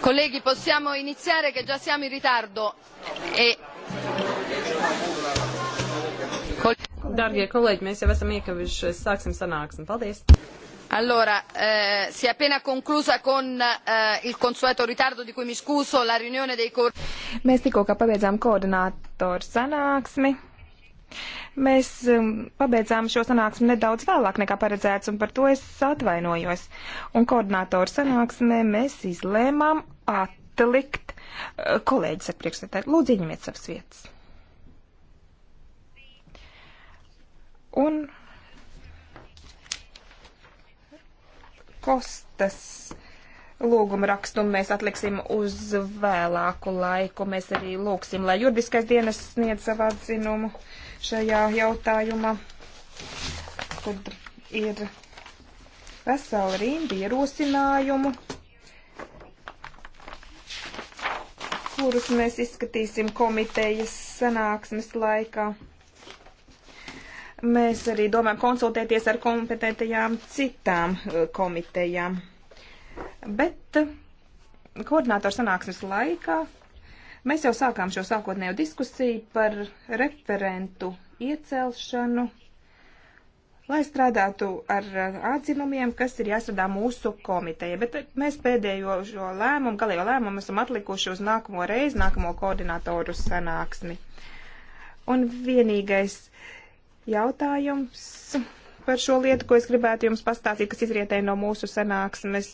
Colleghi, possiamo iniziare che già siamo in ritardo. E... Darbie kolēģi, mēs jau esam iekavušies, sāksim sanāksmi. Paldies! Allora, eh, si è appena conclusa con eh, il consueto ritardo di cui mi scuso la riunione dei coordinatori. Mēs tikko pabeidzām koordinātoru sanāksmi. Mēs um, pabeidzām šo sanāksmi nedaudz vēlāk nekā paredzēts, un par to es atvainojos. Un koordinātoru sanāksmē mēs izlēmām atlikt uh, kolēģis ar priekšsētāju. Lūdzu, ieņemiet savas vietas. Un Kostas lūgumu rakstu mēs atliksim uz vēlāku laiku. Mēs arī lūgsim, lai juridiskais dienas sniedz savu atzinumu. Uh, šajā jautājumā. Tad ir vesela rinda ierosinājumu, kurus mēs izskatīsim komitejas sanāksmes laikā. Mēs arī domājam konsultēties ar kompetentajām citām eh, komitejām. Bet eh, koordinātoru sanāksmes laikā Mēs jau sākām šo sākotnējo diskusiju par referentu iecelšanu, lai strādātu ar atzinumiem, kas ir jāsadā mūsu komiteja. Bet mēs pēdējo šo lēmumu, galējo lēmumu esam atlikuši uz nākamo reizi, nākamo koordinatoru sanāksmi. Un vienīgais jautājums par šo lietu, ko es gribētu jums pastāstīt, kas izrietēja no mūsu sanāksmes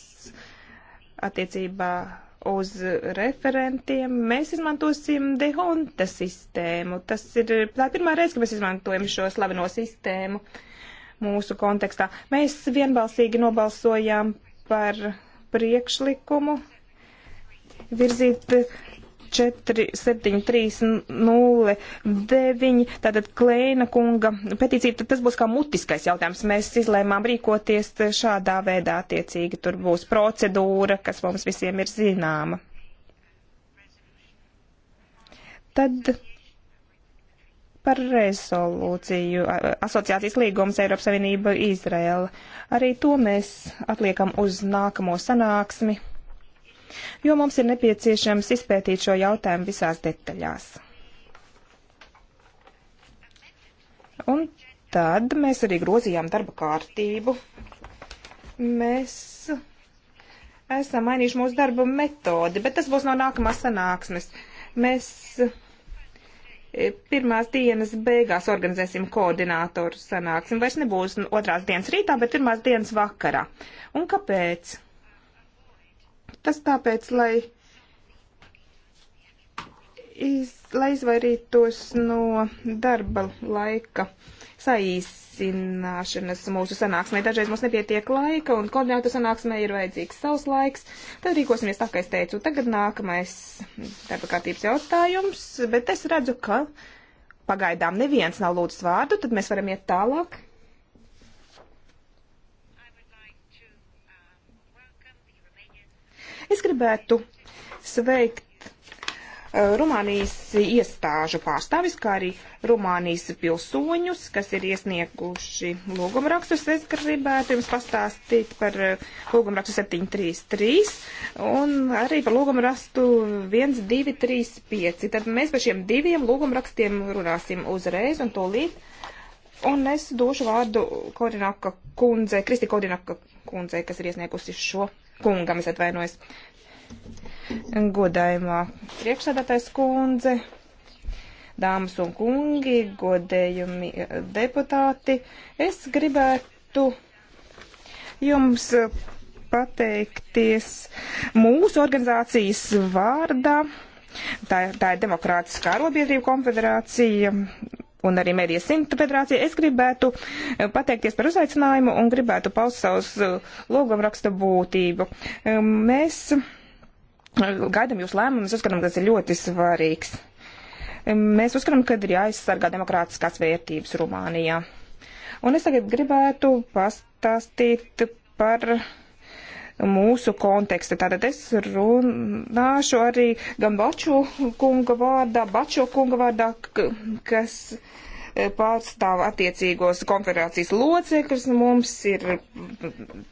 attiecībā uz referentiem, mēs izmantosim dehonta sistēmu. Tas ir tā pirmā reize, ka mēs izmantojam šo slaveno sistēmu mūsu kontekstā. Mēs vienbalsīgi nobalsojām par priekšlikumu virzīt 47309, tātad Klēna kunga petīcija, tad tas būs kā mutiskais jautājums. Mēs izlēmām rīkoties šādā veidā attiecīgi. Tur būs procedūra, kas mums visiem ir zināma. Tad par rezolūciju asociācijas līgums Eiropas Savienība Izraela. Arī to mēs atliekam uz nākamo sanāksmi jo mums ir nepieciešams izpētīt šo jautājumu visās detaļās. Un tad mēs arī grozījām darba kārtību. Mēs esam mainījuši mūsu darba metodi, bet tas būs no nākamās sanāksmes. Mēs eh, pirmās dienas beigās organizēsim koordinātoru sanāksmi. Vairs nebūs otrās dienas rītā, bet pirmās dienas vakarā. Un kāpēc? Tas tāpēc, lai, iz, lai izvairītos no darba laika saīsināšanas mūsu sanāksmē. Dažreiz mums nepietiek laika, un koordinātu sanāksmē ir vajadzīgs savs laiks. Tad rīkosimies tā, kā es teicu. Tagad nākamais darba kārtības jautājums, bet es redzu, ka pagaidām neviens nav lūdzis vārdu, tad mēs varam iet tālāk. Es gribētu sveikt Rumānijas iestāžu pārstāvis, kā arī Rumānijas pilsoņus, kas ir iesnieguši lūgumrakstus. Es gribētu jums pastāstīt par lūgumrakstu 733 un arī par lūgumrakstu 1235. Tad mēs par šiem diviem lūgumrakstiem runāsim uzreiz un tūlīt. Un es došu vārdu Kodinaka kundzei, Kristi Kodinaka kundzei, kas ir iesniegusi šo kungam, es atvainojos. Godājumā priekšsēdētājs kundze, dāmas un kungi, godējumi eh, deputāti, es gribētu jums eh, pateikties mūsu organizācijas vārdā. Tā, tā ir Demokrātiskā arobiedrība konfederācija, un arī Medijas simta federācija. Es gribētu eh, pateikties par uzaicinājumu un gribētu paust savus eh, lūgumraksta būtību. Eh, mēs gaidām jūs lēmumus, uzskatām, ka tas ir ļoti svarīgs. Mēs uzskatām, ka ir jāaizsargā demokrātiskās vērtības Rumānijā. Un es tagad gribētu pastāstīt par mūsu konteksta. Tātad es runāšu arī gan Bačo kunga vārdā, Bačo kunga vārdā, kas e, pārstāv attiecīgos konfederācijas locekļus. Mums ir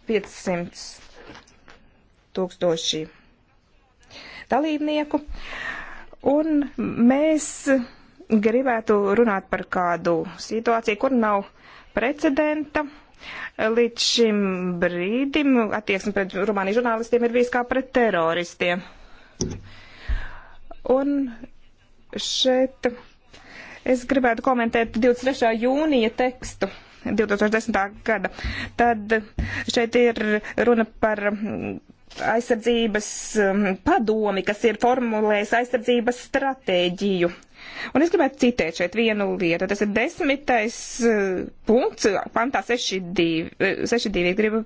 500 tūkstoši dalībnieku. Un mēs gribētu runāt par kādu situāciju, kur nav precedenta Līdz šim brīdim attieksme pret Rumānijas žurnālistiem ir bijis kā pret teroristiem. Un šeit es gribētu komentēt 23. jūnija tekstu. 2010. gada. Tad šeit ir runa par aizsardzības mm, padomi, kas ir formulējis aizsardzības stratēģiju Un es gribētu citēt šeit vienu lietu. Tas ir desmitais eh, punkts, pantā 6.2. Eh, gribu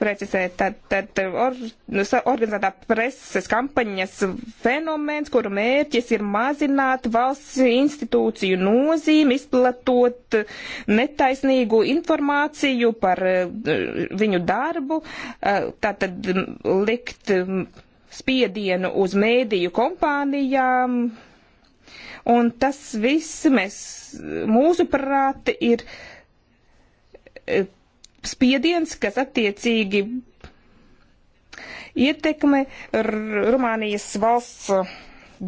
precizēt, tad, tad eh, or, nu, organizētā preses kampaņas fenomens, kuru mērķis ir mazināt valsts institūciju nozīmi, izplatot netaisnīgu informāciju par viņu darbu, tātad mm, likt mm, spiedienu uz mēdīju kompānijām, Un tas viss mēs, mūsu prāti ir e, spiediens, kas attiecīgi ietekme Rumānijas valsts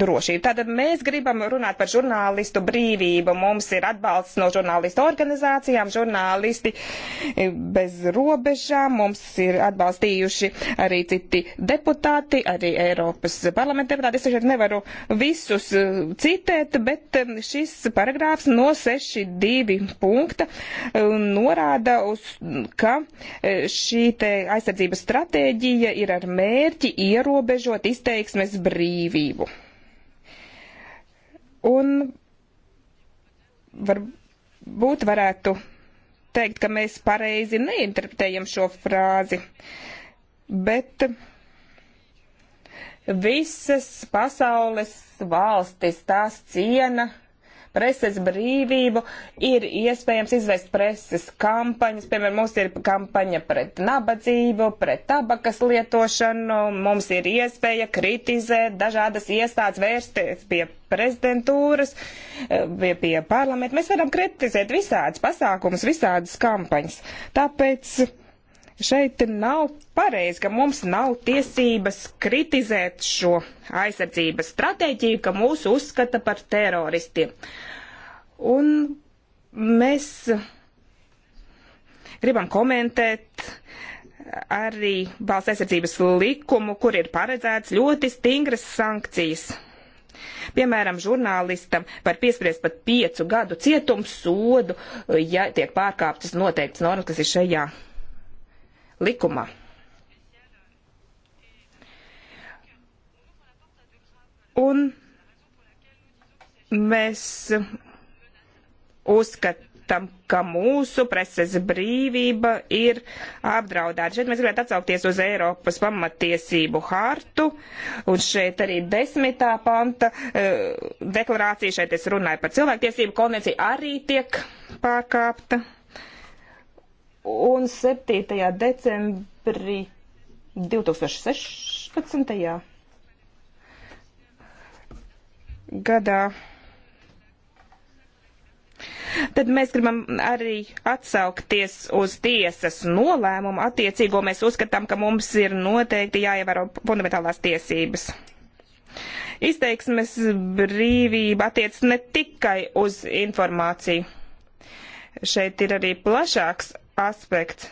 drošību. Tātad mēs gribam runāt par žurnālistu brīvību. Mums ir atbalsts no žurnālistu organizācijām, žurnālisti eh, bez robežām. Mums ir atbalstījuši arī citi deputāti, arī Eiropas parlamenta deputāti. Es šeit nevaru visus eh, citēt, bet eh, šis paragrāfs no 6.2 punkta norāda uz, ka šī te aizsardzības stratēģija ir ar mērķi ierobežot izteiksmes brīvību. Un varbūt varētu teikt, ka mēs pareizi neinterpretējam šo frāzi, bet visas pasaules valstis tās ciena preses brīvību, ir iespējams izvest preses kampaņas. Piemēram, mums ir kampaņa pret nabadzību, pret tabakas lietošanu, mums ir iespēja kritizēt dažādas iestādes, vērsties pie prezidentūras, pie, pie parlamenta. Mēs varam kritizēt visādas pasākumus, visādas kampaņas. Tāpēc Šeit nav pareizi, ka mums nav tiesības kritizēt šo aizsardzības stratēģiju, ka mūs uzskata par teroristiem. Un mēs gribam komentēt arī valsts aizsardzības likumu, kur ir paredzēts ļoti stingras sankcijas. Piemēram, žurnālistam var piespriest pat piecu gadu cietums sodu, ja tiek pārkāptas noteikts normas, kas ir šajā likumā. Un mēs uzskatām, ka mūsu preses brīvība ir apdraudēta. Šeit mēs gribētu atsaukties uz Eiropas pamatiesību hartu, un šeit arī desmitā panta eh, deklarācija, šeit es runāju par cilvēktiesību konvenciju, arī tiek pārkāpta un 7. decembrī 2016. gadā. Tad mēs gribam arī atsaukties uz tiesas nolēmumu attiecīgo. Mēs uzskatām, ka mums ir noteikti jāievēro fundamentālās tiesības. Izteiksmes brīvība attiec ne tikai uz informāciju. Šeit ir arī plašāks aspekts.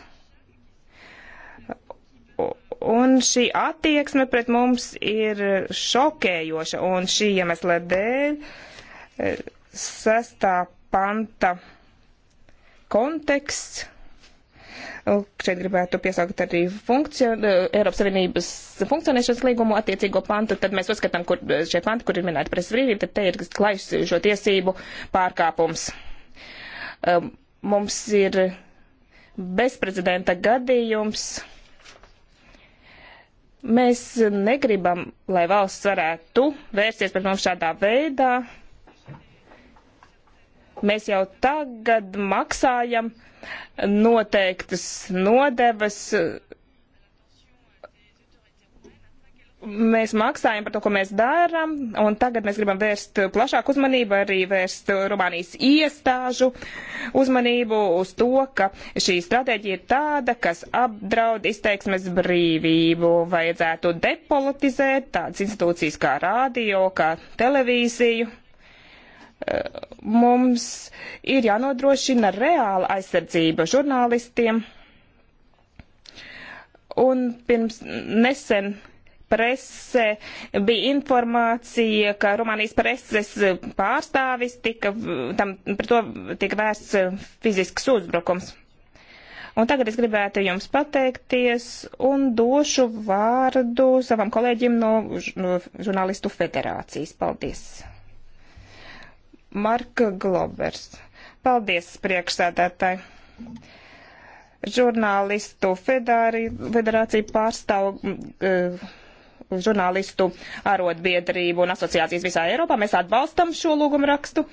Un šī attieksme pret mums ir šokējoša, un šī iemesla dēļ e, sestā panta konteksts. Šeit gribētu piesaukt arī funkcion, e, Eiropas Savienības funkcionēšanas līgumu attiecīgo pantu. Tad mēs uzskatām, kur e, šie panti, kur ir minēta presas brīvība, tad te ir klaišs šo tiesību pārkāpums. Mums ir bezprecedenta gadījums. Mēs negribam, lai valsts varētu vērsties pret mums šādā veidā. Mēs jau tagad maksājam noteiktas nodevas mēs maksājam par to, ko mēs darām, un tagad mēs gribam vērst plašāku uzmanību, arī vērst Rumānijas iestāžu uzmanību uz to, ka šī stratēģija ir tāda, kas apdraud izteiksmes brīvību. Vajadzētu depolitizēt tādas institūcijas kā rādio, kā televīziju. Mums ir jānodrošina reāla aizsardzība žurnālistiem. Un pirms nesen presē bija informācija, ka Rumānijas preses pārstāvis tika, tam par to tika vērsts fizisks uzbrukums. Un tagad es gribētu jums pateikties un došu vārdu savam kolēģim no, no žurnālistu federācijas. Paldies! Marka Globers. Paldies, priekšsēdētāji! Žurnālistu federācija pārstāv. Uh, žurnālistu arotbiedrību un asociācijas visā Eiropā. Mēs atbalstam šo lūgumu rakstu.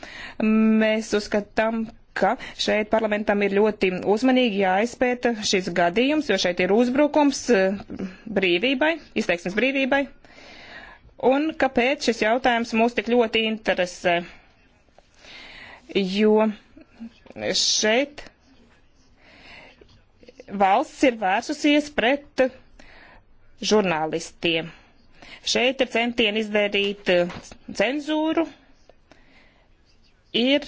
Mēs uzskatām, ka šeit parlamentam ir ļoti uzmanīgi jāizpēta šis gadījums, jo šeit ir uzbrukums eh, brīvībai, izteiksmes brīvībai. Un kāpēc šis jautājums mūs tik ļoti interesē? Jo šeit valsts ir vērsusies pret žurnālistiem. Šeit ir centieni izdarīt eh, cenzūru. Ir,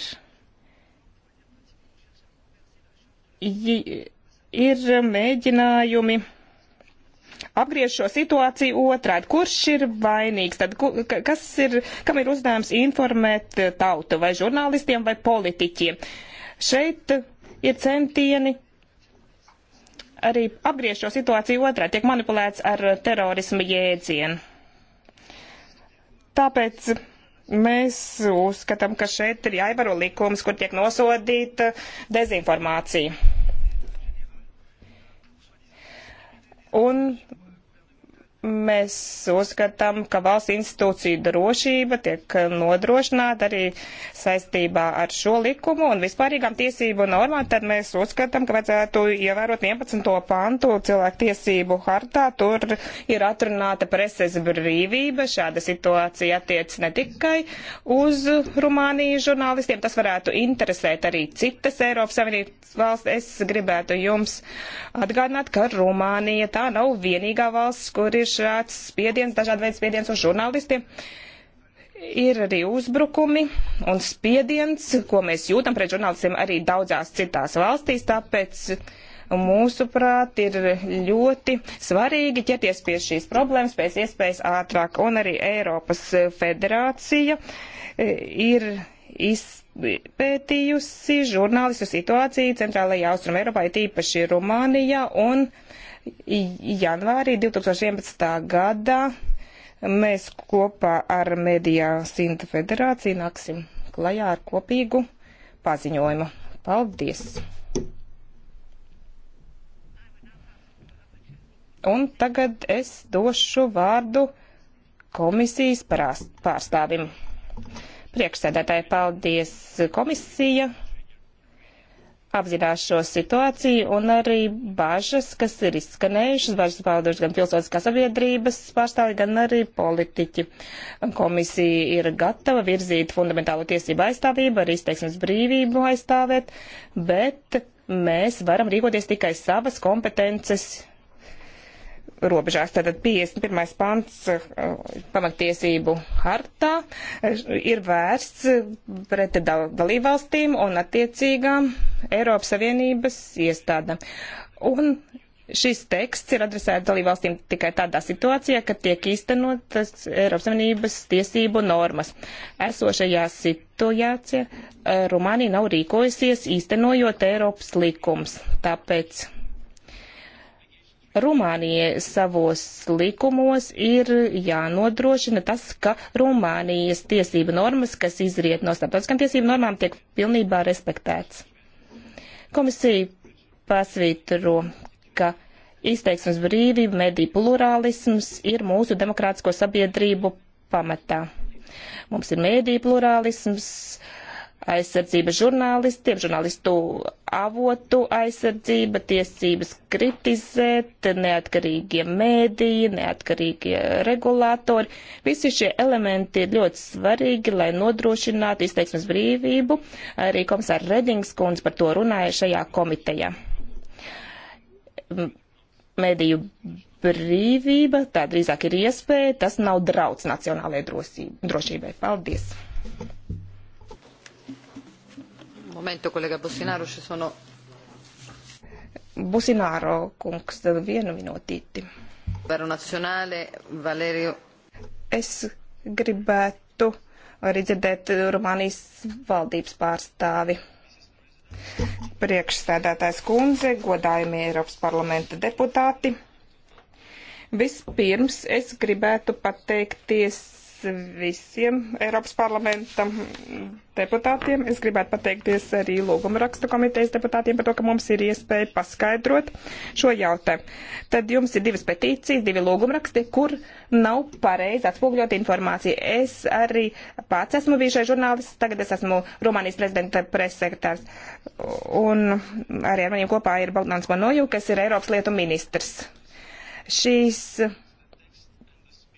ir mēģinājumi apgriež šo situāciju otrādi. Kurš ir vainīgs? Tad, kas ir, kam ir uzdevums informēt eh, tautu vai žurnālistiem vai politiķiem? Šeit eh, ir centieni arī apgriež šo situāciju otrādi, tiek manipulēts ar terorismu jēdzienu. Tāpēc mēs uzskatām, ka šeit ir jāievaro likums, kur tiek nosodīta dezinformācija. Un mēs uzskatām, ka valsts institūciju drošība tiek nodrošināta arī saistībā ar šo likumu un vispārīgām tiesību normām, tad mēs uzskatām, ka vajadzētu ievērot 11. pantu cilvēku tiesību hartā. Tur ir atrunāta preses brīvība. Šāda situācija attiec ne tikai uz Rumāniju žurnālistiem, tas varētu interesēt arī citas Eiropas Savienības valsts. Es gribētu jums atgādināt, ka Rumānija tā nav vienīgā valsts, kur ir šāds spiediens, dažādi veidi spiediens uz žurnālistiem. Ir arī uzbrukumi un spiediens, ko mēs jūtam pret žurnālistiem arī daudzās citās valstīs, tāpēc mūsuprāt ir ļoti svarīgi ķerties pie šīs problēmas pēc iespējas ātrāk. Un arī Eiropas federācija e, ir izpētījusi žurnālistu situāciju centrālajā Austrum Eiropā, it īpaši Rumānijā. Un janvārī 2011. gadā mēs kopā ar Medijā Sinta federāciju nāksim klajā ar kopīgu paziņojumu. Paldies! Un tagad es došu vārdu komisijas pārstāvim. Priekšsēdētāji, paldies komisija! apzinās šo situāciju un arī bažas, kas ir izskanējušas, bažas pauduši gan pilsoniskās sabiedrības pārstāvji, gan arī politiķi. Komisija ir gatava virzīt fundamentālo tiesību aizstāvību, arī izteiksmes brīvību aizstāvēt, bet mēs varam rīkoties tikai savas kompetences robežās. Tātad 51. pants eh, pamatiesību hartā eh, ir vērsts eh, pret dalībvalstīm un attiecīgām Eiropas Savienības iestādām. Un šis teksts ir adresēts dalībvalstīm tikai tādā situācijā, kad tiek īstenotas Eiropas Savienības tiesību normas. Esošajā situācijā Rumānija nav rīkojusies īstenojot Eiropas likums. Tāpēc Rumānijai savos likumos ir jānodrošina tas, ka Rumānijas tiesība normas, kas izriet no starptautiskām tiesību normām, tiek pilnībā respektēts. Komisija pasvītro, ka izteiksmes brīvība, mediju plurālisms ir mūsu demokrātisko sabiedrību pamatā. Mums ir mediju plurālisms, uh, aizsardzība žurnālistiem, žurnālistu avotu aizsardzība, tiesības kritizēt, neatkarīgie mēdīji, neatkarīgie regulātori. Visi šie elementi ir ļoti svarīgi, lai nodrošinātu izteiksmes brīvību. Arī komisāra Redings kundze par to runāja šajā komitejā. Mediju brīvība, tā drīzāk ir iespēja, tas nav drauds nacionālajai drošībai. Paldies! momento, kolēģa Bosināru, šis mano. Bosināro kungs, vienu minūtīti. Varu nacionāli, Valēriju. Es gribētu arī dzirdēt Rumānijas valdības pārstāvi. Priekšsēdētājs kundze, godājumie Eiropas parlamenta deputāti. Vispirms es gribētu pateikties visiem Eiropas parlamenta deputātiem. Es gribētu pateikties arī lūguma rakstu komitejas deputātiem par to, ka mums ir iespēja paskaidrot šo jautājumu. Tad jums ir divas petīcijas, divi lūguma raksti, kur nav pareizi atspūgļot informāciju. Es arī pats esmu bijušais žurnālists, tagad es esmu Rumānijas prezidenta pressekretārs. Un arī ar maniem kopā ir Bogdāns Manoju, kas ir Eiropas lietu ministrs. Šīs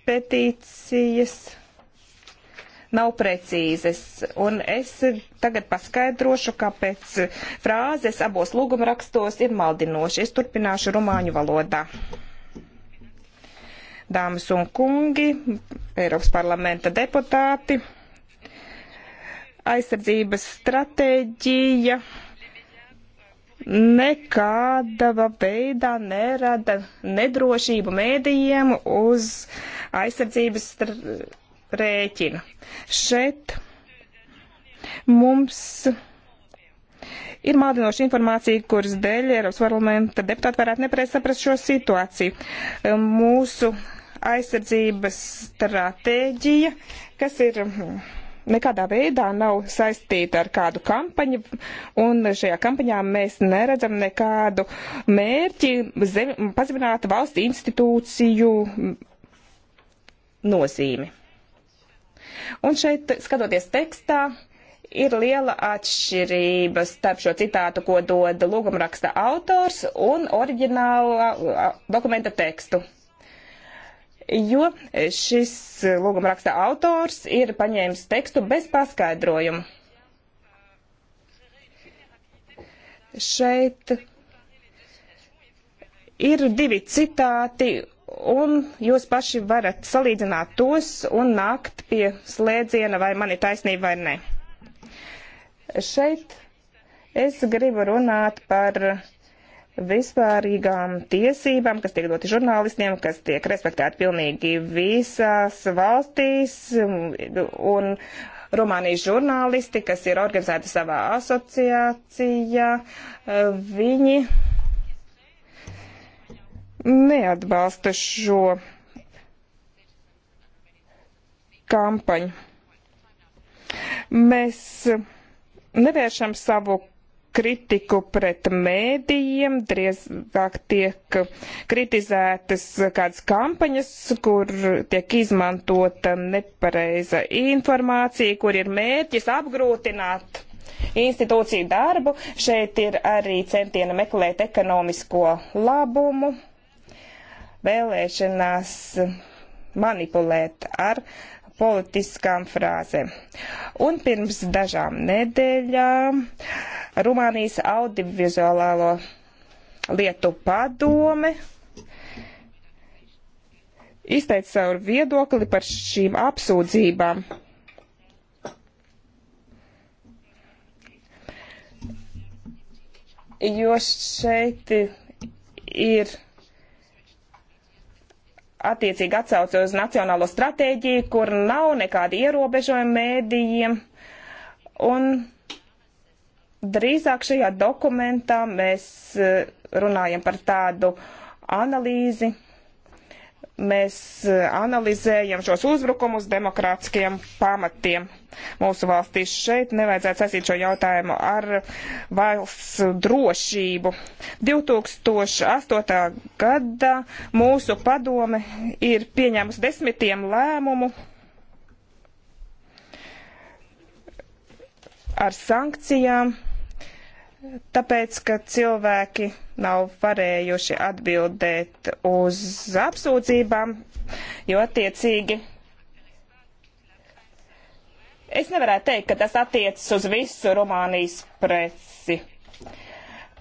petīcijas nav precīzes. Un es tagad paskaidrošu, kāpēc frāzes abos lūgumrakstos ir maldinoši. Es turpināšu rumāņu valodā. Dāmas un kungi, Eiropas parlamenta deputāti, aizsardzības stratēģija nekāda veidā nerada nedrošību mēdījiem uz aizsardzības rēķina. Šeit mums ir mādinoša informācija, kuras dēļ Eiropas parlamenta deputāti varētu nepareiz saprast šo situāciju. Mūsu aizsardzības stratēģija, kas ir nekādā veidā nav saistīta ar kādu kampaņu, un šajā kampaņā mēs neredzam nekādu mērķi zem, pazemināt valsts institūciju nozīmi. Un šeit, skatoties tekstā, ir liela atšķirība starp šo citātu, ko dod lūgumraksta autors un oriģināla dokumenta tekstu jo šis lūguma raksta autors ir paņēmis tekstu bez paskaidrojumu. Šeit ir divi citāti, un jūs paši varat salīdzināt tos un nākt pie slēdziena, vai man ir taisnība vai nē. Šeit es gribu runāt par uh, vispārīgām tiesībām, kas tiek doti žurnālistiem, kas tiek respektēti pilnīgi visās valstīs, um, un Rumānijas žurnālisti, kas ir organizēti savā asociācijā, uh, viņi neatbalsta šo kampaņu. Mēs nevēršam savu kritiku pret mēdījiem, drīzāk tiek kritizētas kādas kampaņas, kur tiek izmantota nepareiza informācija, kur ir mērķis apgrūtināt institūciju darbu. Šeit ir arī centieni meklēt ekonomisko labumu, vēlēšanās manipulēt ar politiskām frāzēm. Un pirms dažām nedēļām Rumānijas audiovizuālo lietu padome izteica savu viedokli par šīm apsūdzībām. Jo šeit ir attiecīgi atsauce uz nacionālo stratēģiju, kur nav nekādi ierobežojumi mēdījiem. Un drīzāk šajā dokumentā mēs eh, runājam par tādu analīzi, mēs eh, analizējam šos uzbrukumus demokrātiskiem pamatiem mūsu valstīs. Šeit nevajadzētu saistīt šo jautājumu ar valsts drošību. 2008. gada mūsu padome ir pieņēmusi desmitiem lēmumu ar sankcijām tāpēc, ka cilvēki nav varējuši atbildēt uz apsūdzībām, jo attiecīgi. Es nevarētu teikt, ka tas attiecas uz visu Rumānijas presi.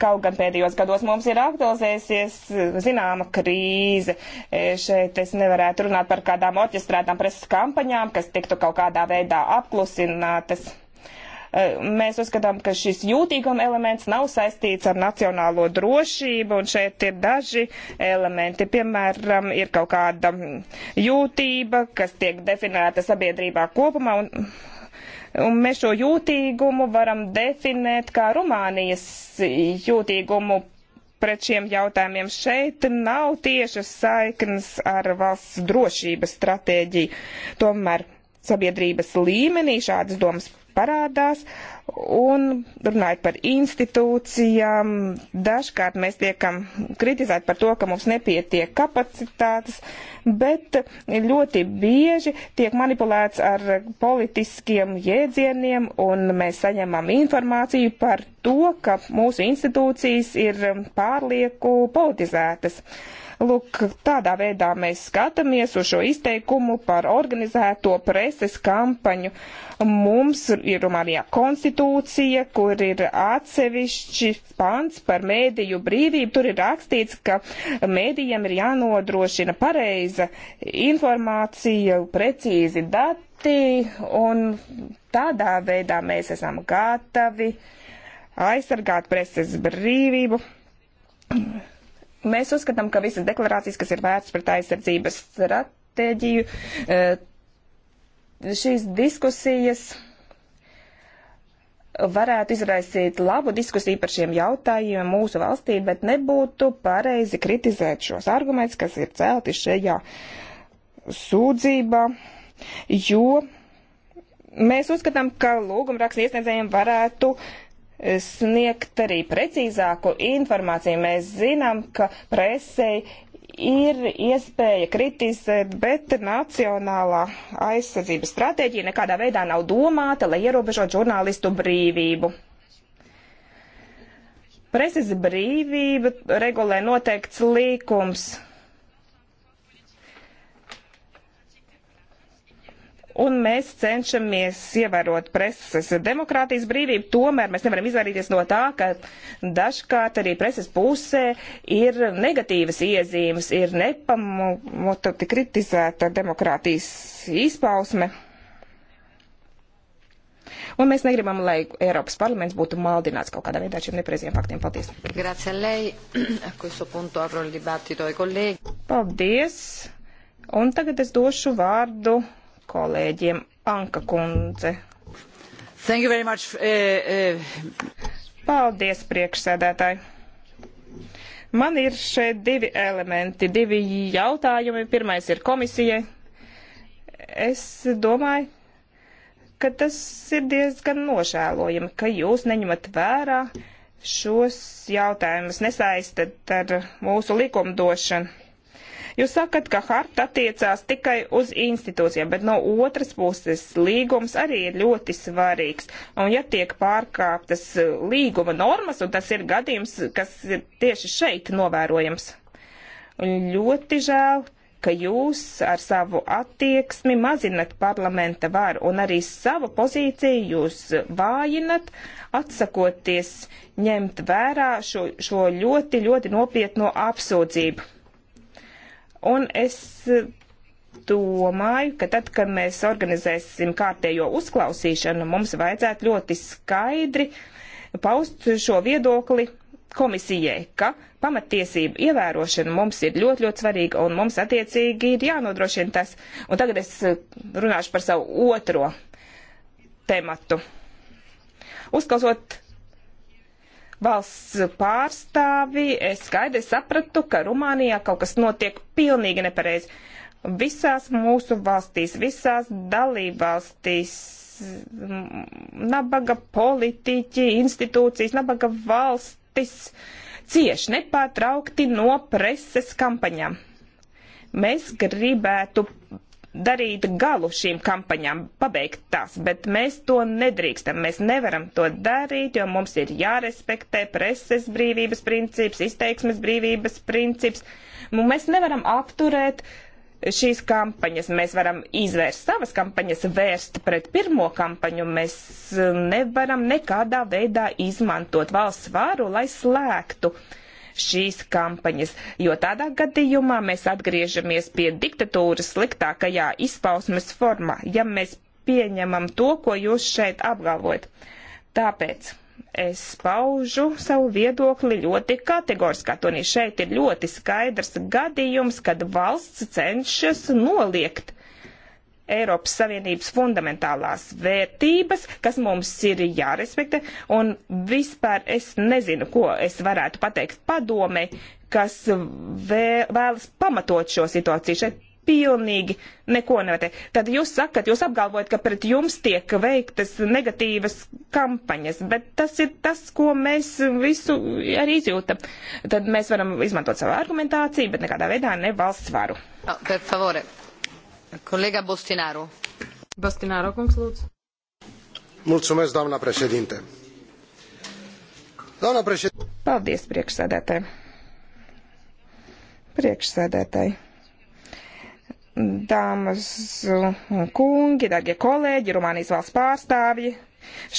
Kaut gan pēdējos gados mums ir aktualizējusies zināma krīze. E, šeit es nevarētu runāt par kādām orķestrētām preses kampaņām, kas tiktu kaut kādā veidā apklusinātas Eh, mēs uzskatām, ka šis jūtīguma elements nav saistīts ar nacionālo drošību, un šeit ir daži elementi. Piemēram, ir kaut kāda jūtība, kas tiek definēta sabiedrībā kopumā. Un, Un mēs šo jūtīgumu varam definēt kā Rumānijas jūtīgumu pret šiem jautājumiem. Šeit nav tiešas saiknes ar valsts drošības stratēģiju. Tomēr sabiedrības līmenī šādas domas parādās. Un runājot par institūcijām, dažkārt mēs tiekam kritizēti par to, ka mums nepietiek kapacitātes, bet ļoti bieži tiek manipulēts ar politiskiem jēdzieniem, un mēs saņemam informāciju par to, ka mūsu institūcijas ir pārlieku politizētas. Lūk, tādā veidā mēs skatāmies uz šo izteikumu par organizēto preses kampaņu. Mums ir Rumānijā konstitūcija, kur ir atsevišķi pants par mēdīju brīvību. Tur ir rakstīts, ka mēdījiem ir jānodrošina pareiza informācija, precīzi dati, un tādā veidā mēs esam gatavi aizsargāt preses brīvību Mēs uzskatām, ka visas deklarācijas, kas ir vērts pret aizsardzības stratēģiju, eh, šīs diskusijas varētu izraisīt labu diskusiju par šiem jautājumiem mūsu valstī, bet nebūtu pareizi kritizēt šos argumentus, kas ir celti šajā sūdzībā, jo mēs uzskatām, ka lūgumraksta iesniedzējiem varētu sniegt arī precīzāku informāciju. Mēs zinām, ka presei ir iespēja kritizēt, bet nacionālā aizsardzības stratēģija nekādā veidā nav domāta, lai ierobežot žurnālistu brīvību. Preses brīvība regulē noteikts līkums un mēs cenšamies ievērot preses demokrātijas brīvību, tomēr mēs nevaram izvairīties no tā, ka dažkārt arī preses pusē ir negatīvas iezīmes, ir nepamototi kritizēta demokrātijas izpausme. Un mēs negribam, lai Eiropas parlaments būtu maldināts kaut kādā veidā šiem nepareiziem faktiem. Paldies. Paldies. Un tagad es došu vārdu kolēģiem. Anka kundze. Thank you very much. Uh, uh... Paldies, priekšsēdētāji. Man ir šeit divi elementi, divi jautājumi. Pirmais ir komisijai. Es domāju, ka tas ir diezgan nožēlojami, ka jūs neņemat vērā šos jautājumus, nesaistat ar mūsu likumdošanu. Jūs sakat, ka harta attiecās tikai uz institūcijām, bet no otras puses līgums arī ir ļoti svarīgs. Un ja tiek pārkāptas līguma normas, un tas ir gadījums, kas ir tieši šeit novērojams, un ļoti žēl ka jūs ar savu attieksmi mazinat parlamenta varu un arī savu pozīciju jūs vājinat, atsakoties ņemt vērā šo, šo ļoti, ļoti nopietno apsūdzību. Un es eh, domāju, ka tad, kad mēs organizēsim kārtējo uzklausīšanu, mums vajadzētu ļoti skaidri paust šo viedokli komisijai, ka pamatiesību ievērošana mums ir ļoti, ļoti svarīga un mums attiecīgi ir jānodrošina tas. Un tagad es eh, runāšu par savu otro tematu. Uzklausot valsts pārstāvi, es skaidri sapratu, ka Rumānijā kaut kas notiek pilnīgi nepareizi. Visās mūsu valstīs, visās dalībvalstīs, nabaga politiķi, institūcijas, nabaga valstis cieši nepārtraukti no preses kampaņām. Mēs gribētu darīt galu šīm kampaņām, pabeigt tās, bet mēs to nedrīkstam. Mēs nevaram to darīt, jo mums ir jārespektē preses brīvības princips, izteiksmes brīvības princips. Mēs nevaram apturēt šīs kampaņas. Mēs varam izvērst savas kampaņas, vērst pret pirmo kampaņu. Mēs eh, nevaram nekādā veidā izmantot valsts varu, lai slēgtu uh, šīs kampaņas, jo tādā gadījumā mēs atgriežamies pie diktatūras sliktākajā izpausmes formā, ja mēs pieņemam to, ko jūs šeit apgalvojat. Tāpēc es paužu savu viedokli ļoti kategoriskā tonī. Šeit ir ļoti skaidrs gadījums, kad valsts cenšas noliegt Eiropas Savienības fundamentālās vērtības, kas mums ir jārespektē, un vispār es nezinu, ko es varētu pateikt padome, kas vēlas pamatot šo situāciju. Šeit pilnīgi neko nevar. Tad jūs sakat, jūs apgalvojat, ka pret jums tiek veiktas negatīvas kampaņas, bet tas ir tas, ko mēs visu arī izjūtam. Tad mēs varam izmantot savu argumentāciju, bet nekādā veidā ne valsts varu. Oh, per favore. Kolega Bostināro. Bostināro kungs, lūdzu. Mulțumesc, doamna președinte. Doamna președinte. Paldies, priekšsēdētāji. Priekšsēdētāji. Dāmas un kungi, darbie kolēģi, Rumānijas valsts pārstāvji,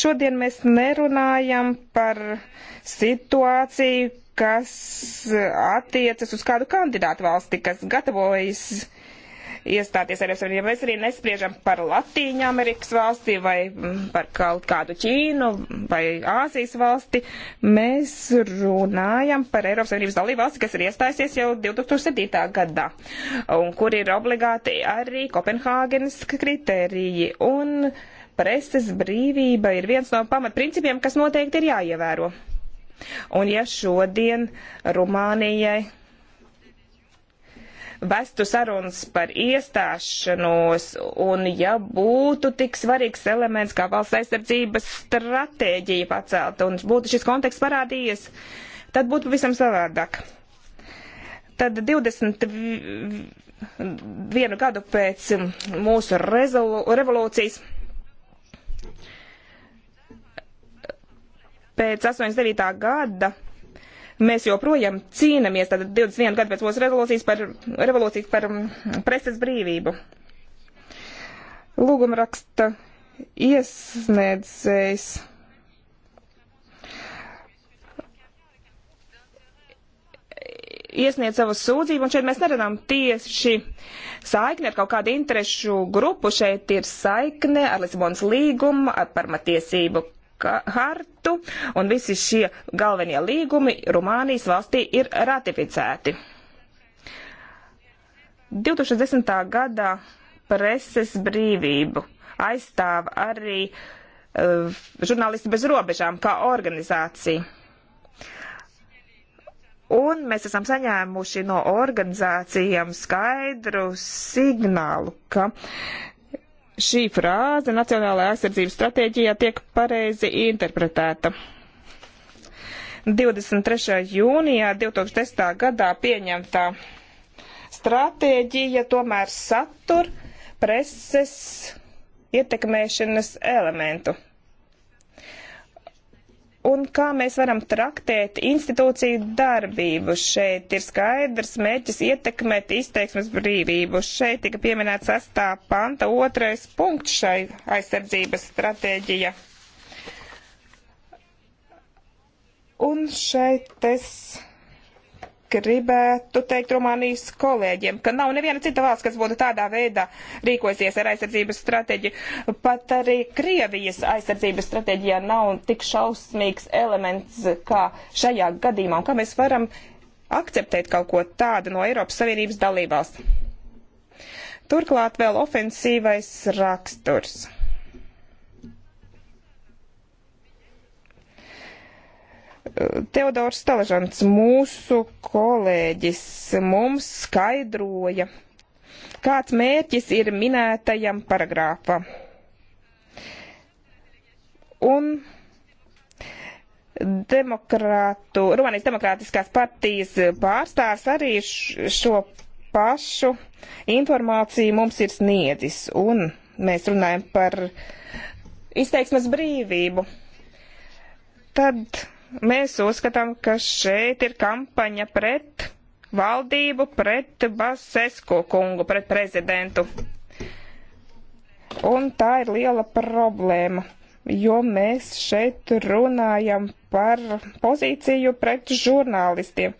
Šodien mēs nerunājam par situāciju, kas attiecas uz kādu kandidātu valsti, kas gatavojas iestāties Eiropas Savienībā. Mēs arī nespriežam par Latīņu Amerikas valsti vai mm, par kaut kādu Ķīnu vai Āzijas valsti. Mēs runājam par Eiropas Savienības dalību valsti, kas ir iestājusies jau 2007. gadā un kur ir obligāti arī Kopenhāgenes kriteriji. Un preses brīvība ir viens no pamatprincipiem, kas noteikti ir jāievēro. Un ja šodien Rumānijai vestu sarunas par iestāšanos, un ja būtu tik svarīgs elements kā valsts aizsardzības stratēģija pacelt, un būtu šis konteksts parādījies, tad būtu pavisam savādāk. Tad 20 vienu gadu pēc mūsu rezolu, revolūcijas, pēc 89. gada, Mēs joprojām cīnāmies, tad 21 gadu pēc mūsu rezolūcijas par revolūcijas par mm, preses brīvību. Lūguma raksta iesniedzējs. iesniedz savu sūdzību, un šeit mēs neredzam tieši saikni ar kaut kādu interešu grupu. Šeit ir saikne ar Lisabonas līgumu, ar parmatiesību hartu, un visi šie galvenie līgumi Rumānijas valstī ir ratificēti. 2010. gadā preses brīvību aizstāv arī uh, žurnālisti bez robežām kā organizācija. Un mēs esam saņēmuši no organizācijām skaidru signālu, ka šī frāze Nacionālajā aizsardzības stratēģijā tiek pareizi interpretēta. 23. jūnijā 2010. gadā pieņemtā stratēģija tomēr satur preses ietekmēšanas elementu un kā mēs varam traktēt institūciju darbību. Šeit ir skaidrs mērķis ietekmēt izteiksmes brīvību. Šeit tika pieminēts 8. panta otrais punkts šai aizsardzības stratēģija. Un šeit es. Tas gribētu teikt Rumānijas kolēģiem, ka nav neviena cita valsts, kas būtu tādā veidā rīkojusies ar aizsardzības stratēģiju. Pat arī Krievijas aizsardzības stratēģijā nav tik šausmīgs elements kā šajā gadījumā. Un kā mēs varam akceptēt kaut ko tādu no Eiropas Savienības dalībvalsts? Turklāt vēl ofensīvais raksturs. Teodors Stalažants, mūsu kolēģis, mums skaidroja, kāds mērķis ir minētajam paragrāfam. Un demokrātu, Rumānijas demokrātiskās partijas pārstāvs arī šo pašu informāciju mums ir sniedzis, un mēs runājam par izteiksmes brīvību. Tad Mēs uzskatām, ka šeit ir kampaņa pret valdību, pret Basesko kungu, pret prezidentu. Un tā ir liela problēma, jo mēs šeit runājam par pozīciju pret žurnālistiem.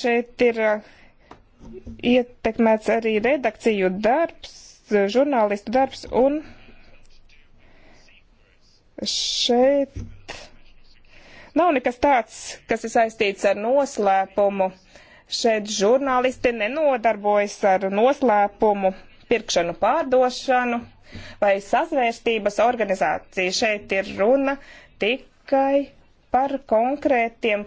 Šeit ir uh, ietekmēts arī redakciju darbs, žurnālistu darbs, un šeit Nav nekas tāds, kas ir saistīts ar noslēpumu. Šeit žurnālisti nenodarbojas ar noslēpumu, pirkšanu, pārdošanu vai sazvērstības organizāciju. Šeit ir runa tikai par konkrētiem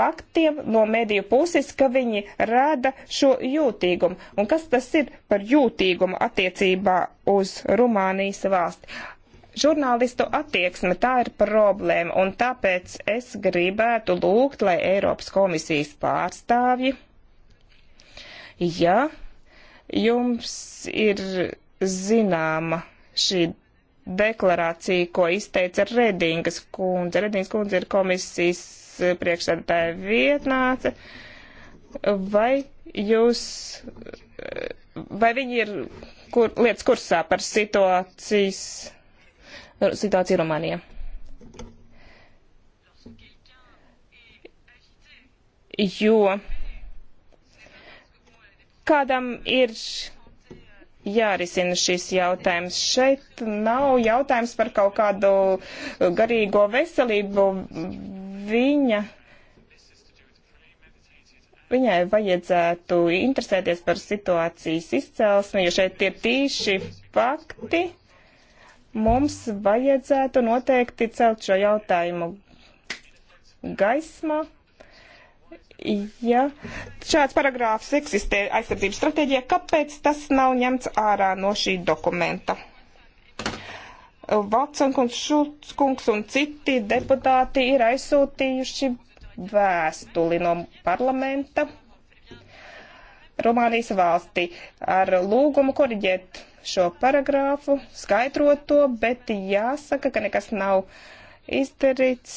faktiem no mediju puses, ka viņi rada šo jūtīgumu. Un kas tas ir par jūtīgumu attiecībā uz Rumānijas valsti? žurnālistu attieksme, tā ir problēma, un tāpēc es gribētu lūgt, lai Eiropas komisijas pārstāvji, ja jums ir zināma šī deklarācija, ko izteica Redingas kundze. Redingas kundze ir komisijas priekšsēdētāja vietnāce. Vai jūs, vai viņi ir kur, lietas kursā par situācijas situāciju Rumānijā. Jo kādam ir jārisina šis jautājums. Šeit nav jautājums par kaut kādu garīgo veselību. Viņa, viņai vajadzētu interesēties par situācijas izcelsmi, jo šeit ir tīši fakti mums vajadzētu noteikti celt šo jautājumu gaismā. Ja šāds paragrāfs eksistē aizsardzības stratēģijā, kāpēc tas nav ņemts ārā no šī dokumenta? Vatsankungs, Šulckungs un citi deputāti ir aizsūtījuši vēstuli no parlamenta Rumānijas valstī ar lūgumu koriģēt šo paragrāfu, skaidrot to, bet jāsaka, ka nekas nav izdarīts.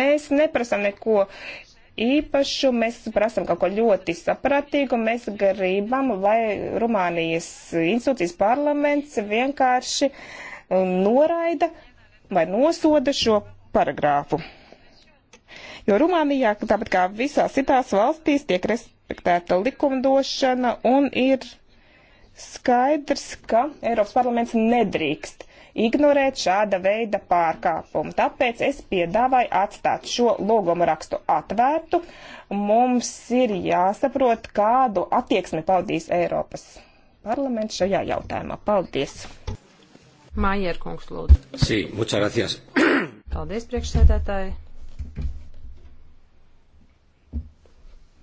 Mēs neprasam neko īpašu, mēs prasam kaut ko ļoti sapratīgu, mēs gribam, lai Rumānijas institūcijas parlaments vienkārši um, noraida vai nosoda šo paragrāfu. Jo Rumānijā, tāpat kā visās citās valstīs, tiek respektēta likumdošana un ir skaidrs, ka Eiropas parlaments nedrīkst ignorēt šāda veida pārkāpumu. Tāpēc es piedāvāju atstāt šo logumu rakstu atvērtu. Mums ir jāsaprot, kādu attieksmi paudīs Eiropas parlaments šajā jautājumā. Paldies! Mājier kungs, lūdzu. Sī, sí, muchas gracias. Paldies, priekšsēdētāji.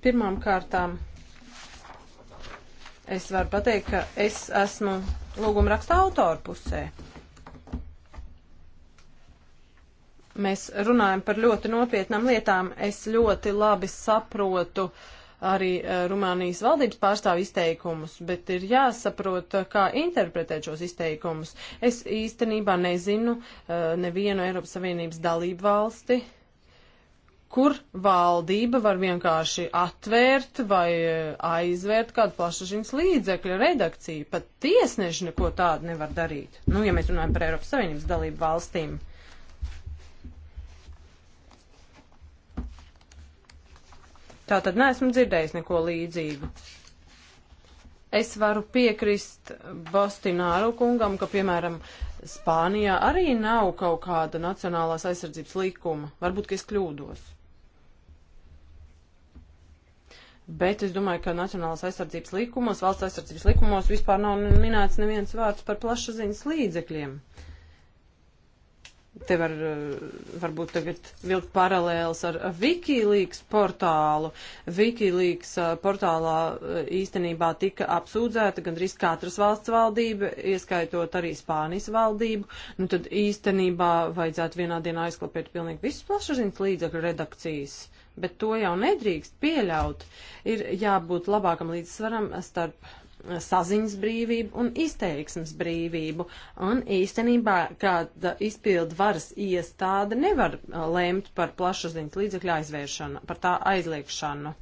Pirmām kārtām es varu pateikt, ka es esmu lūguma raksta autoru pusē. Mēs runājam par ļoti nopietnām lietām. Es ļoti labi saprotu arī eh, Rumānijas valdības pārstāvu izteikumus, bet ir jāsaprot, eh, kā interpretēt šos izteikumus. Es īstenībā nezinu eh, nevienu Eiropas Savienības dalību valsti, kur valdība var vienkārši atvērt vai eh, aizvērt kādu plašsaziņas līdzekļu redakciju. Pat tiesneši neko tādu nevar darīt. Nu, ja mēs runājam par Eiropas Savienības dalību valstīm. Tā tad neesmu dzirdējis neko līdzīgu. Es varu piekrist Bostināru kungam, ka, piemēram, Spānijā arī nav kaut kāda nacionālās aizsardzības likuma. Varbūt, ka es kļūdos. bet es domāju, ka Nacionālās aizsardzības likumos, valsts aizsardzības likumos vispār nav minēts neviens vārds par plašsaziņas līdzekļiem. Te var eh, varbūt tagad vilkt paralēles ar Wikileaks portālu. Wikileaks eh, portālā eh, īstenībā tika apsūdzēta gandrīz katras valsts valdība, ieskaitot arī Spānijas valdību. Nu tad īstenībā vajadzētu vienā dienā aizklapēt pilnīgi visus plašsaziņas līdzekļu redakcijas. Uh, bet to jau nedrīkst pieļaut. Ir jābūt labākam līdzsvaram starp saziņas brīvību un izteiksmes brīvību. Un īstenībā kāda izpildu varas iestāde nevar uh, lēmt par plašsaziņas līdzekļu aizvēršanu, par tā aizliekšanu.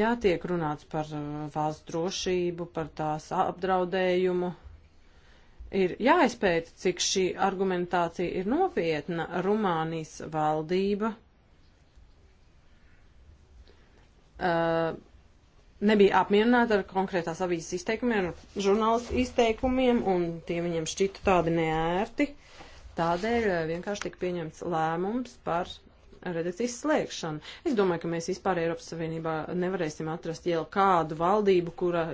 Jā, tiek runāts par uh, valsts drošību, par tās apdraudējumu. Ir jāizpēta, cik šī argumentācija ir nopietna. Rumānijas valdība uh, nebija apmierināti ar konkrētās avīzes izteikumiem, ar žurnālistu izteikumiem, un tie viņiem šķita tādi neērti. Tādēļ uh, vienkārši tika pieņemts lēmums par redakcijas slēgšanu. Es domāju, ka mēs vispār Eiropas Savienībā nevarēsim atrast jau kādu valdību, kura,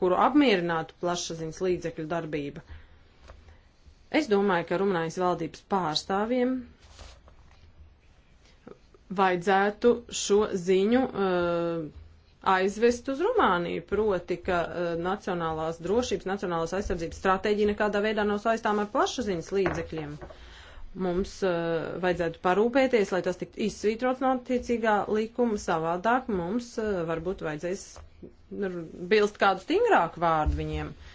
kuru apmierinātu plašsaziņas līdzekļu darbība. Es domāju, ka Rumānijas valdības pārstāvjiem vajadzētu šo ziņu uh, aizvest uz Rumāniju, proti, ka uh, nacionālās drošības, nacionālās aizsardzības stratēģija nekādā veidā nav saistām ar plašsaziņas līdzekļiem. Mums uh, vajadzētu parūpēties, lai tas tiktu izsvītrots no attiecīgā likuma, savādāk mums uh, varbūt vajadzēs bilst kādu stingrāku vārdu viņiem. Uh,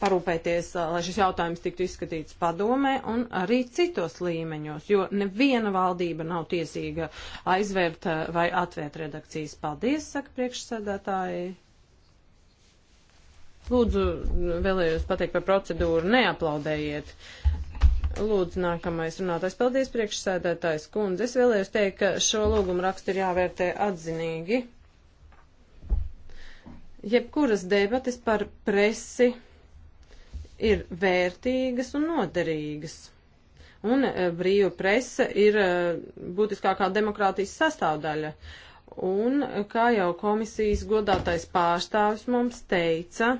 parūpēties, lai šis jautājums tiktu izskatīts padomē un arī citos līmeņos, jo neviena valdība nav tiesīga aizvērt vai atvērt redakcijas. Paldies, saka priekšsēdētāji. Lūdzu, vēlējos pateikt par procedūru, neaplaudējiet. Lūdzu, nākamais runātājs. Paldies, priekšsēdētājs kundze. Es vēlējos teikt, ka šo lūgumu rakstu ir jāvērtē atzinīgi. Jebkuras debates par presi ir vērtīgas un noderīgas. Un e, brīva prese ir e, būtiskākā demokrātijas sastāvdaļa. Un, e, kā jau komisijas godātais pārstāvis mums teica,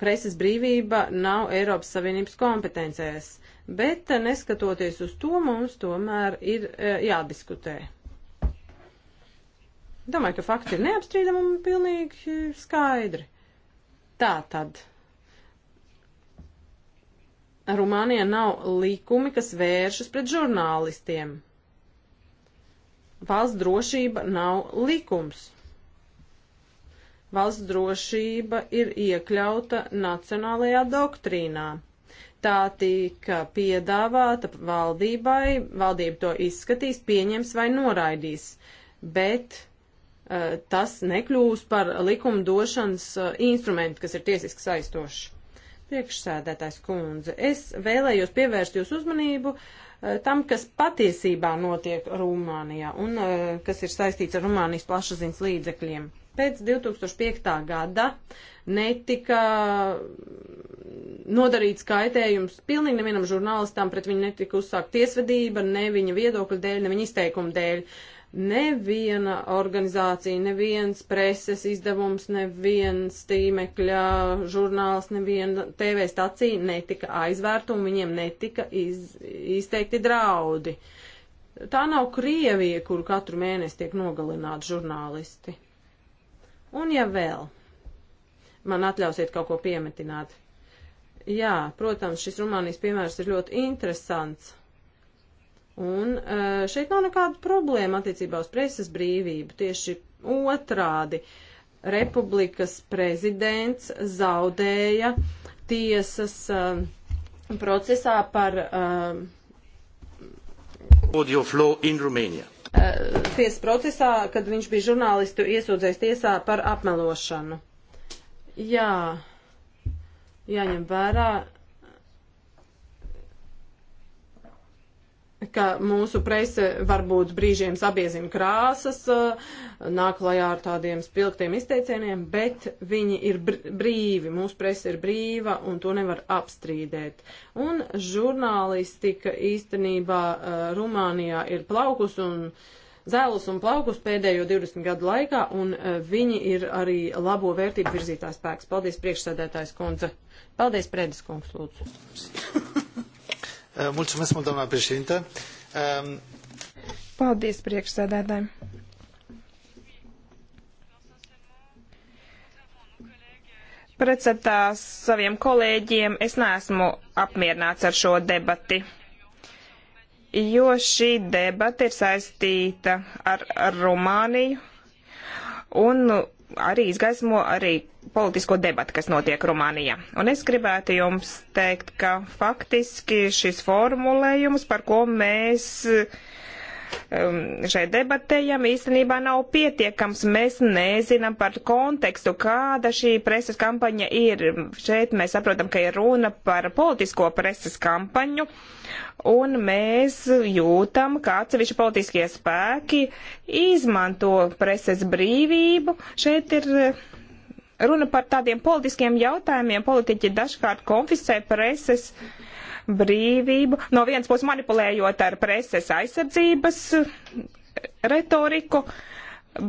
preses brīvība nav Eiropas Savienības kompetencēs, bet neskatoties uz to, mums tomēr ir jādiskutē. Domāju, ka fakti ir neapstrīdami un pilnīgi skaidri. Tā tad Rumānijā nav likumi, kas vēršas pret žurnālistiem. Valsts drošība nav likums. Valsts drošība ir iekļauta nacionālajā doktrīnā. Tā tika piedāvāta valdībai, valdība to izskatīs, pieņems vai noraidīs, bet uh, tas nekļūs par likumdošanas uh, instrumentu, kas ir tiesiski saistošs. Priekšsēdētājs kundze, es vēlējos pievērst jūs uzmanību eh, tam, kas patiesībā notiek Rumānijā un eh, kas ir saistīts ar Rumānijas plašsaziņas līdzekļiem. Pēc 2005. gada netika nodarīts kaitējums pilnīgi nevienam žurnālistam, pret viņu netika uzsākt tiesvedība, ne viņa viedokļa dēļ, ne viņa izteikuma dēļ. Uh, neviena organizācija, neviens preses izdevums, neviens tīmekļa žurnāls, neviena TV stacija netika aizvērta un viņiem netika iz, izteikti draudi. Tā nav Krievija, kur katru mēnesi tiek nogalināti žurnālisti. Un ja vēl, man atļausiet kaut ko piemetināt. Jā, protams, šis Rumānijas piemērs ir ļoti interesants Un e, šeit nav nekāda problēma attiecībā uz preses brīvību. Tieši otrādi, republikas prezidents zaudēja tiesas uh, procesā par. Uh, Audio flow in Romania tiesas procesā, kad viņš bija žurnālistu iesūdzējis tiesā par apmelošanu. Jā, jāņem vērā, ka mūsu prese varbūt brīžiem sabiezina krāsas, eh, nāk klajā ar tādiem spilgtiem izteicieniem, bet viņi ir brīvi, mūsu prese ir brīva un to nevar apstrīdēt. Un žurnālistika īstenībā eh, Rumānijā ir plaukus un zēlus un plaukus pēdējo 20 gadu laikā, un eh, viņi ir arī labo vērtību virzītājs spēks. Paldies, priekšsēdētājs kundze. Paldies, Prēdis kungs, lūdzu. Eh, mulțumesc mult, doamna președintă. Ehm, Paldies priekšsēdētājiem. Pretstatā saviem kolēģiem es neesmu apmierināts ar šo debati, jo šī debata ir saistīta ar, ar Rumāniju, un arī izgaismo arī politisko debatu, kas notiek Rumānijā. Un es gribētu jums teikt, ka faktiski šis formulējums, par ko mēs uh, Um, šai debatējam, īstenībā nav pietiekams. Mēs nezinām par kontekstu, kāda šī preses kampaņa ir. Šeit mēs saprotam, ka ir runa par politisko preses kampaņu, un mēs jūtam, ka atsevišķi politiskie spēki izmanto preses brīvību. Šeit ir uh, runa par tādiem politiskiem jautājumiem. Politiķi dažkārt konfiscē preses. Uh, brīvību, no vienas puses manipulējot ar preses aizsardzības eh, retoriku,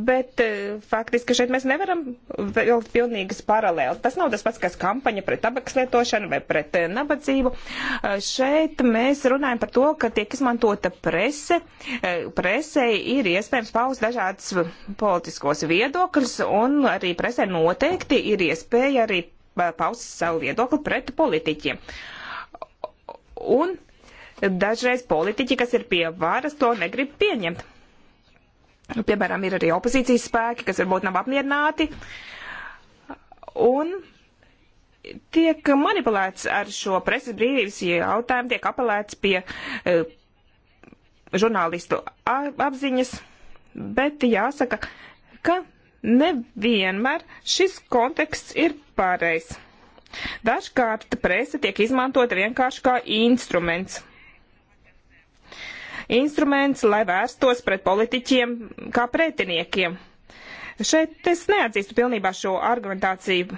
bet eh, faktiski šeit mēs nevaram vilkt pilnīgas paralēles. Tas nav tas pats, kas kampaņa pret tabaks lietošanu vai pret eh, nabadzību. Šeit mēs runājam par to, ka tiek izmantota prese. Presei ir iespējams paust dažādas politiskos viedokļus, un arī presē noteikti ir iespēja arī paust savu viedokli pret politiķiem. Uh, Un dažreiz politiķi, kas ir pie varas, to negrib pieņemt. Piemēram, ir arī opozīcijas spēki, kas varbūt nav apmierināti. Un tiek manipulēts ar šo preses brīvības jautājumu, tiek apelēts pie e, žurnālistu apziņas, bet jāsaka, ka nevienmēr šis konteksts ir pareizs. Dažkārt prese tiek izmantota vienkārši kā instruments. Instruments, lai vērstos pret politiķiem kā pretiniekiem. Šeit es neatzīstu pilnībā šo argumentāciju,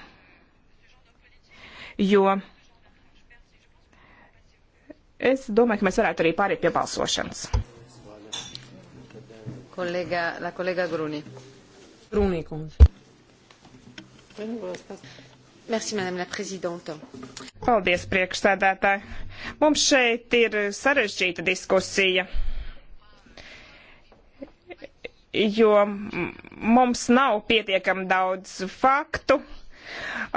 jo es domāju, ka mēs varētu arī pāriet pie balsošanas. Kolēga, la kolēga Gruni. Gruni, kundze. Merci, madame la prezidente. Paldies, priekšsēdētāji. Mums šeit ir sarežģīta diskusija jo mums nav pietiekami daudz faktu,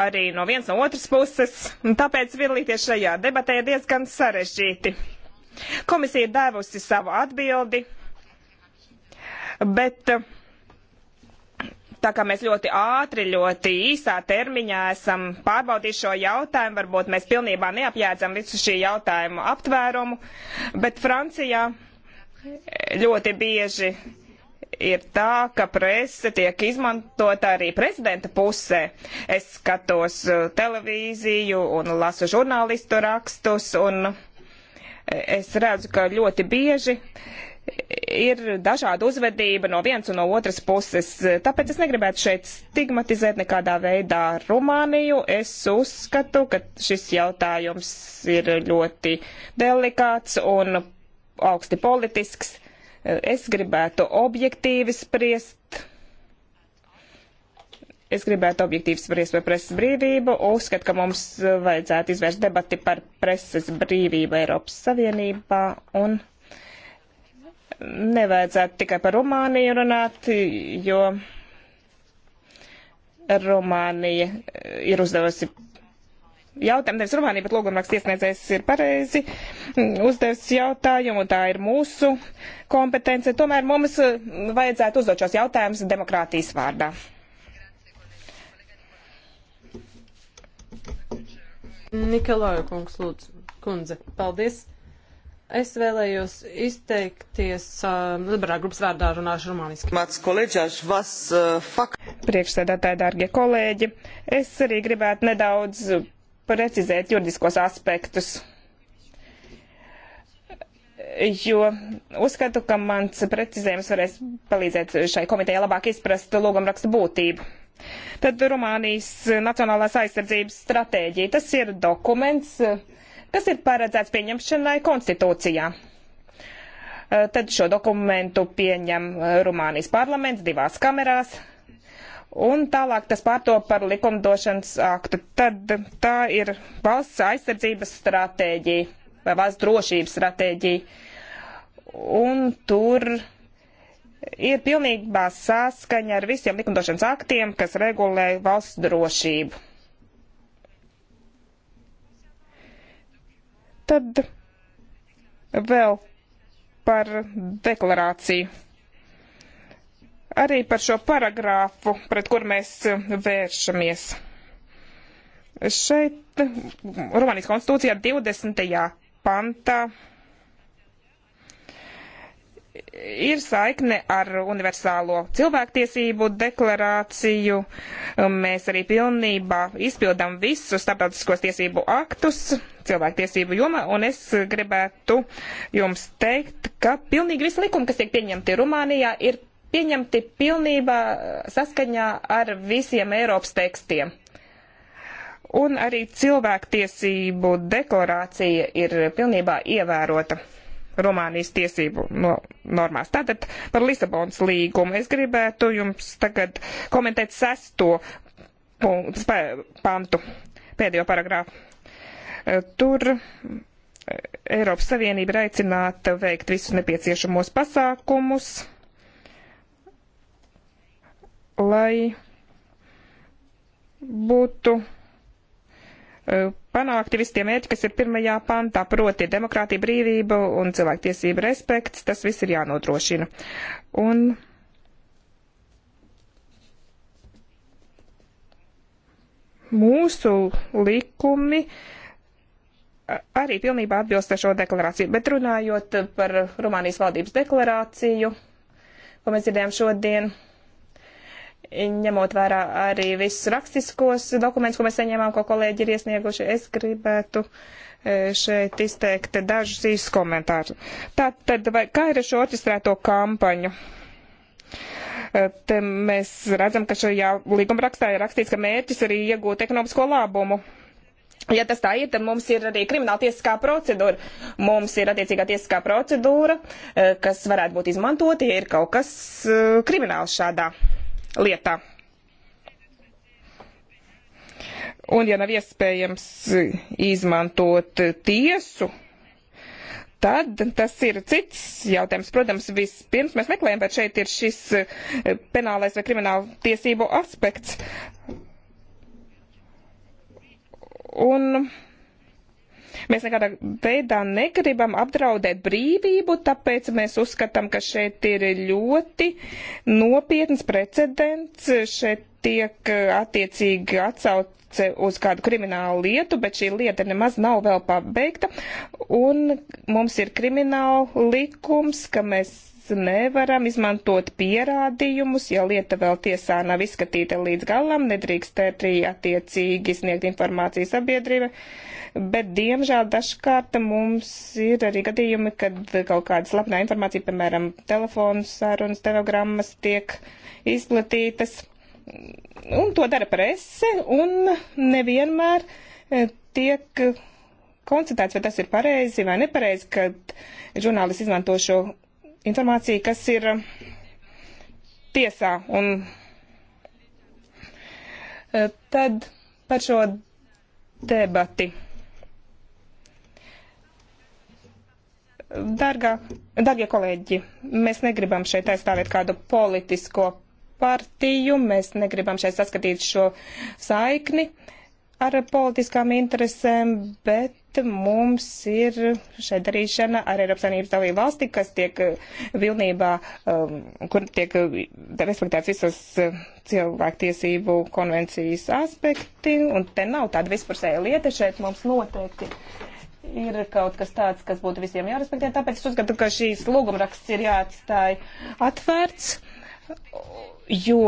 arī no vienas no otras puses, un tāpēc virlīties šajā debatē ir diezgan sarežģīti. Komisija ir devusi savu atbildi, bet uh, Tā kā mēs ļoti ātri, ļoti īsā termiņā esam pārbaudījuši šo jautājumu, varbūt mēs pilnībā neapjēdzam visu šī jautājumu aptvērumu, bet Francijā ļoti bieži ir tā, ka prese tiek izmantota arī prezidenta pusē. Es skatos uh, televīziju un lasu žurnālistu rakstus, un uh, es redzu, ka ļoti bieži ir dažāda uzvedība no vienas un no otras puses. Tāpēc es negribētu šeit stigmatizēt nekādā veidā Rumāniju. Es uzskatu, ka šis jautājums ir ļoti delikāts un augsti politisks. Es gribētu objektīvi spriest. Es gribētu objektīvi spriest par presas brīvību. Uzskatu, ka mums vajadzētu izvērst debati par presas brīvību Eiropas Savienībā un nevajadzētu tikai par Rumāniju runāt, jo Rumānija eh, ir uzdevusi jautājumu, nevis Rumānija, bet logumraksts iesniedzējs ir pareizi mm, uzdevusi jautājumu, un tā ir mūsu kompetence. Tomēr mums eh, vajadzētu uzdot šos jautājumus demokrātijas vārdā. Nikolāja kungs, lūdzu, kundze, paldies. Es vēlējos izteikties uh, liberāla grupas vārdā runāšu rumāniski. Mats kolēģis, vas uh, fak. Priekšsēdētāji, dārgie kolēģi, es arī gribētu nedaudz precizēt juridiskos aspektus. Jo uzskatu, ka mans precizējums varēs palīdzēt šai komitejai labāk izprast lūgumrakstu būtību. Tad Rumānijas Nacionālās aizsardzības stratēģija. Tas ir dokuments, uh, kas ir paredzēts pieņemšanai konstitūcijā. Eh, tad šo dokumentu pieņem eh, Rumānijas parlaments divās kamerās, un tālāk tas pārtop par likumdošanas aktu. Tad tā ir valsts aizsardzības stratēģija vai valsts drošības stratēģija. Un tur ir pilnībā saskaņa ar visiem likumdošanas aktiem, kas regulē valsts drošību. Tad vēl par deklarāciju. Arī par šo paragrāfu, pret kur mēs vēršamies. Šeit Rumānijas konstitūcijā 20. pantā ir saikne ar universālo cilvēktiesību deklarāciju. Mēs arī pilnībā izpildam visus starptautiskos tiesību aktus cilvēktiesību jomā, un es gribētu jums teikt, ka pilnīgi visi likumi, kas tiek pieņemti Rumānijā, ir pieņemti pilnībā saskaņā ar visiem Eiropas tekstiem. Un arī cilvēktiesību deklarācija ir pilnībā ievērota. Rumānijas tiesību no normās. Tātad par Lisabonas līgumu es gribētu jums tagad komentēt sesto pantu, pēdējo paragrāfu. E, tur e, Eiropas Savienība ir aicināta veikt visus nepieciešamos pasākumus, lai būtu Eh, panākti visi tie mērķi, kas ir pirmajā pantā, proti demokrātija, brīvība un cilvēktiesība respekts, tas viss ir jānodrošina. Un mūsu likumi eh, arī pilnībā atbilst ar šo deklarāciju, bet runājot par Rumānijas valdības deklarāciju, ko mēs dzirdējām šodien, ņemot vērā arī visus rakstiskos dokumentus, ko mēs saņēmām, ko kolēģi ir iesnieguši, es gribētu e, šeit izteikt dažus īsus komentārus. Tātad, vai, kā ir ar šo orķestrēto kampaņu? E, te mēs redzam, ka šajā līguma rakstā ir rakstīts, ka mērķis arī iegūt ekonomisko labumu. Ja tas tā ir, tad mums ir arī krimināla tiesiskā procedūra. Mums ir attiecīgā tiesiskā procedūra, e, kas varētu būt izmantota, ja ir kaut kas krimināls šādā lietā. Un ja nav iespējams izmantot tiesu, tad tas ir cits jautājums. Protams, vispirms mēs meklējam, bet šeit ir šis eh, penālais vai krimināla tiesību aspekts. Un Mēs nekādā veidā negribam apdraudēt brīvību, tāpēc mēs uzskatām, ka šeit ir ļoti nopietns precedents. Šeit tiek eh, attiecīgi atsauce uz kādu kriminālu lietu, bet šī lieta nemaz nav vēl pabeigta. Un mums ir krimināla likums, ka mēs nevaram izmantot pierādījumus, ja lieta vēl tiesā nav izskatīta līdz galam, nedrīkst arī attiecīgi sniegt informāciju sabiedrība, bet diemžēl dažkārt mums ir arī gadījumi, kad kaut kāda slapnā informācija, piemēram, telefonu sarunas, telegrammas tiek izplatītas, un to dara prese, un nevienmēr e, tiek konstatēts, vai tas ir pareizi vai nepareizi, kad žurnālisti izmanto šo informācija, kas ir eh, tiesā. Un eh, tad par šo debati. Dargā, dargie kolēģi, mēs negribam šeit aizstāvēt kādu politisko partiju, mēs negribam šeit saskatīt šo saikni. Uh, ar politiskām interesēm, bet mums ir šeit darīšana ar Eiropas Savienības dalību valsti, kas tiek eh, vilnībā, um, kur tiek eh, respektēts visos eh, cilvēktiesību konvencijas aspekti, un te nav tāda vispusēja lieta, šeit mums noteikti ir kaut kas tāds, kas būtu visiem jārespektē, tāpēc es uzskatu, ka šīs lūgumraksts ir jāatstāja atvērts, jo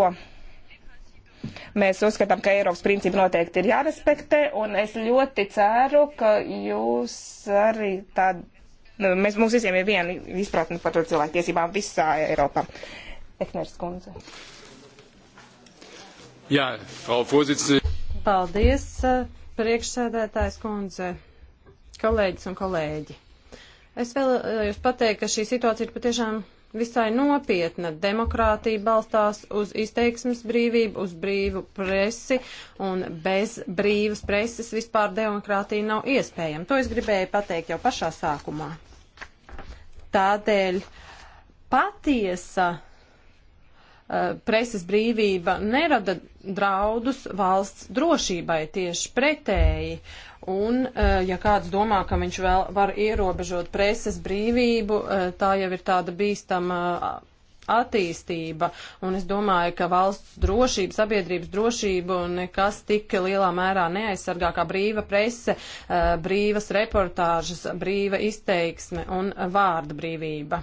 Mēs uzskatām, ka Eiropas principi noteikti ir jārespektē, un es ļoti ceru, ka jūs arī tād, nu, mēs, mums visiem ir viena izpratne par cilvēku tiesībām visā Eiropā. Ekners kundze. Jā, Frau Vorsitzende. Paldies, eh, priekšsēdētājs kundze, kolēģis un kolēģi. Es vēlējos pateikt, ka šī situācija ir patiešām visai nopietna. Demokrātija balstās uz izteiksmes brīvību, uz brīvu presi, un bez brīvas preses vispār demokrātija nav iespējama. To es gribēju pateikt jau pašā sākumā. Tādēļ patiesa uh, preses brīvība nerada draudus valsts drošībai tieši pretēji. Un, e, ja kāds domā, ka viņš vēl var ierobežot preses brīvību, e, tā jau ir tāda bīstama attīstība, un es domāju, ka valsts drošība, sabiedrības drošība nekas tik lielā mērā neaizsargā kā brīva prese, e, brīvas reportāžas, brīva izteiksme un vārda brīvība.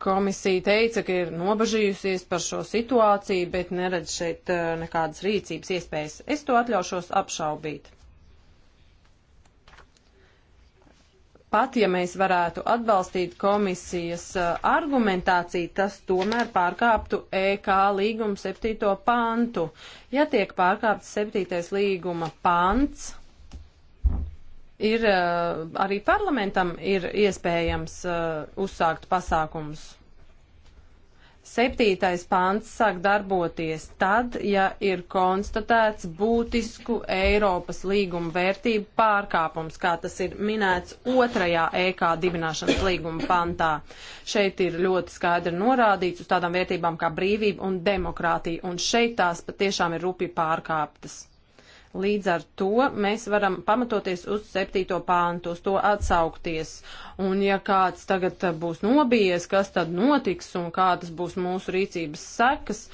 Komisija teica, ka ir nobažījusies par šo situāciju, bet neredz šeit uh, nekādas rīcības iespējas. Es to atļaušos apšaubīt. pat ja mēs varētu atbalstīt komisijas uh, argumentāciju, tas tomēr pārkāptu EK līguma 7. pantu. Ja tiek pārkāpts 7. līguma pants, ir eh, arī parlamentam ir iespējams eh, uzsākt pasākums. Septītais pāns sāk darboties tad, ja ir konstatēts būtisku Eiropas līguma vērtību pārkāpums, kā tas ir minēts otrajā EK dibināšanas līguma pantā. Šeit ir ļoti skaidri norādīts uz tādām vērtībām kā brīvība un demokrātija, un šeit tās patiešām ir rupi pārkāptas. Līdz ar to mēs varam pamatoties uz septīto pāntu, uz to atsaukties. Un ja kāds tagad uh, būs nobijies, kas tad notiks un kādas būs mūsu rīcības sekas,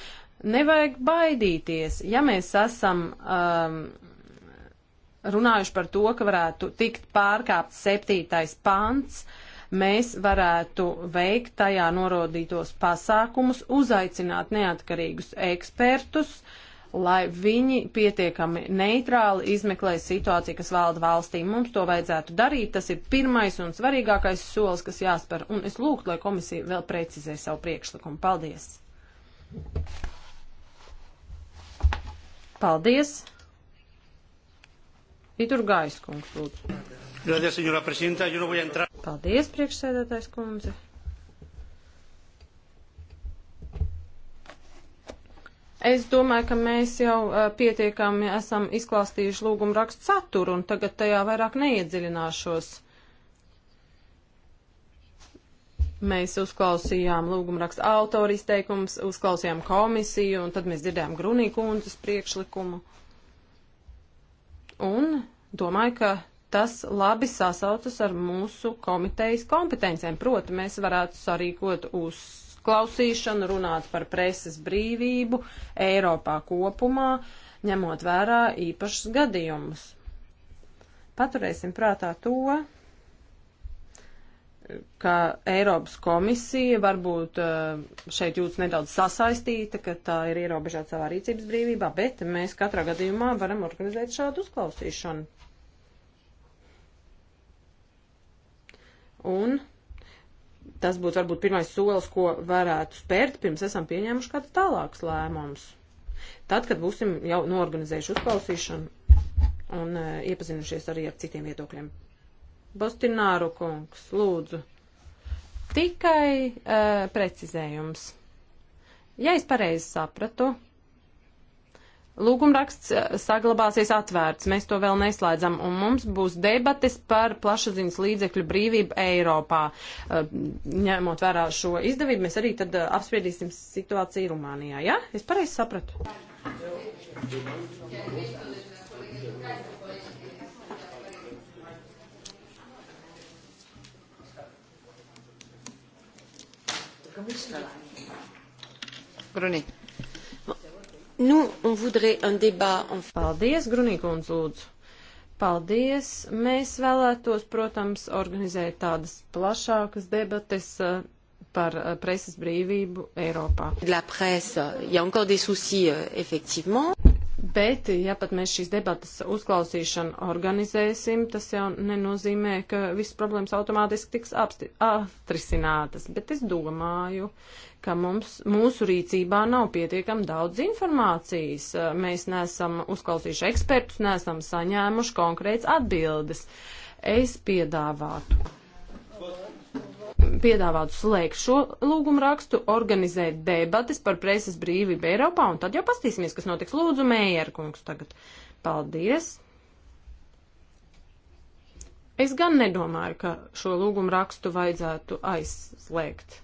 nevajag baidīties. Ja mēs esam. Um, Runājuši par to, ka varētu tikt pārkāpts septītais pants, mēs varētu veikt tajā norodītos pasākumus, uzaicināt neatkarīgus ekspertus, uh, lai viņi pietiekami neitrāli izmeklē situāciju, kas valda valstī. Mums to vajadzētu darīt, tas ir pirmais un svarīgākais solis, kas jāspēr, un es lūgtu, lai komisija vēl precizē savu priekšlikumu. Paldies! Paldies! Itur Gaiskungs, lūdzu. Paldies, priekšsēdētājs kundze. Es domāju, ka mēs jau pietiekami esam izklāstījuši lūgumu rakstu saturu, un tagad tajā vairāk neiedziļināšos. Mēs uzklausījām lūgumrakstu autoru izteikums, uzklausījām komisiju, un tad mēs dzirdējām Grunī kundzes priekšlikumu. Un domāju, ka tas labi sasautas ar mūsu komitejas kompetencijām. Proti, mēs varētu sarīkot uz uzklausīšanu, runāt par preses brīvību Eiropā kopumā, ņemot vērā īpašus gadījumus. Paturēsim prātā to, ka Eiropas komisija varbūt eh, šeit jūtas nedaudz sasaistīta, ka tā ir ierobežāta savā rīcības brīvībā, bet mēs katrā gadījumā varam organizēt šādu uzklausīšanu. Un tas būtu varbūt pirmais solis, ko varētu spērt, pirms esam pieņēmuši kāds tālāks lēmums. Tad, kad būsim jau norganizējuši uzklausīšanu un uh, iepazinušies arī ar citiem viedokļiem. Bostināru kungs, lūdzu. Tikai uh, precizējums. Ja es pareizi sapratu, Lūgumraksts eh, saglabāsies atvērts, mēs to vēl neslēdzam, un mums būs debates par plašsaziņas līdzekļu brīvību Eiropā. Eh, ņemot vērā šo izdevību, mēs arī tad eh, apspriedīsim situāciju Rumānijā. Ja? Es pareizi sapratu. Grunīgi. Nous, on voudrait un débat en... Paldies, Grunīkundz, lūdzu. Paldies! Mēs vēlētos, protams, organizēt tādas plašākas debates eh, par eh, preses brīvību Eiropā. Bet, ja pat mēs šīs debatas uzklausīšanu organizēsim, tas jau nenozīmē, ka visas problēmas automātiski tiks atrisinātas. Bet es domāju, ka mums, mūsu rīcībā nav pietiekam daudz informācijas. Mēs neesam uzklausījuši ekspertus, neesam saņēmuši konkrēts atbildes. Es piedāvātu piedāvātu slēgt šo lūgumu rakstu, organizēt debates par preses brīvību Eiropā, un tad jau pastīsimies, kas notiks. Lūdzu, Mērkungs, tagad. Paldies! Es gan nedomāju, ka šo lūgumu rakstu vajadzētu aizslēgt.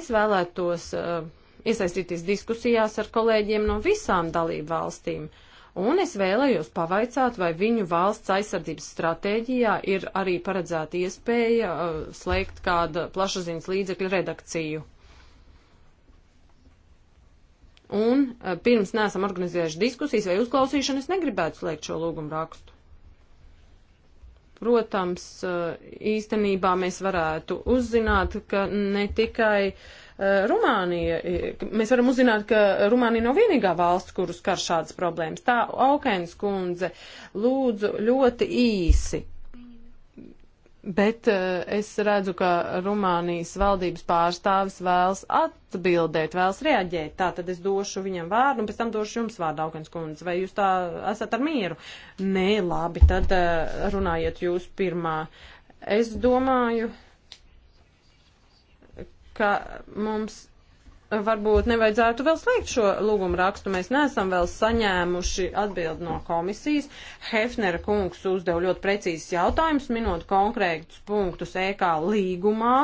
Es vēlētos uh, iesaistīties diskusijās ar kolēģiem no visām dalību valstīm. Uh, Un es vēlējos pavaicāt, vai viņu valsts aizsardzības stratēģijā ir arī paredzēta iespēja uh, slēgt kāda plašsaziņas līdzekļa redakciju. Un uh, pirms neesam organizējuši diskusijas vai uzklausīšanu, es negribētu slēgt šo lūgumu rakstu. Protams, uh, īstenībā mēs varētu uzzināt, ka ne tikai uh, Eh, Rumānija, eh, mēs varam uzzināt, ka Rumānija nav vienīgā valsts, kurus kar šādas problēmas. Tā, Aukēns kundze, lūdzu ļoti īsi. Bet eh, es redzu, ka Rumānijas valdības pārstāvis vēlas atbildēt, vēlas reaģēt. Tā tad es došu viņam vārdu un pēc tam došu jums vārdu, Aukens kundze. Vai jūs tā esat ar mieru? Nē, labi, tad runājiet jūs pirmā. Es domāju ka mums varbūt nevajadzētu vēl slēgt šo lūgumu rakstu. Mēs neesam vēl saņēmuši atbildi no komisijas. Hefnera kungs uzdev ļoti precīzes jautājumus, minot konkrētus punktus EK līgumā,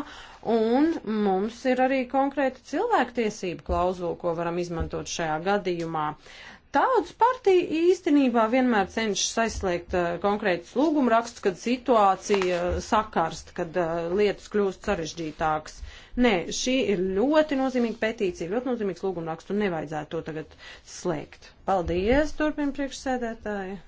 un mums ir arī konkrēta cilvēktiesība klauzula, ko varam izmantot šajā gadījumā. Uh, Tautas partija īstenībā vienmēr cenšas aizslēgt uh, konkrētus lūgumrakstus, kad situācija uh, sakarst, kad uh, lietas kļūst sarežģītākas. Nē, šī ir ļoti nozīmīga petīcija, ļoti nozīmīgs lūgumraksts un nevajadzētu to tagad slēgt. Paldies, turpina priekšsēdētāji.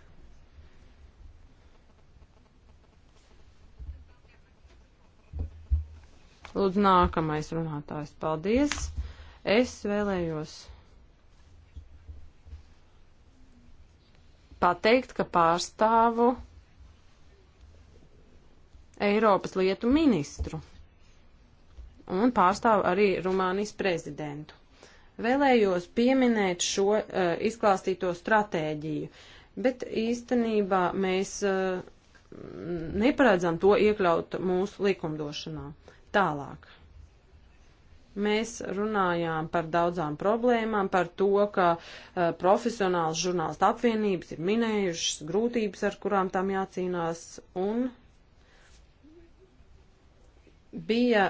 Lūdzu, nākamais runātājs. Paldies. Es vēlējos pateikt, ka pārstāvu Eiropas lietu ministru un pārstāvu arī Rumānijas prezidentu. Vēlējos pieminēt šo uh, izklāstīto stratēģiju, bet īstenībā mēs uh, neparedzam to iekļaut mūsu likumdošanā. Tālāk. Mēs runājām par daudzām problēmām, par to, ka uh, profesionāls žurnālistu apvienības ir minējušas grūtības, ar kurām tam jācīnās, un bija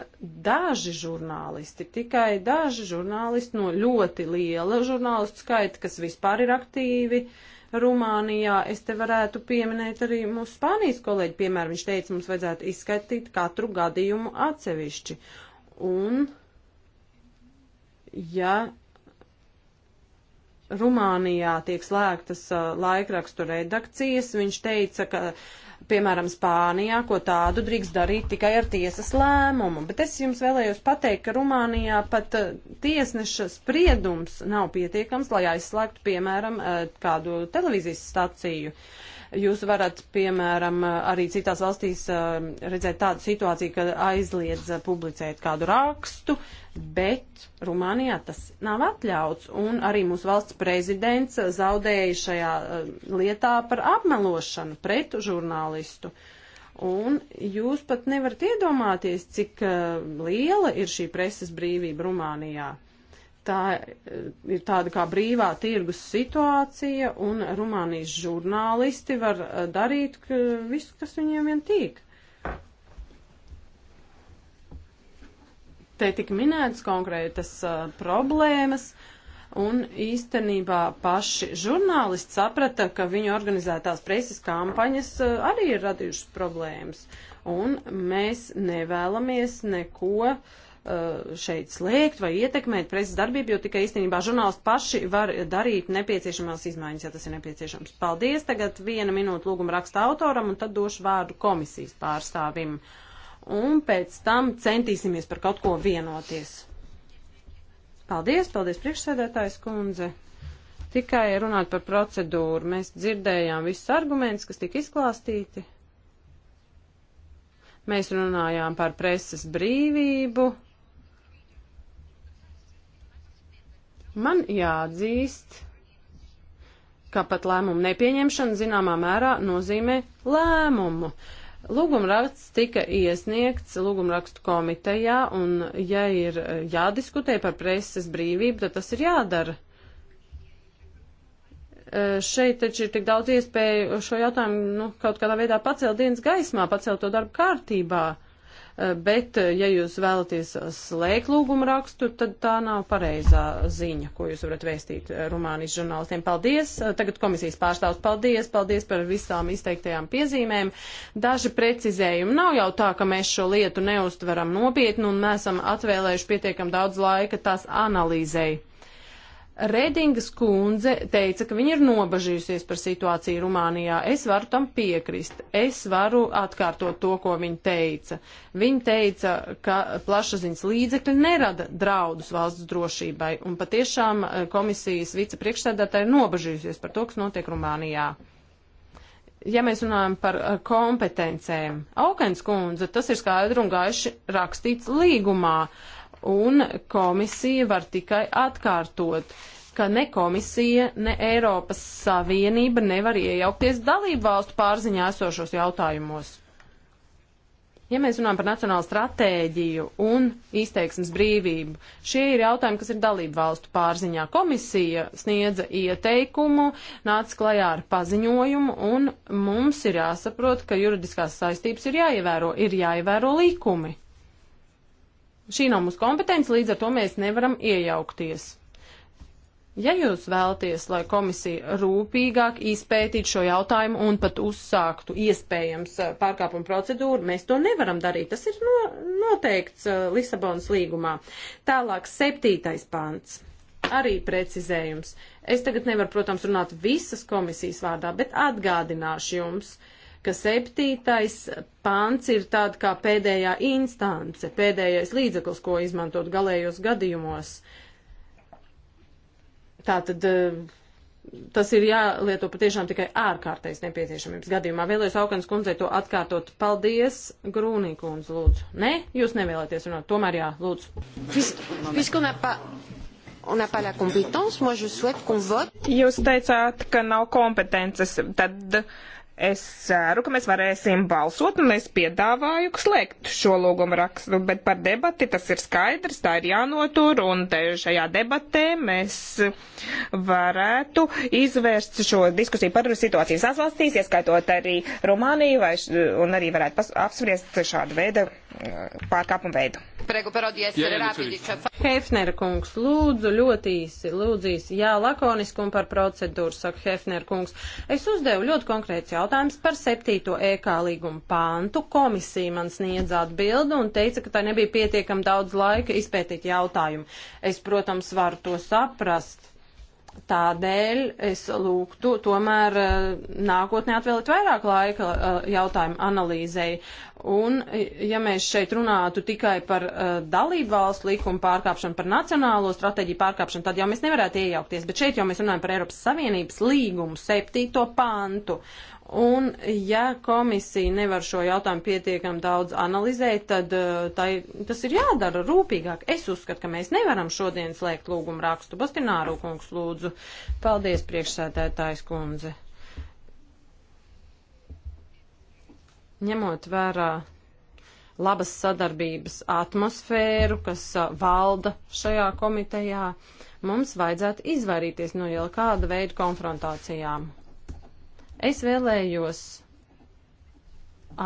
daži žurnālisti, tikai daži žurnālisti no ļoti liela žurnālistu skaita, kas vispār ir aktīvi, uh, Rumānijā. Es te varētu pieminēt arī mūsu Spānijas kolēģi, piemēram, viņš teica, mums vajadzētu izskatīt katru gadījumu atsevišķi. Un ja Rumānijā tiek slēgtas uh, laikrakstu redakcijas. Viņš teica, ka, piemēram, Spānijā, ko tādu drīkst darīt tikai ar tiesas lēmumu. Bet es jums vēlējos pateikt, ka Rumānijā pat uh, tiesneša spriedums nav pietiekams, lai aizslēgtu, piemēram, uh, kādu televīzijas staciju. Uh, Jūs varat, piemēram, arī citās valstīs redzēt tādu situāciju, ka aizliedz publicēt kādu rakstu, bet Rumānijā tas nav atļauts. Un arī mūsu valsts prezidents zaudēja šajā lietā par apmelošanu pret žurnālistu. Un jūs pat nevarat iedomāties, cik uh, liela ir šī preses brīvība Rumānijā. Tā eh, ir tāda kā brīvā tirgus situācija, un Rumānijas žurnālisti var eh, darīt visu, kas viņiem vien tīk. Te tik minētas konkrētas uh, problēmas, un īstenībā paši žurnālisti saprata, ka viņu organizētās preses kampaņas uh, arī ir radījušas problēmas, un mēs nevēlamies neko uh, Uh, šeit slēgt vai ietekmēt preses darbību, jo tikai īstenībā žurnālisti paši var darīt nepieciešamās izmaiņas, ja tas ir nepieciešams. Paldies! Tagad viena minūte lūguma raksta autoram un tad došu vārdu komisijas pārstāvim. Un pēc tam centīsimies par kaut ko vienoties. Paldies, paldies priekšsēdētājs kundze. Tikai runāt par procedūru. Mēs dzirdējām visus argumentus, kas tika izklāstīti. Mēs runājām par preses brīvību Man jāatzīst, ka pat lēmumu nepieņemšana zināmā mērā nozīmē lēmumu. Lūgumraksts tika iesniegts lūgumrakstu komitejā, un ja ir jādiskutē par preses brīvību, tad tas ir jādara. E, šeit taču ir tik daudz iespēju šo jautājumu nu, kaut kādā veidā pacelt dienas gaismā, pacelt to darbu kārtībā. Uh, bet ja jūs vēlaties slēgt lūgumu rakstu, tad tā nav pareizā ziņa, ko jūs varat vēstīt Rumānijas žurnālistiem. Paldies! Tagad komisijas pārstāvs paldies, paldies par visām izteiktajām piezīmēm. Daži precizējumi nav jau tā, ka mēs šo lietu neustveram nopietni un mēs esam atvēlējuši pietiekam daudz laika tās analīzei. Redingas kundze teica, ka viņa ir nobažījusies par situāciju Rumānijā. Es varu tam piekrist. Es varu atkārtot to, ko viņa teica. Viņa teica, ka plašsaziņas līdzekļi nerada draudus valsts drošībai, un patiešām eh, komisijas vicepriekšsēdētāja ir nobažījusies par to, kas notiek Rumānijā. Ja mēs runājam par eh, kompetencēm, Aukens kundze, tas ir skaidri un gaiši rakstīts līgumā. Uh, un komisija var tikai atkārtot ka ne komisija, ne Eiropas Savienība nevar iejaukties dalību valstu pārziņā esošos jautājumos. Ja mēs runājam par nacionālu stratēģiju un izteiksmes brīvību, šie ir jautājumi, kas ir dalību valstu pārziņā. Komisija sniedza ieteikumu, nāca klajā ar paziņojumu, un mums ir jāsaprot, ka juridiskās saistības ir jāievēro, ir jāievēro likumi. Šī nav mūsu kompetence, līdz ar to mēs nevaram iejaukties. Ja jūs vēlaties, lai komisija rūpīgāk izpētītu šo jautājumu un pat uzsāktu iespējams eh, pārkāpumu procedūru, mēs to nevaram darīt. Tas ir no, noteikts eh, Lisabonas līgumā. Tālāk, septītais pants. Arī precizējums. Es tagad nevaru, protams, runāt visas komisijas vārdā, bet atgādināšu jums. Uh, ka septītais pants ir tāda kā pēdējā instance, pēdējais līdzeklis, ko izmantot galējos gadījumos. Tātad eh, tas ir jālieto patiešām tikai ārkārtais nepieciešamības gadījumā. Vēlējos Aukans kundzei to atkārtot. Paldies, Grūnī kundze, lūdzu. Nē, ne? jūs nevēlaties runāt, tomēr jā, lūdzu. Pis, pis, on n'a pas la compétence. Moi, je souhaite qu'on vote. Jūs teicāt, ka nav kompetences. Tad Es ceru, ka mēs varēsim balsot, un es piedāvāju slēgt šo lūgumu rakstu, bet par debati tas ir skaidrs, tā ir jānotur, un šajā debatē mēs varētu izvērst šo diskusiju par situāciju sasvalstīs, ieskaitot arī Rumāniju, vai, un arī varētu apspriest šādu veidu Uh, pārkāpumu veidu. Hefner kungs, lūdzu, ļoti īsi, lūdzīs, jā, lakoniski un par procedūru, saka Hefner kungs. Es uzdevu ļoti konkrēts jautājums par 7. EK līgumu pāntu. Komisija man sniedz atbildi un teica, ka tā nebija pietiekam daudz laika izpētīt jautājumu. Es, protams, varu to saprast. Tādēļ es lūgtu tomēr eh, nākotnē atvēlēt vairāk laika eh, jautājumu analīzei. Un, ja mēs šeit runātu tikai par eh, dalību valstu likumu pārkāpšanu, par nacionālo stratēģiju pārkāpšanu, tad jau mēs nevarētu iejaukties. Bet šeit jau mēs runājam par Eiropas Savienības līgumu septīto pantu. Un, ja komisija nevar šo jautājumu pietiekam daudz analizēt, tad uh, tai, tas ir jādara rūpīgāk. Es uzskatu, ka mēs nevaram šodien slēgt lūgumu rakstu. Bastināru kungs lūdzu. Paldies, priekšsēdētājs kundze. Ņemot vērā labas sadarbības atmosfēru, kas uh, valda šajā komitejā, mums vajadzētu izvairīties no jau kāda veida konfrontācijām Es vēlējos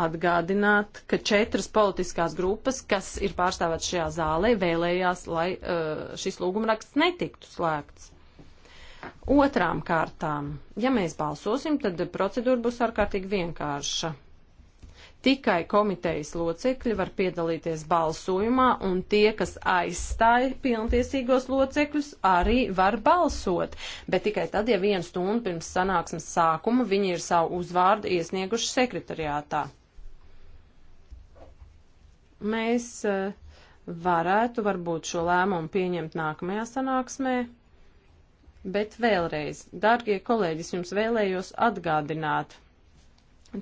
atgādināt, ka četras politiskās grupas, kas ir pārstāvētas šajā zālē, vēlējās, lai eh, šis lūgumraksts netiktu slēgts. Otrām kārtām, ja mēs balsosim, tad procedūra būs ārkārtīgi vienkārša. Tikai komitejas locekļi var piedalīties balsojumā, un tie, kas aizstāja pilntiesīgos locekļus, arī var balsot. Bet tikai tad, ja vienu stundu pirms sanāksmes sākuma viņi ir savu uzvārdu iesnieguši sekretariātā. Mēs eh, varētu varbūt šo lēmumu pieņemt nākamajā sanāksmē. Bet vēlreiz, dārgie kolēģis, jums vēlējos atgādināt,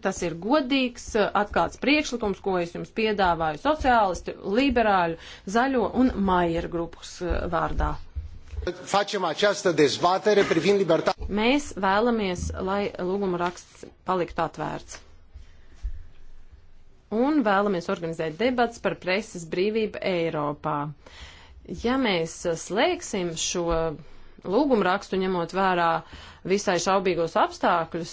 Tas ir godīgs, atklāts priekšlikums, ko es jums piedāvāju sociālistu, liberāļu, zaļo un maieru grupas eh, vārdā. Mēs vēlamies, lai lūguma raksts paliktu atvērts. Un vēlamies organizēt debats par preses brīvību Eiropā. Ja mēs slēgsim šo lūgumrakstu ņemot vērā visai šaubīgos apstākļus,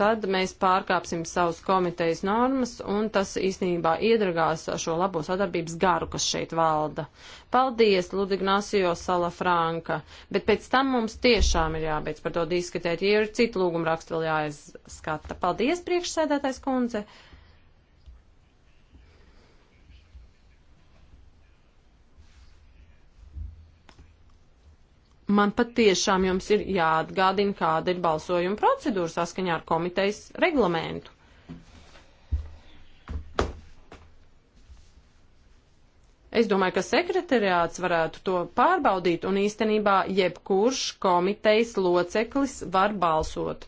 tad mēs pārkāpsim savus komitejas normas, un tas īstenībā iedragās šo labo sadarbības garu, kas šeit valda. Paldies, Ludignāsio Salafranka, bet pēc tam mums tiešām ir jābeidz par to diskutēt, ja ir citu lūgumrakstu vēl jāizskata. Paldies, priekšsēdētājs kundze! Man patiešām jums ir jāatgādina, kāda ir balsojuma procedūra saskaņā ar komitejas reglamentu. Es domāju, ka sekretariāts varētu to pārbaudīt, un īstenībā jebkurš komitejas loceklis var balsot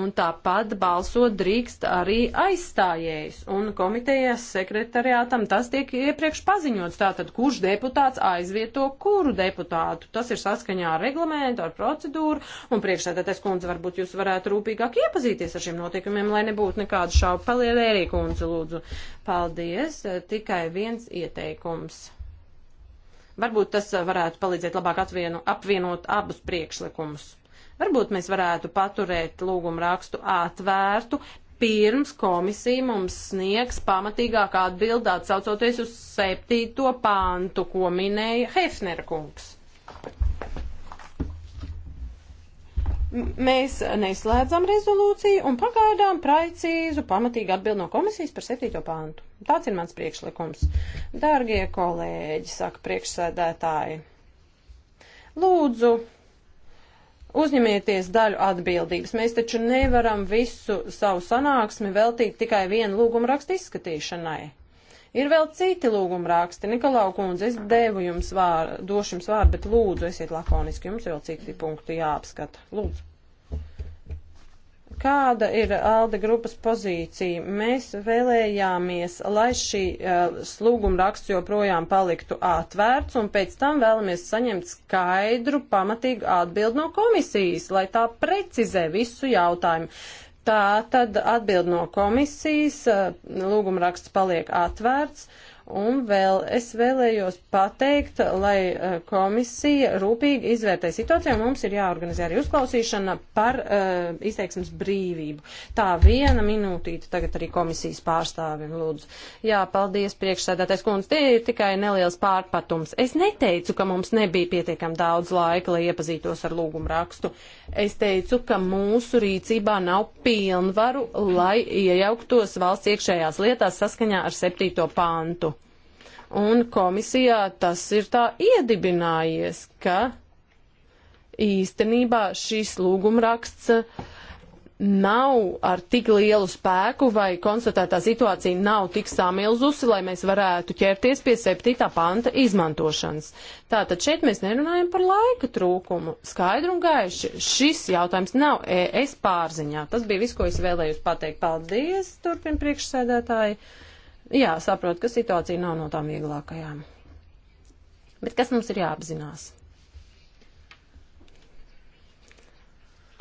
un tāpat balsot drīkst arī aizstājējs. Un komitejas sekretariātam tas tiek iepriekš paziņots, tātad kurš deputāts aizvieto kuru deputātu. Tas ir saskaņā ar reglamentu, ar procedūru, un priekšsēdētais kundze varbūt jūs varētu rūpīgāk iepazīties ar šiem notiekumiem, lai nebūtu nekādu šaubu. Palielērī kundze, lūdzu. Paldies, tikai viens ieteikums. Varbūt tas varētu palīdzēt labāk atvienu, apvienot abus priekšlikumus. Varbūt mēs varētu paturēt lūgumu rakstu atvērtu, pirms komisija mums sniegs pamatīgāk atbildi atsaucoties uz septīto pāntu, ko minēja Hefner kungs. M mēs neslēdzam rezolūciju un pagaidām praicīzu pamatīgu atbildi no komisijas par septīto pāntu. Tāds ir mans priekšlikums. Dārgie kolēģi, saka priekšsēdētāji, lūdzu Uzņemieties daļu atbildības. Mēs taču nevaram visu savu sanāksmi veltīt tikai vienu lūgumu rakstu izskatīšanai. Ir vēl citi lūguma raksti. Nikolau kundze, es devu jums vārdu, došu jums vārdu, bet lūdzu, esiet lakoniski, jums vēl citi punkti jāapskata. Lūdzu. Kāda ir ALDE grupas pozīcija? Mēs vēlējāmies, lai šī uh, eh, slūguma raksts joprojām paliktu atvērts, un pēc tam vēlamies saņemt skaidru, pamatīgu atbildi no komisijas, lai tā precizē visu jautājumu. Tā tad atbild no komisijas, uh, eh, lūguma raksts paliek atvērts. Uh, Un vēl es vēlējos pateikt, lai e, komisija rūpīgi izvērtē situāciju, mums ir jāorganizē arī uzklausīšana par uh, izteiksmes brīvību. Tā viena minūtīte tagad arī komisijas pārstāvim lūdzu. Jā, paldies priekšsēdētais kundze, tie ir tikai neliels pārpatums. Es neteicu, ka mums nebija pietiekam daudz laika, lai iepazītos ar lūgumu rakstu. Es teicu, ka mūsu rīcībā nav pilnvaru, lai iejauktos valsts iekšējās lietās saskaņā ar septīto pāntu. Un komisijā tas ir tā iedibinājies, ka īstenībā šis lūgumraksts uh, nav ar tik lielu spēku vai konstatētā situācija nav tik samilzusi, lai mēs varētu ķerties pie 7. panta izmantošanas. Tātad šeit mēs nerunājam par laika trūkumu. Skaidru un gaiši, šis jautājums nav ES pārziņā. Tas bija viss, ko es vēlējos pateikt. Paldies, turpin priekšsēdētāji. Uh, Jā, saprotu, ka situācija nav no tām vieglākajām. Bet kas mums ir jāapzinās?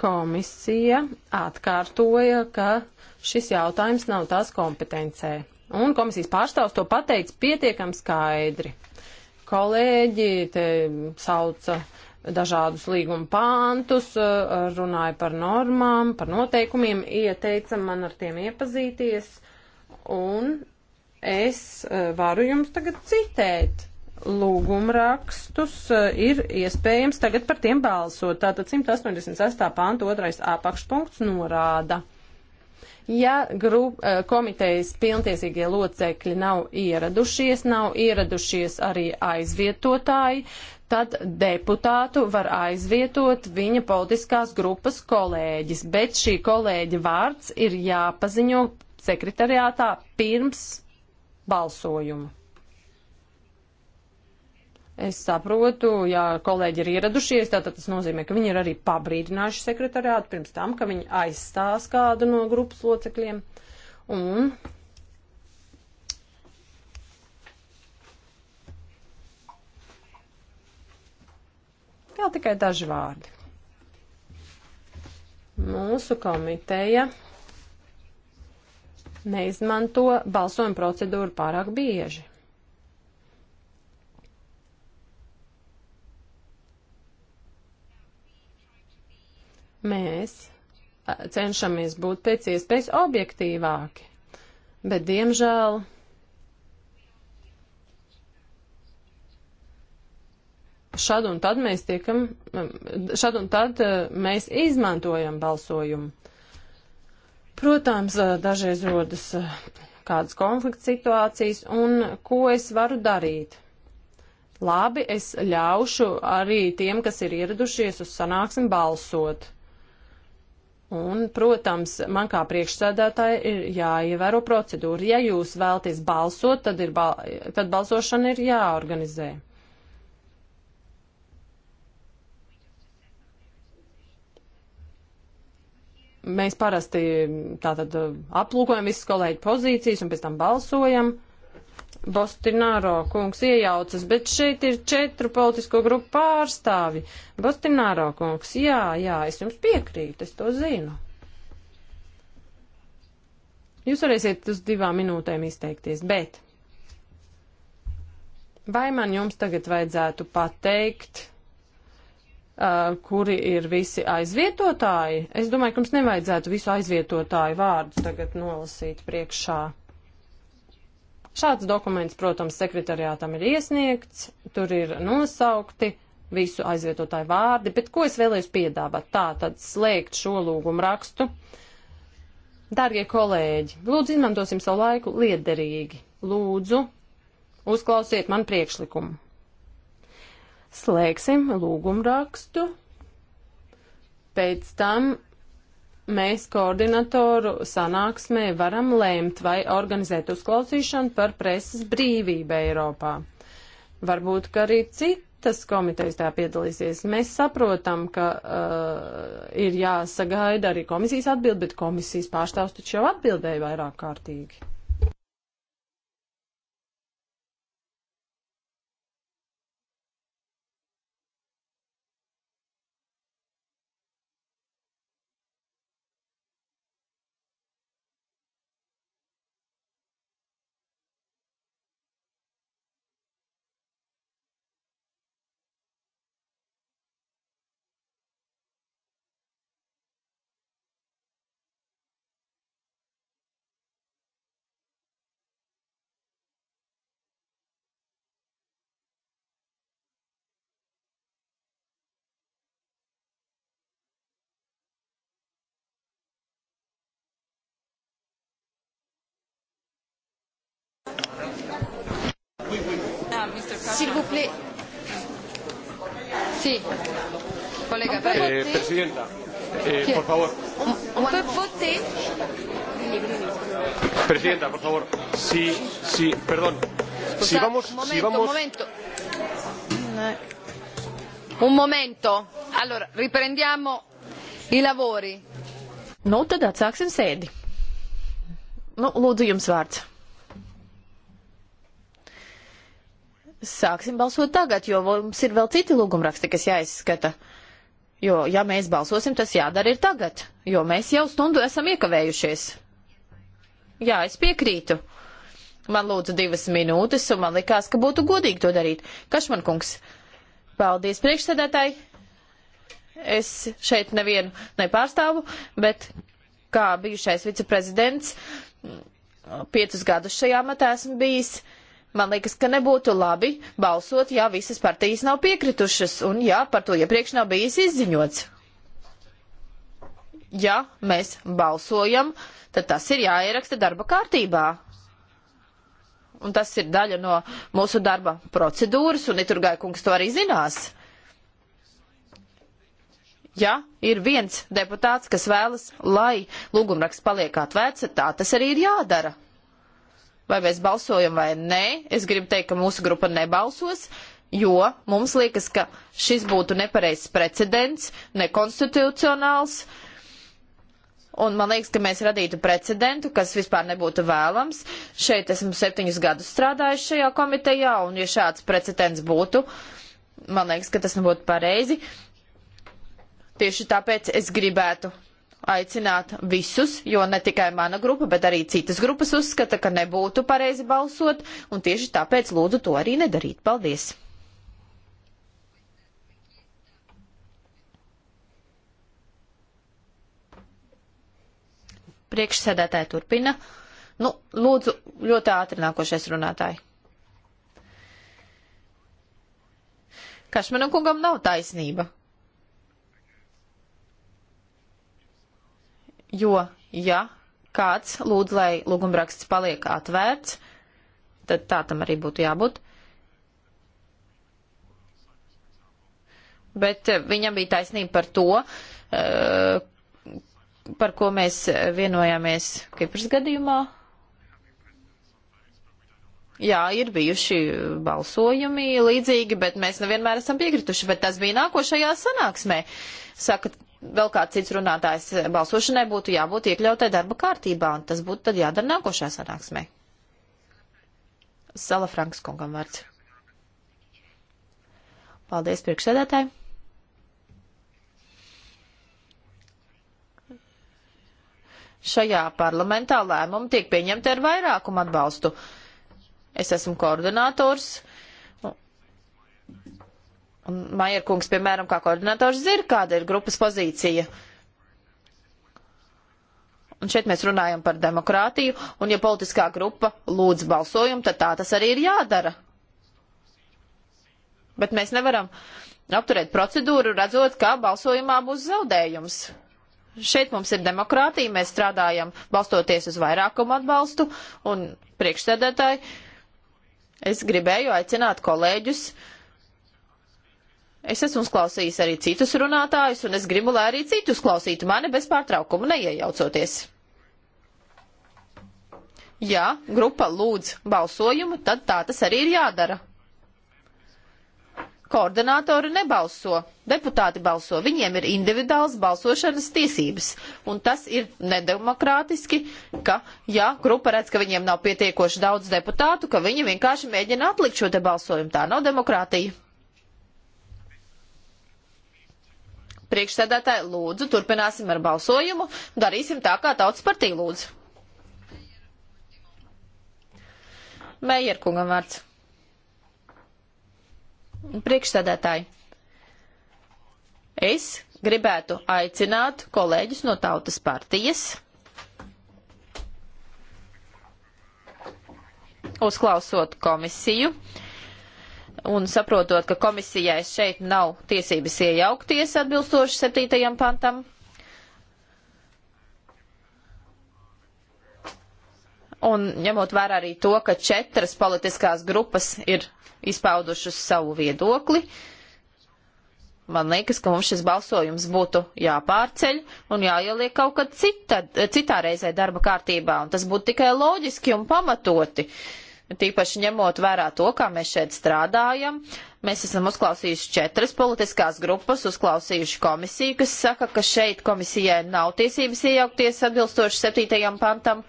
Komisija atkārtoja, ka šis jautājums nav tās kompetencē. Un komisijas pārstāvs to pateica pietiekam skaidri. Kolēģi te sauca dažādus līguma pāntus, runāja par normām, par noteikumiem, ieteica man ar tiem iepazīties. Un Es eh, varu jums tagad citēt lūgumrakstus, eh, ir iespējams tagad par tiem balsot. Tātad 186. pānta otrais apakšpunkts norāda. Ja grup, eh, komitejas pilntiesīgie locekļi nav ieradušies, nav ieradušies arī aizvietotāji, tad deputātu var aizvietot viņa politiskās grupas kolēģis, bet šī kolēģa vārds ir jāpaziņo sekretariātā pirms balsojumu. Es saprotu, ja kolēģi ir ieradušies, tātad tas nozīmē, ka viņi ir arī pabrīdinājuši sekretariātu pirms tam, ka viņi aizstās kādu no grupas locekļiem. Un vēl tikai daži vārdi. Mūsu komiteja neizmanto balsojuma procedūru pārāk bieži. Mēs cenšamies būt pēc iespējas objektīvāki, bet diemžēl. Šad un tad mēs tiekam, šad un tad mēs izmantojam balsojumu. Protams, dažreiz rodas kādas konflikts situācijas, un ko es varu darīt? Labi, es ļaušu arī tiem, kas ir ieradušies uz sanāksmi balsot. Un, protams, man kā priekšsēdētāji ir jāievēro procedūra. Ja jūs vēlties balsot, tad, ir, bal tad balsošana ir jāorganizē. mēs parasti tātad uh, aplūkojam visas kolēģi pozīcijas un pēc tam balsojam. Bostināro kungs iejaucas, bet šeit ir četru politisko grupu pārstāvi. Bostināro kungs, jā, jā, es jums piekrītu, es to zinu. Jūs varēsiet uz divām minūtēm izteikties, bet vai man jums tagad vajadzētu pateikt, uh, kuri ir visi aizvietotāji. Es domāju, ka mums nevajadzētu visu aizvietotāju vārdus tagad nolasīt priekšā. Šāds dokuments, protams, sekretariātam ir iesniegts, tur ir nosaukti visu aizvietotāju vārdi, bet ko es vēlējos piedāvāt? Tā tad slēgt šo lūgumu rakstu. Dārgie kolēģi, lūdzu izmantosim savu laiku liederīgi. Lūdzu, uzklausiet man priekšlikumu slēgsim lūgumrakstu. Pēc tam mēs koordinatoru sanāksmē varam lēmt vai organizēt uzklausīšanu par preses brīvību Eiropā. Varbūt, ka arī citas komitejas tā piedalīsies. Mēs saprotam, ka uh, ir jāsagaida arī komisijas atbild, bet komisijas pārstāvs taču jau atbildēja vairāk kārtīgi. S'il vous plaît. Sí. Colega, eh, presidenta, eh, ¿Qué? por favor. ¿On peut voter? Presidenta, por favor. Sí, sí, perdón. Si vamos, momento, si vamos... momento. Un momento. Allora, riprendiamo i lavori. Nu, tad atsāksim sēdi. Nu, lūdzu, jums vārds. sāksim balsot tagad, jo mums ir vēl citi lūgumraksti, kas jāizskata. Jo, ja mēs balsosim, tas jādara ir tagad, jo mēs jau stundu esam iekavējušies. Jā, es piekrītu. Man lūdzu divas minūtes, un man likās, ka būtu godīgi to darīt. Kašman kungs, paldies priekšsēdētāji. Es šeit nevienu nepārstāvu, bet kā bijušais viceprezidents, piecus gadus šajā matā esmu bijis. Uh, Man liekas, ka nebūtu labi balsot, ja visas partijas nav piekritušas un ja par to iepriekš nav bijis izziņots. Ja mēs balsojam, tad tas ir jāieraksta darba kārtībā un tas ir daļa no mūsu darba procedūras, un Iturgai kungs to arī zinās. Ja ir viens deputāts, kas vēlas, lai lūgumraksts paliek atvērts, tā tas arī ir jādara vai mēs balsojam vai nē. Es gribu teikt, ka mūsu grupa nebalsos, jo mums liekas, ka šis būtu nepareizs precedents, nekonstitucionāls. Un man liekas, ka mēs radītu precedentu, kas vispār nebūtu vēlams. Šeit esmu septiņus gadus strādājis šajā komitejā, un ja šāds precedents būtu, man liekas, ka tas nebūtu pareizi. Tieši tāpēc es gribētu aicināt visus, jo ne tikai mana grupa, bet arī citas grupas uzskata, ka nebūtu pareizi balsot, un tieši tāpēc lūdzu to arī nedarīt. Paldies! Priekšsēdētāji turpina. Nu, lūdzu, ļoti ātri nākošais runātāji. Kašmanam kungam nav taisnība. jo, ja kāds lūdz, lai lūgumraksts paliek atvērts, tad tā tam arī būtu jābūt. Bet eh, viņam bija taisnība par to, eh, par ko mēs vienojāmies Kipras gadījumā. Jā, ir bijuši balsojumi līdzīgi, bet mēs nevienmēr esam piekrituši, bet tas bija nākošajā sanāksmē. Saka vēl kāds cits runātājs balsošanai būtu jābūt iekļautai darba kārtībā, un tas būtu tad jādara nākošā sanāksmē. Sala Franks kungam vārds. Paldies priekšsēdētāji. Šajā parlamentā lēmumi tiek pieņemti ar vairākumu atbalstu. Es esmu koordinators Maierkungs, piemēram, kā koordinators zina, kāda ir grupas pozīcija. Un šeit mēs runājam par demokrātiju, un ja politiskā grupa lūdz balsojumu, tad tā tas arī ir jādara. Bet mēs nevaram apturēt procedūru, redzot, kā balsojumā būs zaudējums. Šeit mums ir demokrātija, mēs strādājam balstoties uz vairākumu atbalstu, un priekšsēdētāji, es gribēju aicināt kolēģus uh, Es esmu uzklausījis arī citus runātājus, un es gribu, lai arī citus klausītu mani bez pārtraukuma, neiejaucoties. Ja grupa lūdz balsojumu, tad tā tas arī ir jādara. Koordinātori nebalso, deputāti balso, viņiem ir individuāls balsošanas tiesības, un tas ir nedemokrātiski, ka, ja grupa redz, ka viņiem nav pietiekoši daudz deputātu, ka viņi vienkārši mēģina atlikt šo te balsojumu, tā nav demokrātija. Priekšsēdētāji, lūdzu, turpināsim ar balsojumu. Darīsim tā, kā tautas partija lūdzu. Meijer kungam vārds. Priekšsēdētāji, es gribētu aicināt kolēģis no tautas partijas uzklausot komisiju un saprotot, ka komisijai šeit nav tiesības iejaukties atbilstoši 7. pantam. Un ņemot vērā arī to, ka četras politiskās grupas ir izpaudušas savu viedokli, man liekas, ka mums šis balsojums būtu jāpārceļ un jāieliek kaut kad cita, citā reizē darba kārtībā, un tas būtu tikai loģiski un pamatoti. Uh, tīpaši ņemot vērā to, kā mēs šeit strādājam. Mēs esam uzklausījuši četras politiskās grupas, uzklausījuši komisiju, kas saka, ka šeit komisijai nav tiesības iejaukties atbilstoši septītajam pantam.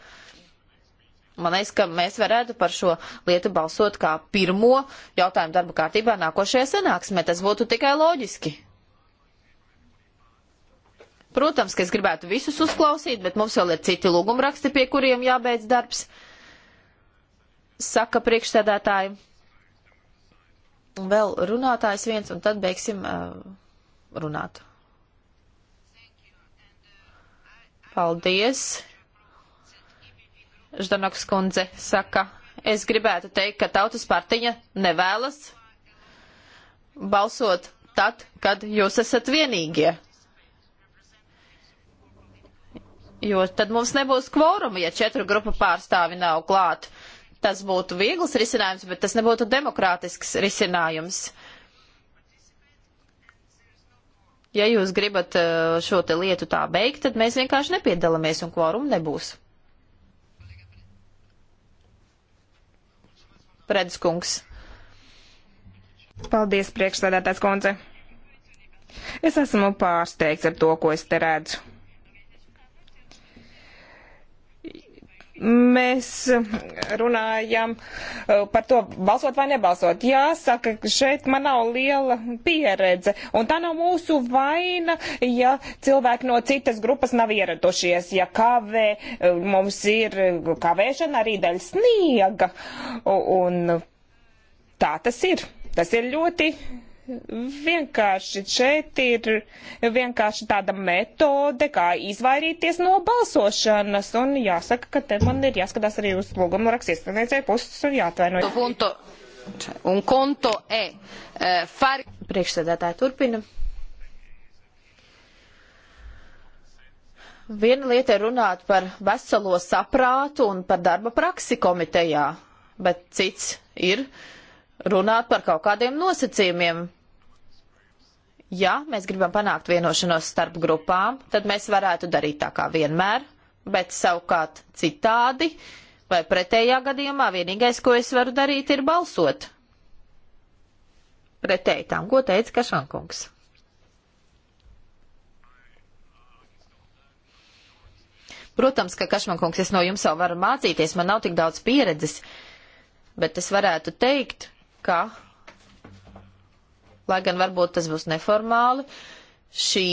Man liekas, ka mēs varētu par šo lietu balsot kā pirmo jautājumu darba kārtībā nākošajā sanāksmē. Tas būtu tikai loģiski. Protams, ka es gribētu visus uzklausīt, bet mums vēl ir citi lūgumraksti, pie kuriem jābeidz darbs. Uh, saka priekšsēdētāji. Un vēl runātājs viens, un tad beigsim uh, runāt. Paldies. Ždanoks kundze saka, es gribētu teikt, ka tautas partiņa nevēlas balsot tad, kad jūs esat vienīgie. Jo tad mums nebūs kvoruma, ja četru grupu pārstāvi nav klāt. Uh, Tas būtu viegls risinājums, bet tas nebūtu demokrātisks risinājums. Ja jūs gribat uh, šo te lietu tā beigt, tad mēs vienkārši nepiedalāmies un kvorum nebūs. Predskungs. Paldies, priekšsēdētājs kundze. Es esmu pārsteigts ar to, ko es te redzu. mēs runājam uh, par to balsot vai nebalsot. Jāsaka, šeit man nav liela pieredze, un tā nav mūsu vaina, ja cilvēki no citas grupas nav ieradušies, ja kavē, uh, mums ir uh, kavēšana arī daļa sniega, un tā tas ir. Tas ir ļoti vienkārši šeit ir vienkārši tāda metode, kā izvairīties no balsošanas. Un jāsaka, ka te man ir jāskatās arī uz lūgumu rakstu iesniedzēju puses un jāatvainojas. Un konto e, e. Far... Priekšsēdētāji turpina. Viena lieta ir runāt par veselo saprātu un par darba praksi komitejā, bet cits ir uh, runāt par kaut kādiem nosacījumiem. Ja mēs gribam panākt vienošanos starp grupām, tad mēs varētu darīt tā kā vienmēr, bet savukārt citādi vai pretējā gadījumā vienīgais, ko es varu darīt, ir balsot. Pretēji tam, ko teica Kašankungs. Protams, ka Kašmankungs, es no jums jau varu mācīties, man nav tik daudz pieredzes, bet es varētu teikt, ka, lai gan varbūt tas būs neformāli, šī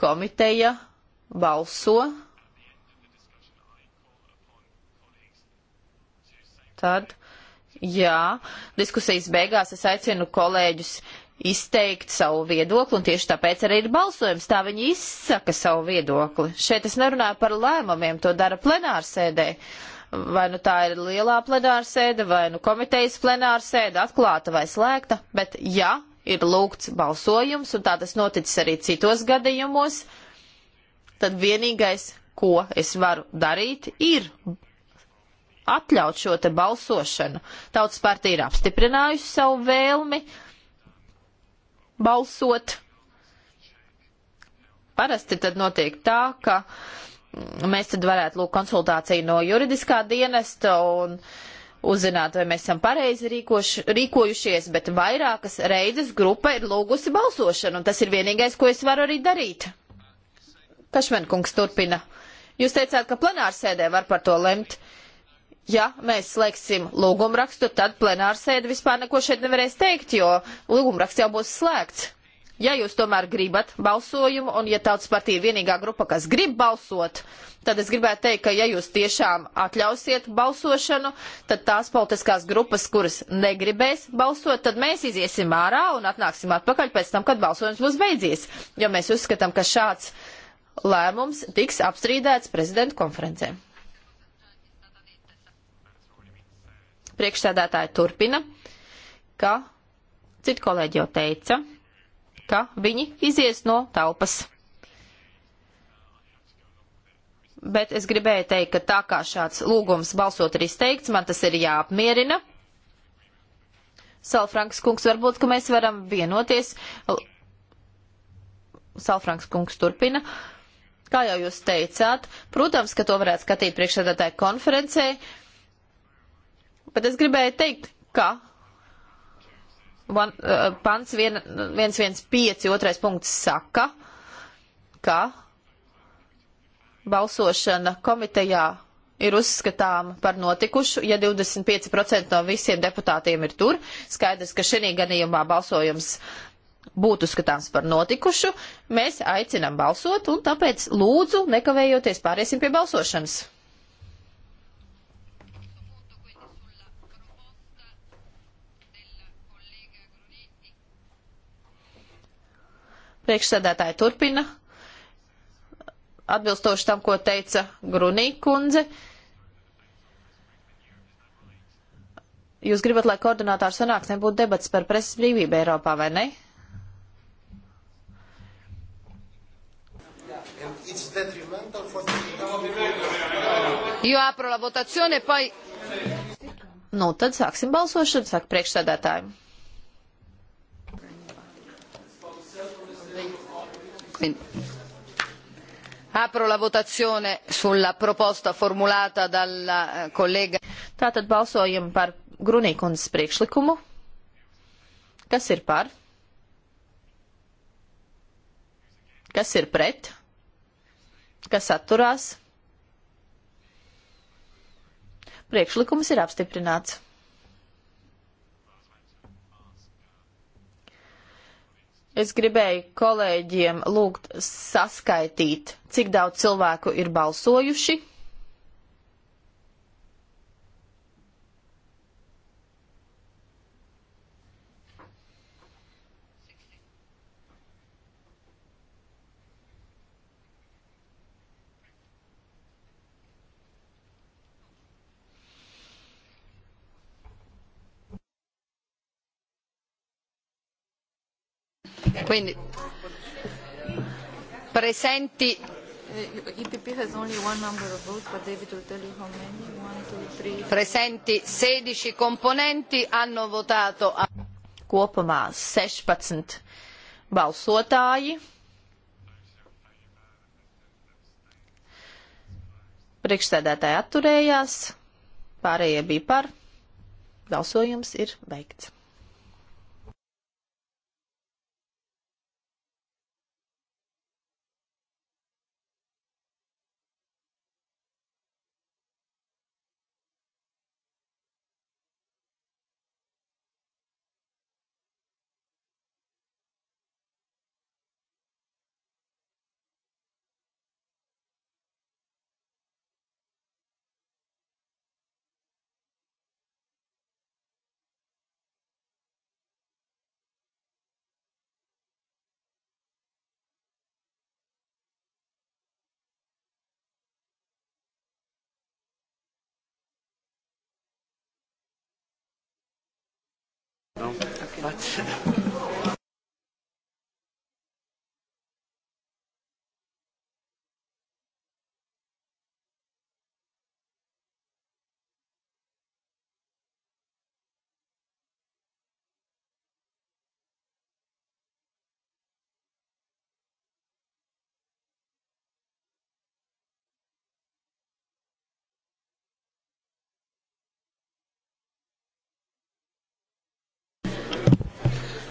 komiteja balso. Tad, jā, diskusijas beigās es aicinu kolēģus izteikt savu viedokli, un tieši tāpēc arī ir balsojums. Tā viņi izsaka savu viedokli. Šeit es nerunāju par lēmumiem, to dara plenārsēdē. sēdē vai nu tā ir lielā plenārsēde, vai nu komitejas plenārsēde, atklāta vai slēgta, bet ja ir lūgts balsojums, un tā tas noticis arī citos gadījumos, tad vienīgais, ko es varu darīt, ir atļaut šo te balsošanu. Tautas partija ir apstiprinājusi savu vēlmi balsot. Parasti tad notiek tā, ka uh, mēs tad varētu lūgt konsultāciju no juridiskā dienesta un uzzināt, vai mēs esam pareizi rīkoš, rīkojušies, bet vairākas reizes grupa ir lūgusi balsošanu, un tas ir vienīgais, ko es varu arī darīt. Kašmenkungs turpina. Jūs teicāt, ka plenārsēdē var par to lemt. Ja mēs slēgsim lūgumrakstu, tad plenārsēde vispār neko šeit nevarēs teikt, jo lūgumraksts jau būs slēgts. Ja jūs tomēr gribat balsojumu, un ja tautas partija ir vienīgā grupa, kas grib balsot, tad es gribētu teikt, ka ja jūs tiešām atļausiet balsošanu, tad tās politiskās grupas, kuras negribēs balsot, tad mēs iziesim ārā un atnāksim atpakaļ pēc tam, kad balsojums būs beidzies. Jo mēs uzskatām, ka šāds lēmums tiks apstrīdēts prezidenta konferencē. Priekšsēdētāji turpina, ka citi kolēģi jau teica, ka viņi izies no telpas. Bet es gribēju teikt, ka tā kā šāds lūgums balsot ir izteikts, man tas ir jāapmierina. Salfranks kungs, varbūt, ka mēs varam vienoties. Salfranks kungs turpina. Kā jau jūs teicāt, protams, ka to varētu skatīt priekšsēdētāju konferencē, bet es gribēju teikt, ka One, uh, pants 115, otrais punkts saka, ka balsošana komitejā ir uzskatāma par notikušu, ja 25% no visiem deputātiem ir tur. Skaidrs, ka šī gadījumā balsojums būtu uzskatāms par notikušu. Mēs aicinām balsot, un tāpēc lūdzu, nekavējoties, pāriesim pie balsošanas. Priekšsēdētāji turpina. Atbilstoši tam, ko teica Grunī kundze, jūs gribat, lai koordinātāra sanāksmē būtu debats par presas brīvību Eiropā, vai ne? Jo apro la votazione, poi. Nu, tad sāksim balsošanu, saka priekšsēdētāji. Quindi. Apro la votazione sulla proposta formulata dalla eh, collega. Tātad balsojam par Grunīkundas priekšlikumu. Kas ir par? Kas ir pret? Kas atturās? Priekšlikums ir apstiprināts. Es gribēju kolēģiem lūgt saskaitīt, cik daudz cilvēku ir balsojuši Quindi, presenti. Eh, e presenti 16 componenti hanno votato a... kopumā 16 balsotāji. Priekšsēdētāji atturējās, pārējie bija par. Balsojums ir veikts. No. Okay.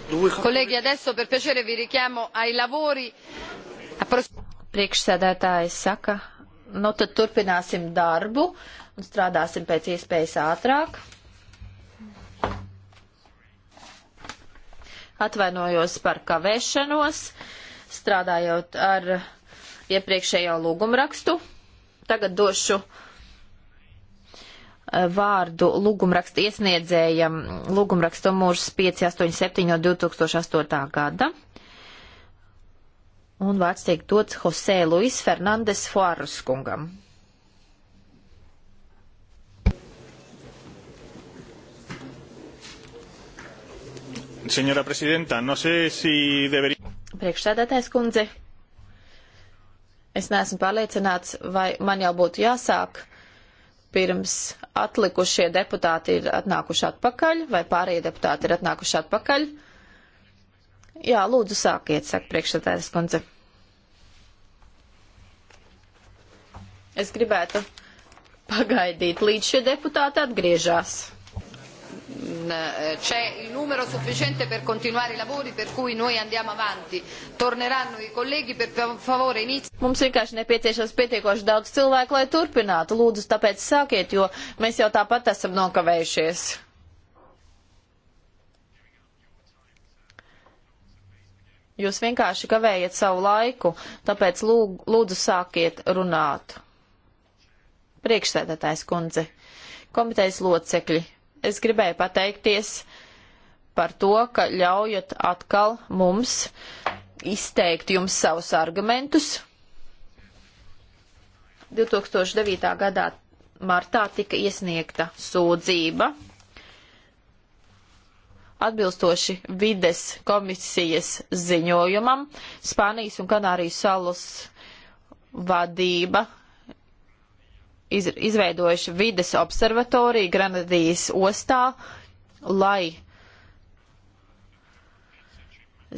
Kolēģi, adesso per piacere vi richiamo ai lavori. Priekšsēdētājs saka, nu tad turpināsim darbu un strādāsim pēc iespējas ātrāk. Atvainojos par kavēšanos, strādājot ar iepriekšējo lūgumrakstu. Tagad došu Uh, vārdu lūgumrakstu iesniedzējam lūgumrakstu numurs 587 no 2008. gada. Un vārds tiek dots Josē Luis Fernandes Fuarus kungam. Señora presidenta, no sé si debería. Priekšsēdētājs kundze, es neesmu pārliecināts, vai man jau būtu jāsāk uh, pirms atlikušie deputāti ir atnākuši atpakaļ, vai pārējie deputāti ir atnākuši atpakaļ. Jā, lūdzu, sākiet, saka priekšsēdētājas kundze. Es gribētu pagaidīt, līdz šie deputāti atgriežas. Mm, eh, c'è il numero sufficiente per continuare i lavori, per cui noi andiamo avanti. Torneranno i colleghi, per favore inizio. Mums vienkārši nepieciešams pietiekoši daudz cilvēku, lai turpinātu. Lūdzu, tāpēc sākiet, jo mēs jau tāpat esam nokavējušies. Jūs vienkārši kavējat savu laiku, tāpēc lūg, lūdzu sākiet runāt. Priekšsēdētājs kundze, komitejas locekļi, es gribēju pateikties par to, ka ļaujat atkal mums izteikt jums savus argumentus. 2009. gadā martā tika iesniegta sūdzība. Atbilstoši vides komisijas ziņojumam, Spānijas un Kanārijas salas vadība iz, izveidojuši vides observatoriju Granadijas ostā, lai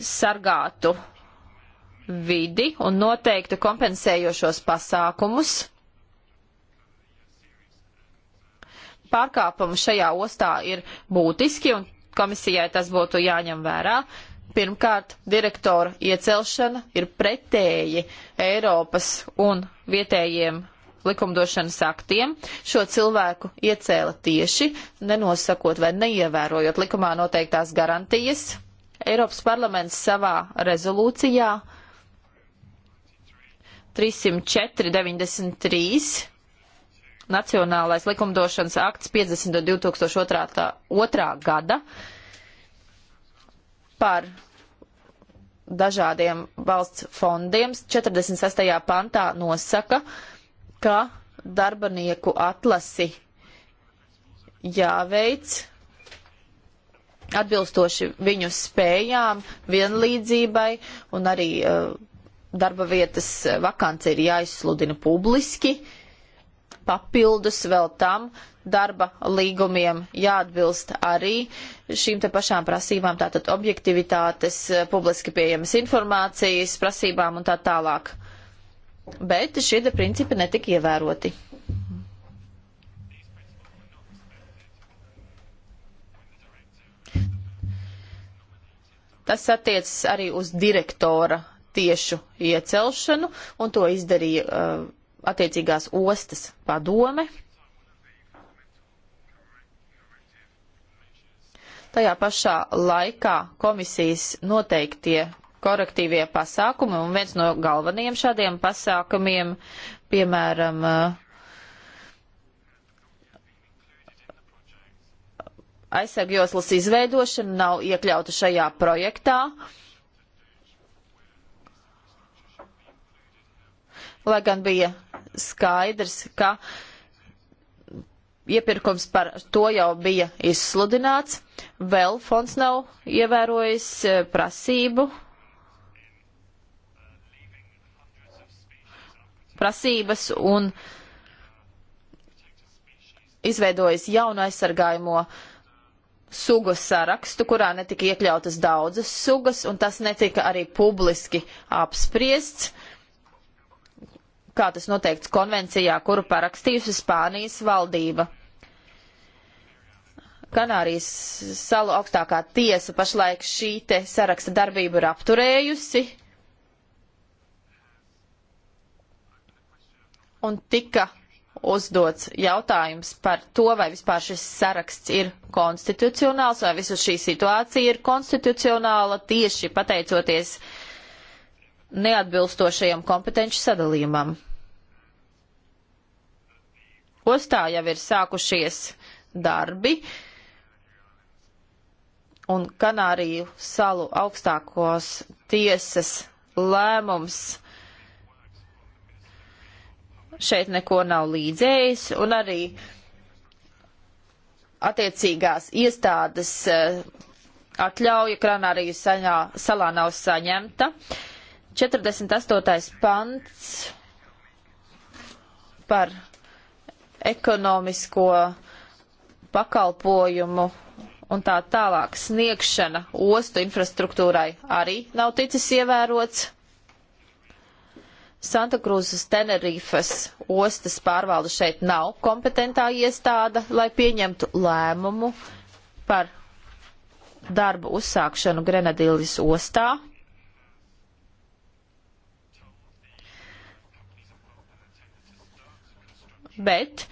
sargātu vidi un noteiktu kompensējošos pasākumus. Pārkāpumi šajā ostā ir būtiski un komisijai tas būtu jāņem vērā. Pirmkārt, direktora iecelšana ir pretēji Eiropas un vietējiem likumdošanas aktiem, šo cilvēku iecēla tieši, nenosakot vai neievērojot likumā noteiktās garantijas. Eiropas parlaments savā rezolūcijā 304.93. Nacionālais likumdošanas akts 50. 2002. gada par dažādiem valsts fondiem 46. pantā nosaka, ka darbanieku atlasi jāveic atbilstoši viņu spējām, vienlīdzībai un arī uh, darba vietas vakance ir jāizsludina publiski. Papildus vēl tam darba līgumiem jāatbilst arī šīm te pašām prasībām, tātad objektivitātes, eh, publiski pieejamas informācijas prasībām un tā tālāk. Uh, Bet šie principi netika ievēroti. Tas attiecas arī uz direktora tiešu iecelšanu, un to izdarīja uh, attiecīgās ostas padome. Tajā pašā laikā komisijas noteiktie korektīvie pasākumi, un viens no galvenajiem šādiem pasākumiem, piemēram, eh, aizsargjoslas izveidošana nav iekļauta šajā projektā. Lai gan bija skaidrs, ka iepirkums par to jau bija izsludināts, vēl fonds nav ievērojis eh, prasību prasības un izveidojis jaunu aizsargājumu sugu sarakstu, kurā netika iekļautas daudzas sugas, un tas netika arī publiski apspriests, kā tas noteikts konvencijā, kuru parakstījusi Spānijas valdība. Kanārijas salu augstākā tiesa pašlaik šī te saraksta darbību ir apturējusi, un tika uzdots jautājums par to, vai vispār šis saraksts ir konstitucionāls, vai visu šī situācija ir konstitucionāla tieši pateicoties neatbilstošajam kompetenci sadalījumam. Ostā jau ir sākušies darbi, un Kanāriju salu augstākos tiesas lēmums šeit neko nav līdzējis, un arī attiecīgās iestādes eh, atļauja Kranāriju saļā, salā nav saņemta. 48. pants par ekonomisko pakalpojumu un tā tālāk sniegšana ostu infrastruktūrai arī nav ticis ievērots. Santa Krūzes Tenerifas ostas pārvalde šeit nav kompetentā iestāde, lai pieņemtu lēmumu par darbu uzsākšanu Grenadīlis ostā. Bet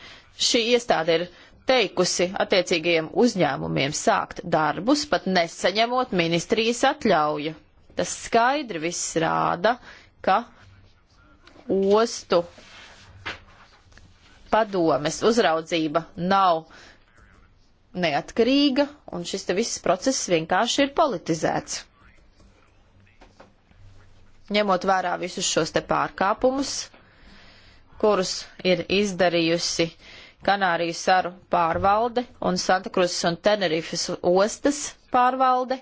šī iestāde ir teikusi attiecīgajiem uzņēmumiem sākt darbus, pat nesaņemot ministrijas atļauju. Tas skaidri viss rāda, ka ostu padomes uzraudzība nav neatkarīga, un šis te viss process vienkārši ir politizēts. Ņemot vērā visus šos te pārkāpumus, kurus ir izdarījusi Kanāriju saru pārvalde un Santa Krusas un Tenerifes ostas pārvalde,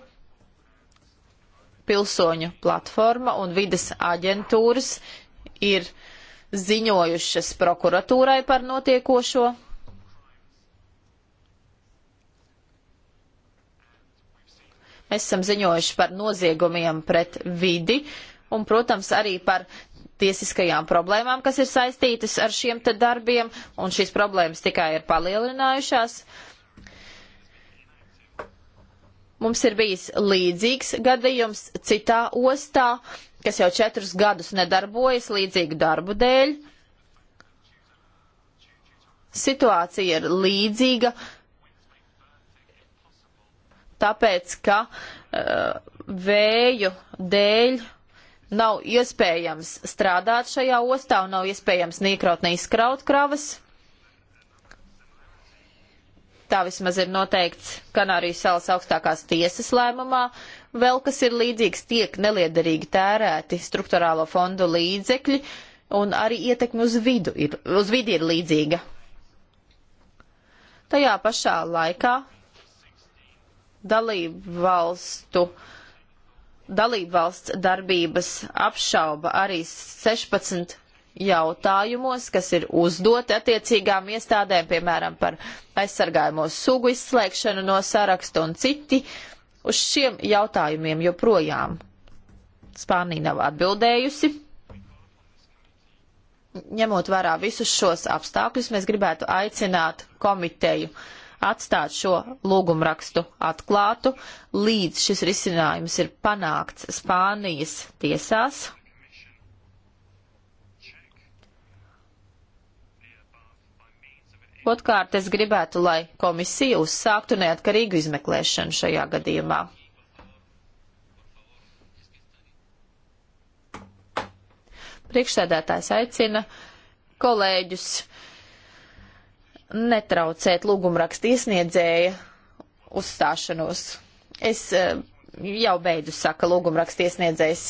pilsoņu platforma un vides aģentūras ir ziņojušas prokuratūrai par notiekošo. Mēs esam ziņojuši par noziegumiem pret vidi un, protams, arī par tiesiskajām problēmām, kas ir saistītas ar šiem te darbiem, un šīs problēmas tikai ir palielinājušās. Mums ir bijis līdzīgs gadījums citā ostā, kas jau četrus gadus nedarbojas līdzīgu darbu dēļ. Situācija ir līdzīga, tāpēc ka uh, vēju dēļ nav iespējams strādāt šajā ostā un nav iespējams nīkraut ne izkraut kravas. Tā vismaz ir noteikts Kanārijas salas augstākās tiesas lēmumā. Uh, vēl kas ir līdzīgs, tiek neliederīgi tērēti struktūrālo fondu līdzekļi, un arī ietekme uz, vidu ir, uz vidi ir līdzīga. Tajā pašā laikā dalību valstu. Dalību valsts darbības apšauba arī 16 jautājumos, kas ir uzdoti attiecīgām iestādēm, piemēram, par aizsargājamo sugu izslēgšanu no saraksta un citi uh, uz šiem jautājumiem joprojām Spānija nav atbildējusi. Ņemot vērā visus šos apstākļus, mēs gribētu aicināt komiteju atstāt šo lūgumrakstu atklātu, līdz šis risinājums ir panākts Spānijas tiesās, Otkārt, es gribētu, lai komisija uzsāktu neatkarīgu izmeklēšanu šajā gadījumā. Priekšsēdētājs aicina kolēģus netraucēt lūgumrakstu iesniedzēja uzstāšanos. Es eh, jau beidu, saka lūgumrakstu iesniedzējs.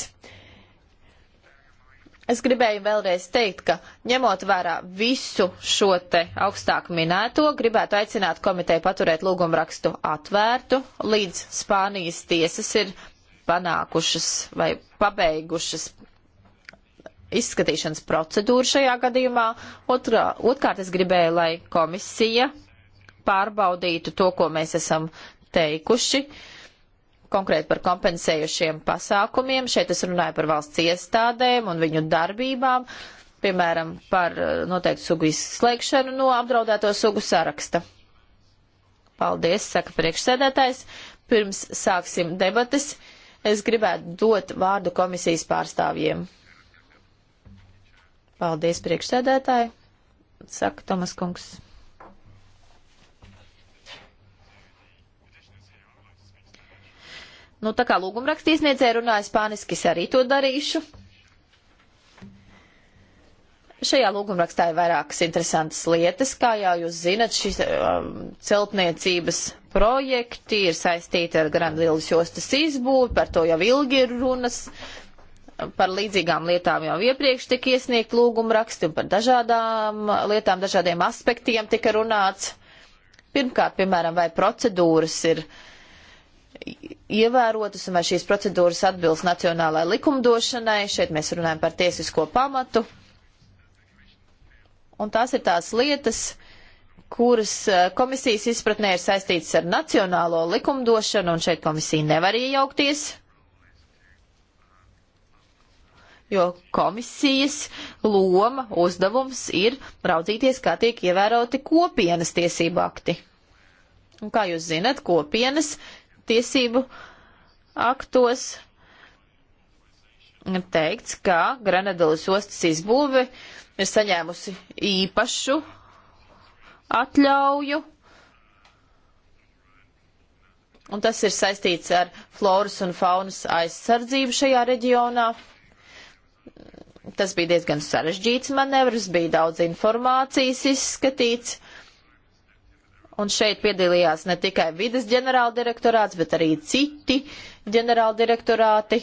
Es gribēju vēlreiz teikt, ka ņemot vērā visu šo te augstāk minēto, gribētu aicināt komiteju paturēt lūgumrakstu atvērtu, līdz Spānijas tiesas ir panākušas vai pabeigušas izskatīšanas procedūru šajā gadījumā. Otrā, otkārt es gribēju, lai komisija pārbaudītu to, ko mēs esam teikuši. Uh, konkrēti par kompensējušiem pasākumiem. Šeit es runāju par valsts iestādēm un viņu darbībām, piemēram, par eh, noteiktu sugu izslēgšanu no apdraudēto sugu saraksta. Paldies, saka priekšsēdētājs. Pirms sāksim debatas, es gribētu dot vārdu komisijas pārstāvjiem. Paldies, priekšsēdētāji, saka Tomas Kungs. Nu, tā kā lūgumrakstīsniedzē runāja spāniski, es arī to darīšu. Šajā lūgumrakstā ir vairākas interesantas lietas. Kā jau jūs zinat, šis um, celtniecības projekti ir saistīti ar Grandvīlas jostas izbūvi, par to jau ilgi ir runas. Par līdzīgām lietām jau iepriekš tika iesniegt lūgumraksti un par dažādām lietām, dažādiem aspektiem tika runāts. Pirmkārt, piemēram, vai procedūras ir uh, ievērotas un vai šīs procedūras atbilst nacionālai likumdošanai. Šeit mēs runājam par tiesisko pamatu. Un tās ir tās lietas, kuras eh, komisijas izpratnē ir saistītas ar nacionālo likumdošanu, un šeit komisija nevar iejaukties, jo komisijas loma, uzdevums ir raudzīties, kā tiek ievēroti kopienas tiesību akti. Un kā jūs zinat, kopienas tiesību aktos teikts, ka Granadalas ostas izbūve ir saņēmusi īpašu atļauju, un tas ir saistīts ar floras un faunas aizsardzību šajā reģionā. Tas bija diezgan sarežģīts manevrs, bija daudz informācijas izskatīts, Un šeit piedalījās ne tikai vides ģenerāldirektorāts, bet arī citi ģenerāldirektorāti.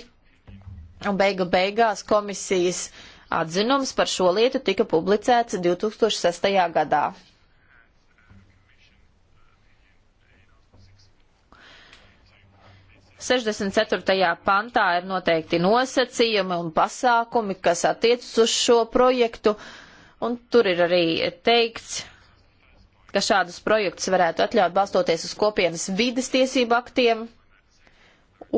Un beigu beigās komisijas atzinums par šo lietu tika publicēts 2006. gadā. Un 64. pantā ir noteikti nosacījumi un pasākumi, kas attiecas uz šo projektu, un tur ir arī teikts, ka šādus projektus varētu atļaut balstoties uz kopienas vidas tiesību aktiem.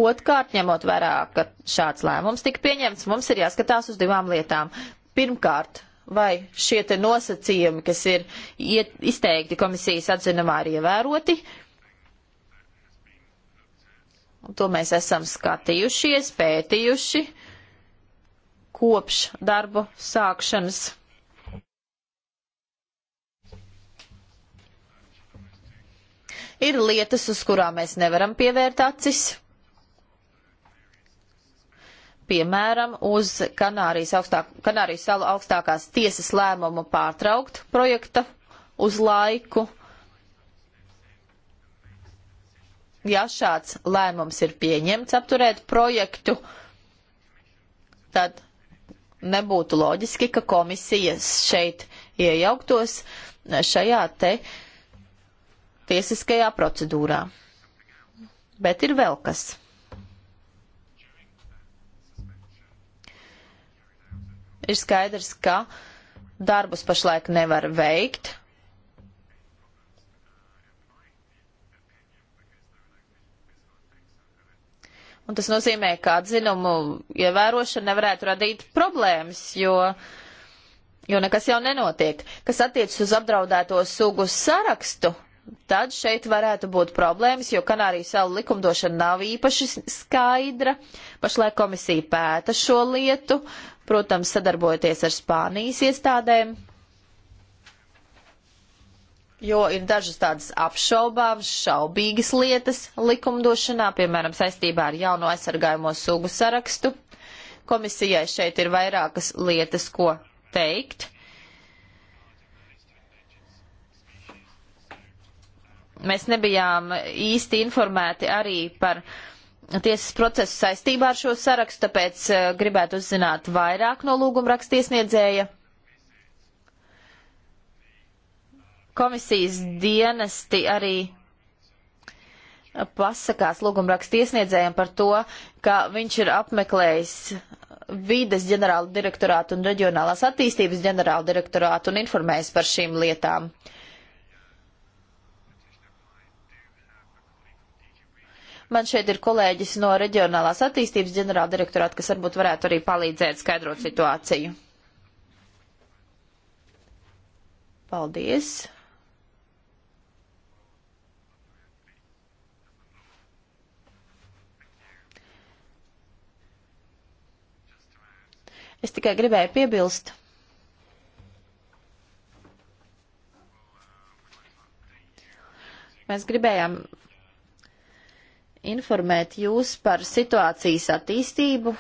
Otkārt, ņemot vērā, ka šāds lēmums tika pieņemts, mums ir jāskatās uz divām lietām. Pirmkārt, vai šie te nosacījumi, kas ir iet, izteikti komisijas atzinumā, ir ievēroti. Un to mēs esam skatījušies, pētījuši kopš darbu sākšanas. Ir lietas, uz kurām mēs nevaram pievērt acis. Piemēram, uz Kanārijas, augstāk, Kanārijas salu augstākās tiesas lēmumu pārtraukt projekta uz laiku. Ja šāds lēmums ir pieņemts apturēt projektu, tad nebūtu loģiski, ka komisijas šeit iejauktos šajā te uh, tiesiskajā procedūrā. Bet ir vēl kas. Ir skaidrs, ka darbus pašlaik nevar veikt. Un tas nozīmē, ka atzinumu ievērošana nevarētu radīt problēmas, jo, jo nekas jau nenotiek. Kas attiecas uz apdraudēto sugu sarakstu, tad šeit varētu būt problēmas, jo Kanārijas salu likumdošana nav īpaši skaidra. Pašlaik komisija pēta šo lietu, protams, sadarbojoties ar Spānijas iestādēm, jo ir dažas tādas apšaubāmas, šaubīgas lietas likumdošanā, piemēram, saistībā ar jauno aizsargājumu sugu sarakstu. Komisijai šeit ir vairākas lietas, ko teikt. mēs nebijām īsti informēti arī par tiesas procesu saistībā ar šo sarakstu, tāpēc eh, gribētu uzzināt vairāk no lūguma rakstiesniedzēja. Komisijas dienesti arī pasakās lūgumraksta iesniedzējiem par to, ka viņš ir apmeklējis vides ģenerāla direktorātu un reģionālās attīstības ģenerāla direktorātu un informējis par šīm lietām. Uh, Man šeit ir kolēģis no reģionālās attīstības ģenerāla direktorāta, kas varbūt varētu arī palīdzēt skaidrot situāciju. Paldies! Es tikai gribēju piebilst. Mēs gribējām informēt jūs par situācijas attīstību.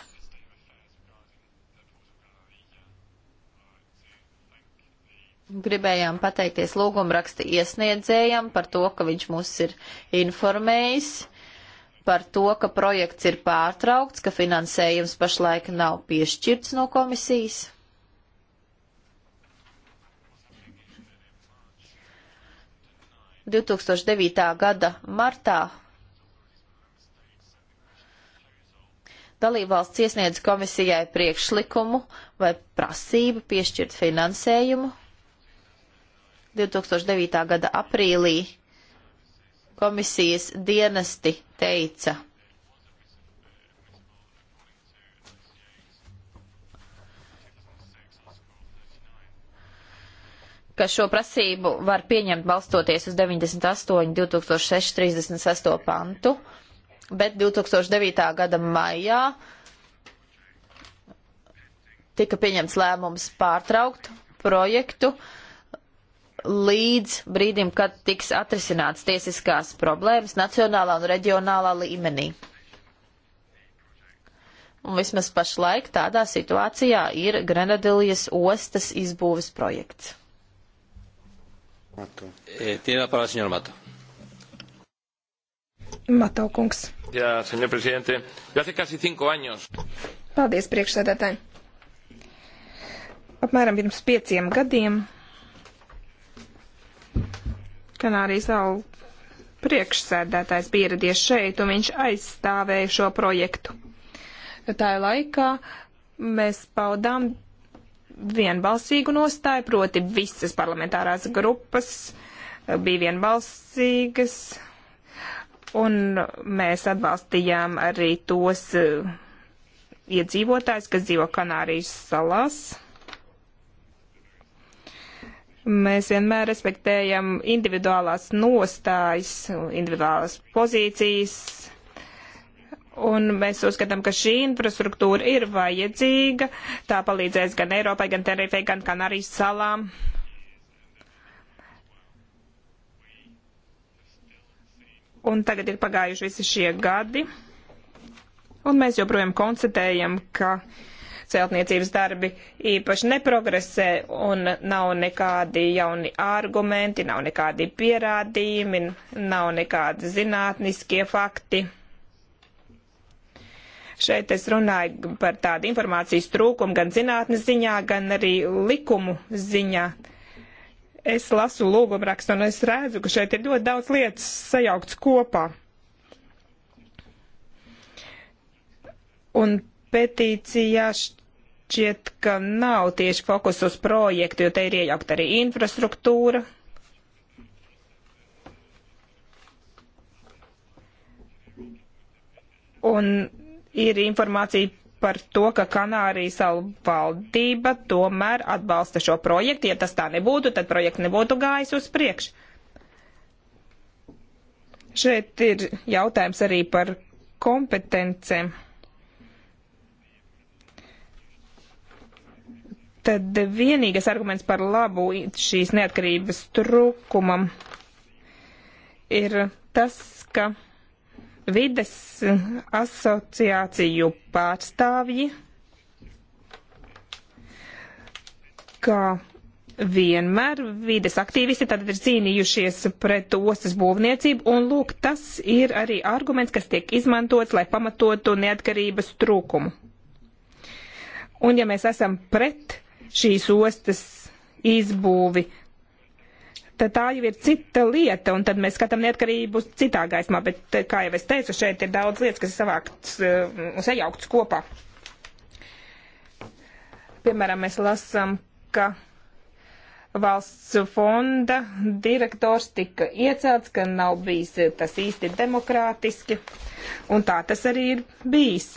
Gribējām pateikties lūgumraksta iesniedzējam par to, ka viņš mūs ir informējis par to, ka projekts ir pārtraukts, ka finansējums pašlaik nav piešķirts no komisijas. – 2009. gada martā dalībvalsts iesniedz komisijai priekšlikumu vai prasību piešķirt finansējumu. 2009. gada aprīlī komisijas dienesti teica, ka šo prasību var pieņemt balstoties uz 98, 2006, 36 pantu, bet 2009. gada maijā tika pieņemts lēmums pārtraukt projektu līdz brīdim, kad tiks atrisināts tiesiskās problēmas nacionālā un reģionālā līmenī. Un vismaz pašlaik tādā situācijā ir Grenadilijas ostas izbūves projekts. Mato. E, tiene la palabra, señor Mato. Mato kungs. Jā, senjor prezidente. Jo hace casi cinco años. Paldies, priekšsēdētāji. Apmēram pirms pieciem gadiem Kanārijas salu priekšsēdētājs bija ieradies šeit, un viņš aizstāvēja šo projektu. Tā laikā mēs paudām vienbalsīgu nostāju, proti visas parlamentārās grupas bija vienbalsīgas Un mēs atbalstījām arī tos eh, iedzīvotājus, kas dzīvo Kanārijas salās. Mēs vienmēr respektējam individuālās nostājas, individuālās pozīcijas, un mēs uzskatām, ka šī infrastruktūra ir vajadzīga. Tā palīdzēs gan Eiropai, gan Terifei, gan Kanārijas salām. Un tagad ir pagājuši visi šie gadi, un mēs joprojām konstatējam, ka celtniecības darbi īpaši neprogresē, un nav nekādi jauni argumenti, nav nekādi pierādījumi, nav nekādi zinātniskie fakti. Šeit es runāju par tādu informācijas trūkumu gan zinātnes ziņā, gan arī likumu ziņā. Uh, es lasu lūgumrakstu un es redzu, ka šeit ir ļoti daudz lietas sajauktas kopā. Un petīcijā šķiet, ka nav tieši fokus uz projektu, jo te ir iejaukt arī infrastruktūra. Un ir informācija par to, ka Kanārijas valdība tomēr atbalsta šo projektu. Ja tas tā nebūtu, tad projekts nebūtu gājis uz priekšu. Šeit ir jautājums arī par kompetencēm. Tad vienīgais arguments par labu šīs neatkarības trūkumam ir tas, ka vides asociāciju pārstāvji, ka vienmēr vides aktīvisti tad ir cīnījušies pret ostas būvniecību, un lūk, tas ir arī arguments, kas tiek izmantots, lai pamatotu neatkarības trūkumu. Un ja mēs esam pret šīs ostas izbūvi, tad tā jau ir cita lieta, un tad mēs skatām neatkarību citā gaismā, bet, eh, kā jau es teicu, šeit ir daudz lietas, kas ir savāktas un eh, sajauktas kopā. Piemēram, mēs lasām, ka valsts fonda direktors tika iecelts, ka nav bijis eh, tas īsti demokrātiski, un tā tas arī ir bijis.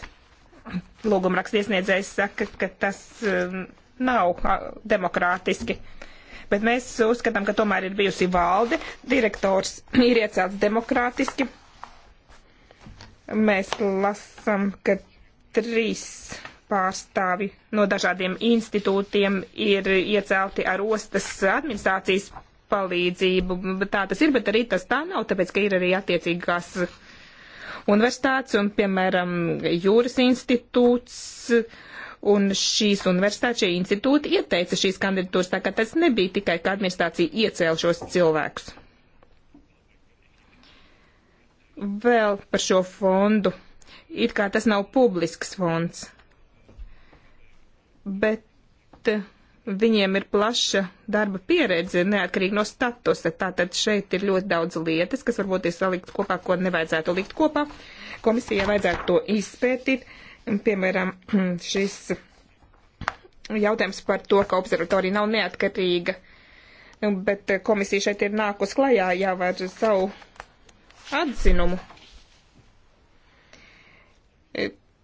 Lūgumrakstiesniedzējs saka, ka tas nav demokrātiski. Uh, bet mēs uzskatām, ka tomēr ir bijusi valde, direktors ir iecelts demokrātiski. Mēs lasam, ka trīs pārstāvi no dažādiem institūtiem ir iecelti ar ostas administrācijas palīdzību. Tā tas ir, bet arī tas tā nav, tāpēc, ka ir arī attiecīgās universitātes un, piemēram, jūras institūts un šīs universitātes, šie institūti ieteica šīs kandidatūras, tā kā tas nebija tikai, ka administrācija iecēla šos cilvēkus. Vēl par šo fondu. It kā tas nav publisks fonds, bet eh, viņiem ir plaša darba pieredze, neatkarīgi no statusa. Tātad šeit ir ļoti daudz lietas, kas varbūt ir salikt kopā, ko nevajadzētu likt kopā. Komisijai vajadzētu to izpētīt. Uh, Piemēram, šis jautājums par to, ka observatorija nav neatkarīga, nu, bet komisija šeit ir nākus klajā jau ar savu atzinumu.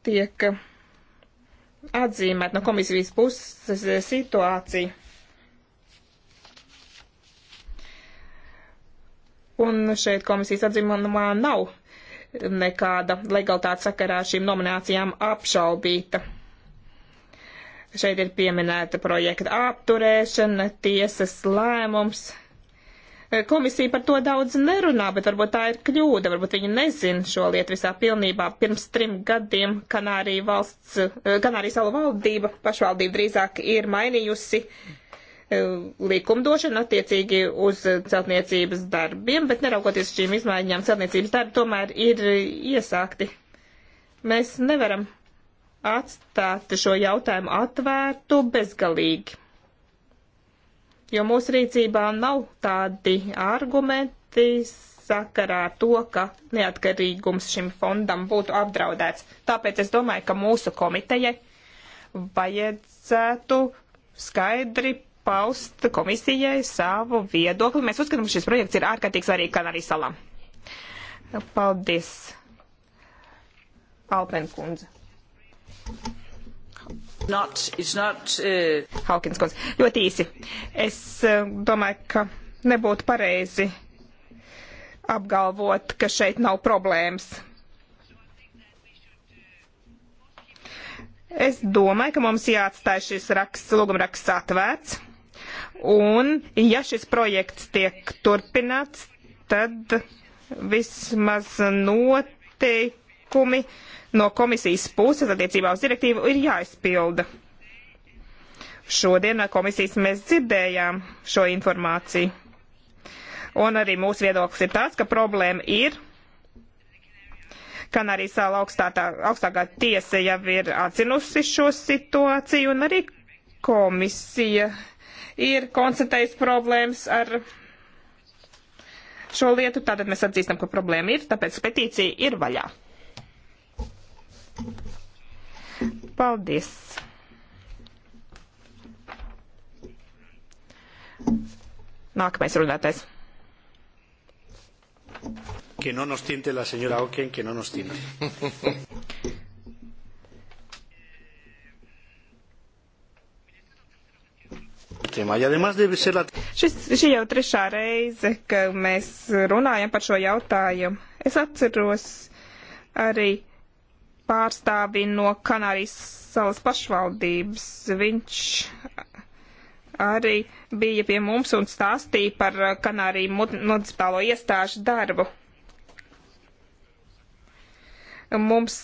Tiek atzīmēt no komisijas puses situācija. Un šeit komisijas atzīmumā nav nekāda legalitāte sakarā šīm nominācijām apšaubīta. Šeit ir pieminēta projekta apturēšana, tiesas lēmums. Komisija par to daudz nerunā, bet varbūt tā ir kļūda, varbūt viņi nezina šo lietu visā pilnībā. Pirms trim gadiem Kanārija valsts, Kanārija salu valdība, pašvaldība drīzāk ir mainījusi uh, Eh, likumdošanu attiecīgi uz celtniecības darbiem, bet neraugoties šīm izmaiņām, celtniecības darbi tomēr ir iesākti. Mēs nevaram atstāt šo jautājumu atvērtu bezgalīgi, jo mūsu rīcībā nav tādi argumenti sakarā ar to, ka neatkarīgums šim fondam būtu apdraudēts. Tāpēc es domāju, ka mūsu komitejai vajadzētu skaidri paust komisijai savu viedokli. Mēs uzskatām, ka šis projekts ir ārkārtīgi svarīgi Kanarijas salām. Paldies, Alpen kundze. Not, not, uh... Haukins kundze. Ļoti īsi. Es uh, domāju, ka nebūtu pareizi apgalvot, ka šeit nav problēmas. Es domāju, ka mums jāatstāj šis raksts, lūgumraksts atvērts. Un, ja šis projekts tiek turpināts, tad vismaz noteikumi no komisijas puses attiecībā uz direktīvu ir jāizpilda. Šodien no komisijas mēs dzirdējām šo informāciju. Un arī mūsu viedoklis ir tāds, ka problēma ir, ka arī sāla augstātā, augstākā tiesa jau ir atzinusi šo situāciju un arī komisija ir konstatējis problēmas ar šo lietu, tātad mēs atzīstam, ka problēma ir, tāpēc petīcija ir vaļā. Paldies! Nākamais runātais. Que no nos tiente la señora Oken, que no nos tiente. tema. Ja la... Šis, šī jau trešā reize, ka mēs runājam par šo jautājumu. Es atceros arī pārstāvi no Kanārijas salas pašvaldības. Viņš arī bija pie mums un stāstīja par Kanāriju municipālo iestāžu darbu mums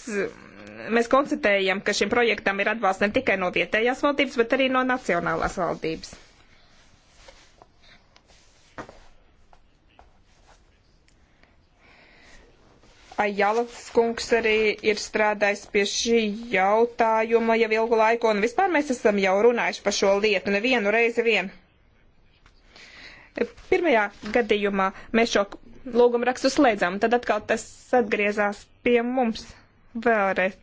mēs konstatējam, ka šim projektam ir atbalsts ne tikai no vietējās valdības, bet arī no nacionālās valdības. Ajālas kungs arī ir strādājis pie šī jautājuma jau ilgu laiku, un vispār mēs esam jau runājuši par šo lietu nevienu reizi vien. Pirmajā gadījumā mēs šo lūgumu rakstu slēdzām. Tad atkal tas atgriezās pie mums vēlreiz.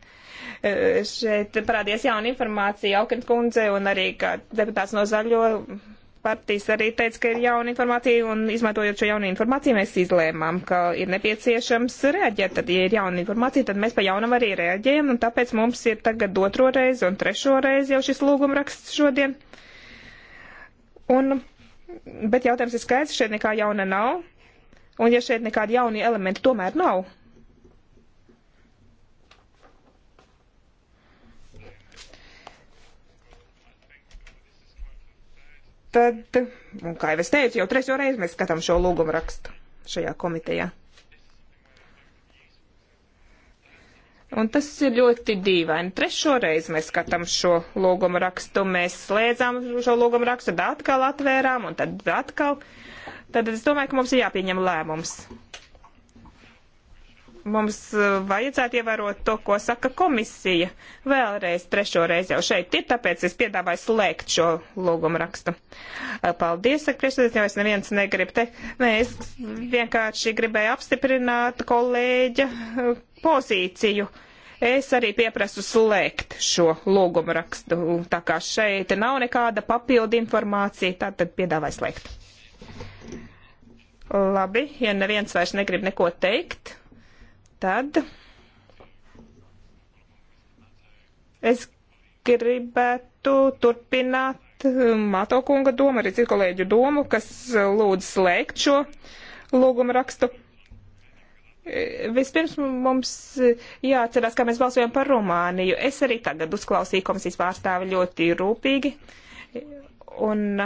E, šeit parādījās jauna informācija Aukins kundze un arī kā deputāts no zaļo partijas arī teica, ka ir jauna informācija un izmantojot šo jaunu informāciju mēs izlēmām, ka ir nepieciešams reaģēt. Tad, ja ir jauna informācija, tad mēs pa jaunam arī reaģējam un tāpēc mums ir tagad otro reizi un trešo reizi jau šis lūgumraksts šodien. Un, bet jautājums ir skaidrs, šeit nekā jauna nav Un ja šeit nekādi jaunie elementi tomēr nav, tad, un kā jau es teicu, jau trešo reizi mēs skatām šo lūgumu rakstu šajā komitejā. Un tas ir ļoti dīvaini. Trešo reizi mēs skatām šo lūgumu rakstu, mēs slēdzām šo lūgumu rakstu, tad atkal atvērām, un tad atkal Tad es domāju, ka mums ir jāpieņem lēmums. Mums eh, vajadzētu ievērot to, ko saka komisija. Vēlreiz, trešo reizi jau šeit ir, tāpēc es piedāvāju slēgt šo lūgumu rakstu. Eh, paldies, saka priekšsēdētājs, jau es neviens negribu te. Nē, es vienkārši gribēju apstiprināt kolēģa eh, pozīciju. Es arī pieprasu slēgt šo lūgumu rakstu, tā kā šeit nav nekāda papildu informācija, tātad piedāvāju slēgt. Labi, ja neviens vairs negrib neko teikt, tad es gribētu turpināt um, Mato kunga domu, arī citu kolēģu domu, kas lūdz slēgt šo lūgumu rakstu. E, vispirms mums jāatcerās, kā mēs balsojam par Rumāniju. Es arī tagad uzklausīju komisijas pārstāvi ļoti rūpīgi. Un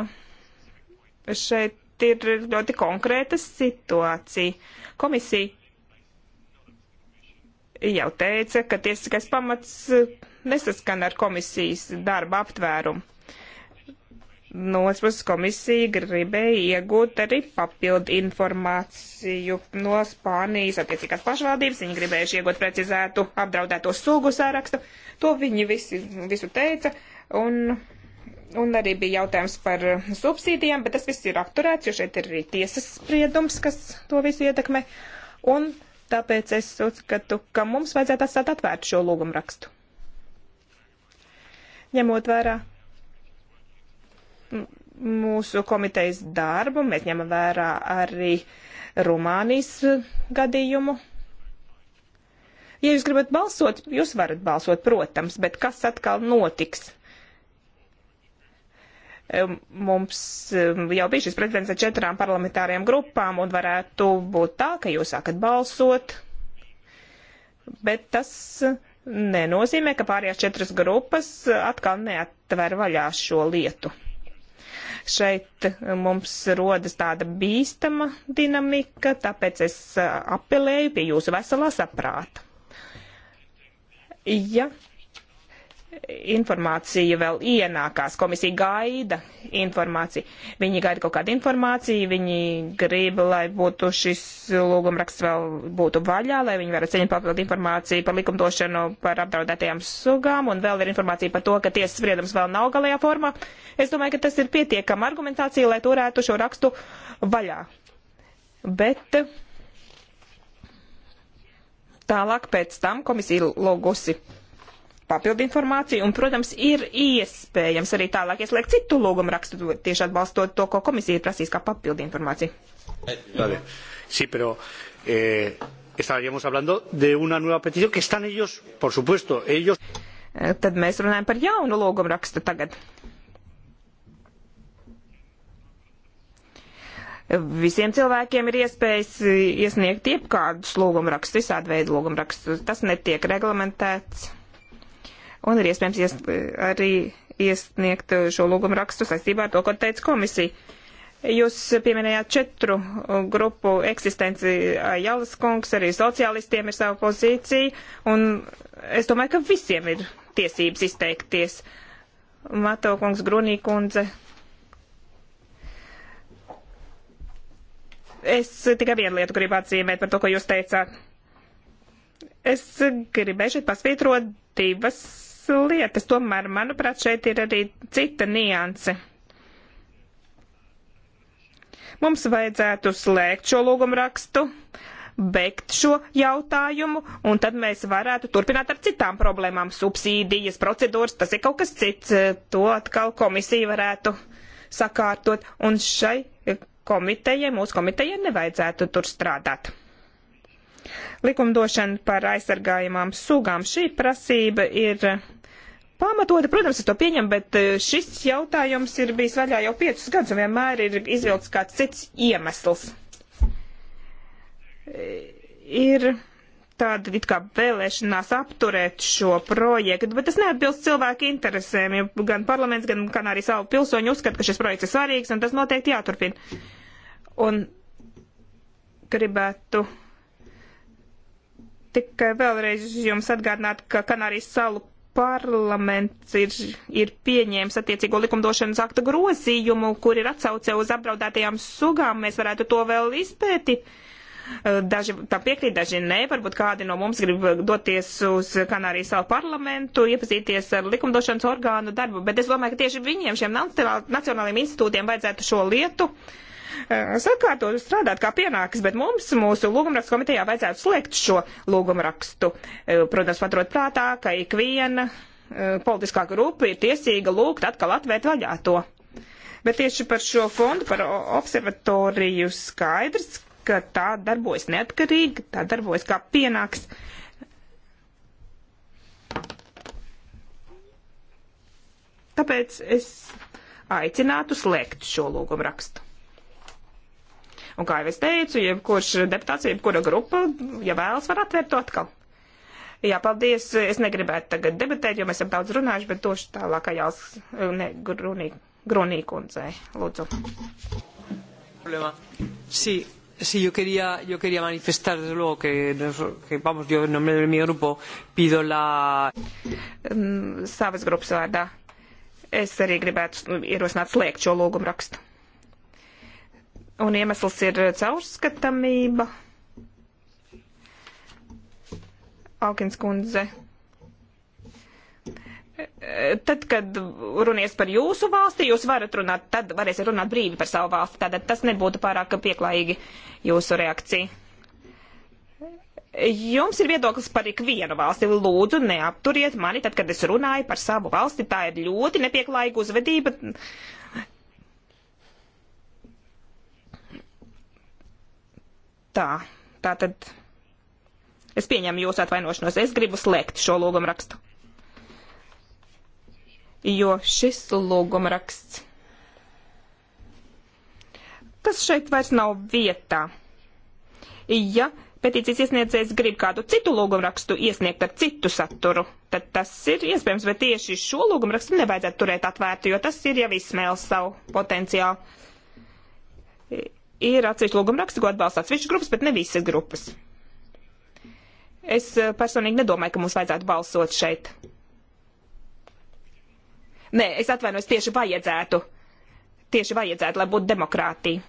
šeit šeit ir ļoti konkrēta situācija. Komisija jau teica, ka tiesiskais pamats e, nesaskan ar komisijas darba aptvērumu. No otras puses komisija gribēja iegūt arī papildu informāciju no Spānijas attiecīgās pašvaldības. Viņi gribējuši iegūt precizētu apdraudēto sugu sārakstu. To viņi visi, visu teica. Un Un arī bija jautājums par eh, subsīdijām, bet tas viss ir apturēts, jo šeit ir arī tiesas spriedums, kas to visu ietekmē. Un tāpēc es uzskatu, ka mums vajadzētu atstāt atvērtu šo lūgumu rakstu. Ņemot vērā mūsu komitejas darbu, mēs ņemam vērā arī Rumānijas eh, gadījumu. Ja jūs gribat balsot, jūs varat balsot, protams, bet kas atkal notiks? Mums um, jau bija šis prezidents ar četrām parlamentārajām grupām un varētu būt tā, ka jūs sākat balsot, bet tas nenozīmē, ka pārējās četras grupas atkal neatver vaļā šo lietu. Šeit mums rodas tāda bīstama dinamika, tāpēc es apelēju pie jūsu veselā saprāta. Ja informācija vēl ienākās. Komisija gaida informāciju. Viņi gaida kaut kādu informāciju, viņi grib, lai būtu šis lūgumraksts vēl būtu vaļā, lai viņi varētu saņemt papildu informāciju par likumdošanu par apdraudētajām sugām, un vēl ir informācija par to, ka tiesas spriedums vēl nav galējā formā. Es domāju, ka tas ir pietiekama argumentācija, lai turētu šo rakstu vaļā. Bet tālāk pēc tam komisija lūgusi papildu informāciju, un, protams, ir iespējams arī tālāk ieslēgt citu lūgumu rakstu, tieši atbalstot to, ko komisija ir prasījis kā papildu informāciju. Eh, vale. Sí, pero, eh, estaríamos hablando de una nueva petición que están ellos, por supuesto, ellos. Eh, tad mēs runājam par jaunu lūgumu rakstu tagad. visiem cilvēkiem ir iespējas eh, iesniegt jebkādus lūgumrakstus, visādi veidu lūgumrakstus. Tas netiek reglamentēts un ir iespējams ies, arī iesniegt šo lūgumu rakstu saistībā ar to, ko teica komisija. Jūs pieminējāt četru grupu eksistenci Jālis kungs, arī sociālistiem ir sava pozīcija, un es domāju, ka visiem ir tiesības izteikties. Mato kungs, Grunī kundze. Es tikai vienu lietu gribu atzīmēt par to, ko jūs teicāt. Es gribēju šeit pasvītrot divas lietas. Tomēr, manuprāt, šeit ir arī cita nianse. Mums vajadzētu slēgt šo lūgumu rakstu, beigt šo jautājumu, un tad mēs varētu turpināt ar citām problēmām. Subsīdijas procedūras, tas ir kaut kas cits. To atkal komisija varētu sakārtot, un šai komitejai, mūsu komitejai nevajadzētu tur strādāt likumdošana par aizsargājumām sugām. Šī prasība ir pamatota, protams, es to pieņemu, bet eh, šis jautājums ir bijis vaļā jau piecus gadus un vienmēr ir izvilkts kāds cits iemesls. Eh, ir tāda it kā vēlēšanās apturēt šo projektu, bet tas neatbilst cilvēku interesēm, jo gan parlaments, gan, gan arī savu pilsoņu uzskata, ka šis projekts ir svarīgs un tas noteikti jāturpina. Un gribētu tikai vēlreiz jums atgādināt, ka Kanārijas salu parlaments ir, ir pieņēmis attiecīgo likumdošanas akta grozījumu, kur ir atsauce uz apdraudētajām sugām. Mēs varētu to vēl izpētīt. Eh, daži tam piekrīt, daži nē. Varbūt kādi no mums grib doties uz Kanārijas salu parlamentu, iepazīties ar likumdošanas orgānu darbu. Bet es domāju, ka tieši viņiem, šiem nacionālajiem institūtiem, vajadzētu šo lietu uh, sakārtot un strādāt kā pienāks, bet mums, mūsu lūgumrakstu komitejā, vajadzētu slēgt šo lūgumrakstu. E, protams, paturot prātā, ka ikviena e, politiskā grupa ir tiesīga lūgt atkal atvērt vaļā to. Bet tieši par šo fondu, par observatoriju skaidrs, ka tā darbojas neatkarīgi, tā darbojas kā pienāks. Tāpēc es aicinātu slēgt šo lūgumu rakstu. Un kā jau es teicu, jebkurš deputāts, jebkura grupa, ja vēlas, var atvērt to atkal. Jā, paldies. Es negribētu tagad debatēt, jo mēs esam daudz runājuši, bet došu tālāk Jāls eh, ne, grunī, grunī kundzei. Lūdzu. Problema. Sí, sí, yo quería, yo quería manifestar desde luego que, que vamos, yo en nombre de mi grupo pido la. Mm, savas grupas vārdā. Es arī gribētu mm, ierosināt slēgt šo lūgumu rakstu. Un iemesls ir caurskatamība. Alkins kundze. Tad, kad runies par jūsu valsti, jūs varat runāt, tad varēsiet runāt brīvi par savu valsti. Tātad tas nebūtu pārāk pieklājīgi jūsu reakcija. Jums ir viedoklis par ikvienu valsti. Lūdzu, neapturiet mani, tad, kad es runāju par savu valsti. Tā ir ļoti nepieklājīga uzvedība. Uh, tā. Tātad es pieņemu jūsu atvainošanos. Es gribu slēgt šo lūgumrakstu. Jo šis lūgumraksts. Tas šeit vairs nav vietā. Ja petīcijas iesniedzējs grib kādu citu lūgumrakstu iesniegt ar citu saturu, tad tas ir iespējams, bet tieši šo lūgumrakstu nevajadzētu turēt atvērtu, jo tas ir jau izsmēlis savu potenciālu ir atsevišķi lūgumraksti, ko atbalsta atsevišķas grupas, bet ne visas grupas. Es eh, personīgi nedomāju, ka mums vajadzētu balsot šeit. Nē, es atvainojos, tieši vajadzētu. Tieši vajadzētu, lai būtu demokrātija.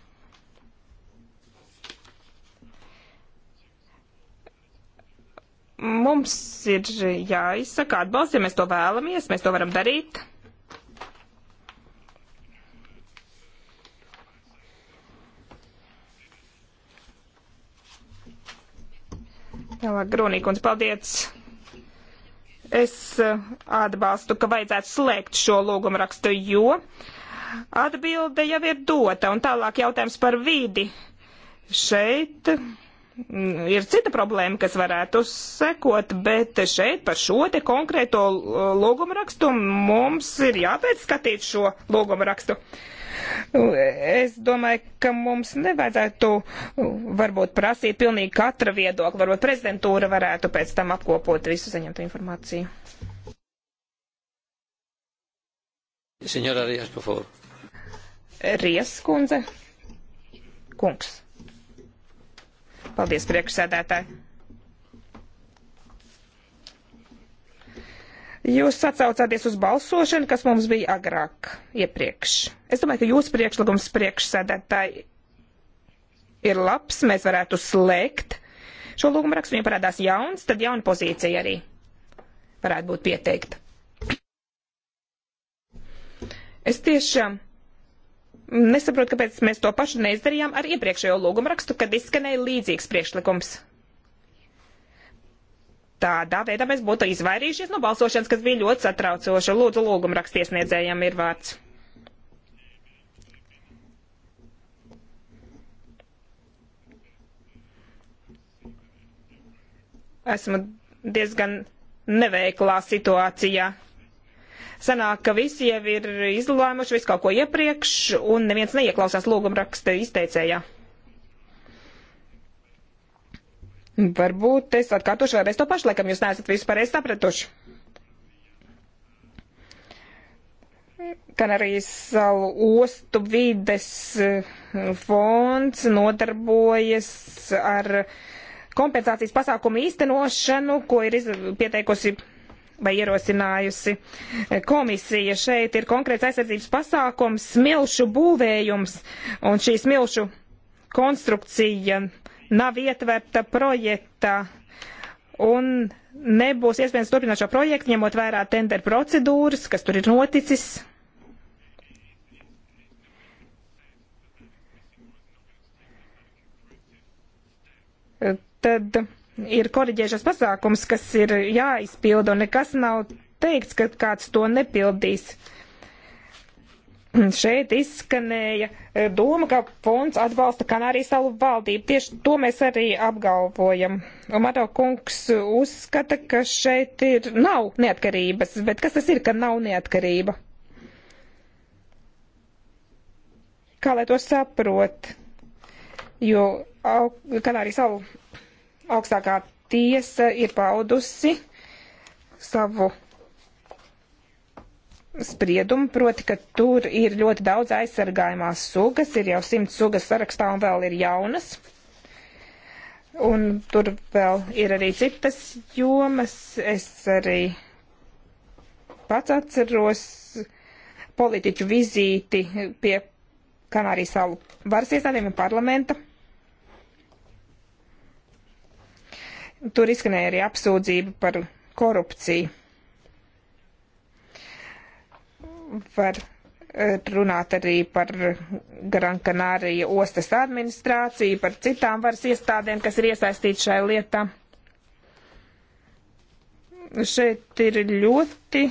Mums ir jāizsaka atbalsts, ja mēs to vēlamies, mēs to varam darīt. Tālāk, Grunīkums, paldies. Es eh, atbalstu, ka vajadzētu slēgt šo lūgumu rakstu, jo atbilde jau ir dota, un tālāk jautājums par vidi. Šeit mm, ir cita problēma, kas varētu sekot, bet šeit par šo te konkrēto eh, lūgumu rakstu mums ir jāpēc skatīt šo lūgumu rakstu. Uh, Es domāju, ka mums nevajadzētu uh, varbūt prasīt pilnīgi katra viedokļa. Varbūt prezidentūra varētu pēc tam apkopot visu saņemtu informāciju. Senora Rijas, por favor. Rijas kundze. Kungs. Paldies, priekšsēdētāji. Jūs atsaucāties uz balsošanu, kas mums bija agrāk, iepriekš. Es domāju, ka jūsu priekšlikums priekšsēdētāji ir labs, mēs varētu slēgt šo lūgumu rakstu, ja parādās jauns, tad jauna pozīcija arī varētu būt pieteikta. Es tiešām nesaprotu, kāpēc mēs to pašu neizdarījām ar iepriekšējo lūgumu rakstu, kad izskanēja līdzīgs priekšlikums. Tādā veidā mēs būtu izvairījušies no balsošanas, kas bija ļoti satraucoša. Lūdzu, lūgumu rakstiesniedzējiem ir vārds. Esmu diezgan neveiklā situācijā. Sanāk, ka visi jau ir izlēmuši visu kaut ko iepriekš, un neviens neieklausās lūgumraksta izteicējā. Varbūt es atkārtošu vēlreiz to pašu, laikam jūs neesat vispār sapratuši. Kanarijas salu ostu vides eh, fonds nodarbojas ar kompensācijas pasākumu īstenošanu, ko ir pieteikusi vai ierosinājusi komisija. Šeit ir konkrēts aizsardzības pasākums, smilšu būvējums un šī smilšu konstrukcija uh, nav ietverta projekta un nebūs iespējams turpināt šo projektu, ņemot vērā tender procedūras, kas tur ir noticis. Tad ir koriģēšas pasākums, kas ir jāizpilda, un nekas nav teikts, ka kāds to nepildīs. Uh, šeit izskanēja eh, doma, ka fonds atbalsta Kanārijas salu valdību. Tieši to mēs arī apgalvojam. Un Mato kungs uzskata, ka šeit ir nav neatkarības, bet kas tas ir, ka nav neatkarība? Kā lai to saprot? Jo Kanārijas salu augstākā tiesa ir paudusi savu spriedumu, proti, ka tur ir ļoti daudz aizsargājumās sugas, ir jau simts sugas sarakstā un vēl ir jaunas. Un tur vēl ir arī citas jomas. Es arī pats atceros politiķu vizīti pie Kanārijas salu varas iestādēm un parlamenta. Tur izskanēja arī apsūdzība par korupciju. var eh, runāt arī par Gran Canaria ostas administrāciju, par citām varas iestādēm, kas ir iesaistīts šai lietā. Šeit ir ļoti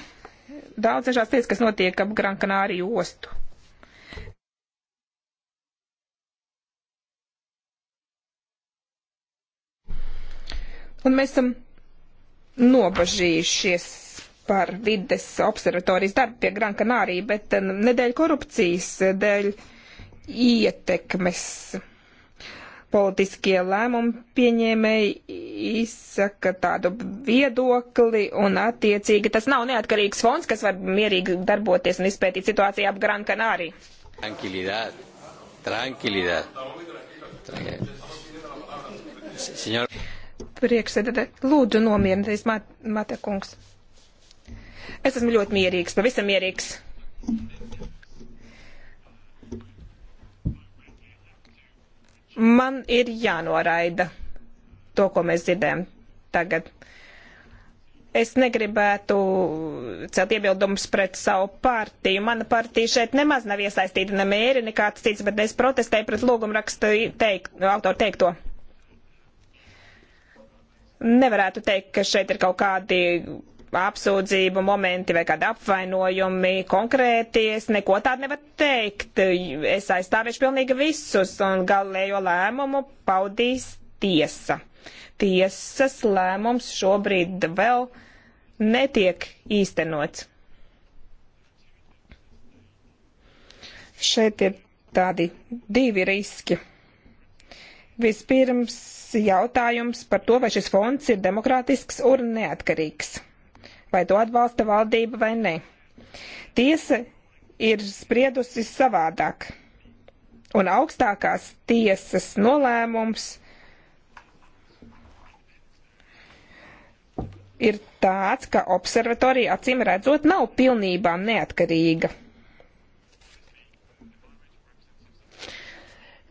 daudz dažās lietas, kas notiek ap Gran Canaria ostu. Un mēs esam nobažījušies par vides observatorijas darbu pie Gran Canārija, bet um, nedēļ korupcijas, eh, dēļ ietekmes politiskie lēmumu pieņēmēji izsaka tādu viedokli, un attiecīgi tas nav neatkarīgs fonds, kas var mierīgi darboties un izpētīt situāciju ap Gran Canāriju. Tranquilidad, tranquilidad. Priekšsēdētāji, lūdzu nomierinieties, Mate kungs. Es esmu ļoti mierīgs, pavisam mierīgs. Man ir jānoraida to, ko mēs dzirdējam tagad. Es negribētu celt iebildumus pret savu partiju. Mana partija šeit nemaz nav iesaistīta ne mēri, nekāds cits, bet es protestēju pret lūgumrakstu teik, autoru teikto. Nevarētu teikt, ka šeit ir kaut kādi apsūdzību momenti vai kādi apvainojumi konkrēti, es neko tādu nevaru teikt. Es aizstāvēšu pilnīgi visus un galējo lēmumu paudīs tiesa. Tiesas lēmums šobrīd vēl netiek īstenots. Šeit ir tādi divi riski. Vispirms jautājums par to, vai šis fonds ir demokrātisks un neatkarīgs vai to atbalsta valdība vai nē. Tiesa ir spriedusi savādāk, un augstākās tiesas nolēmums ir tāds, ka observatorija acīm redzot nav pilnībā neatkarīga.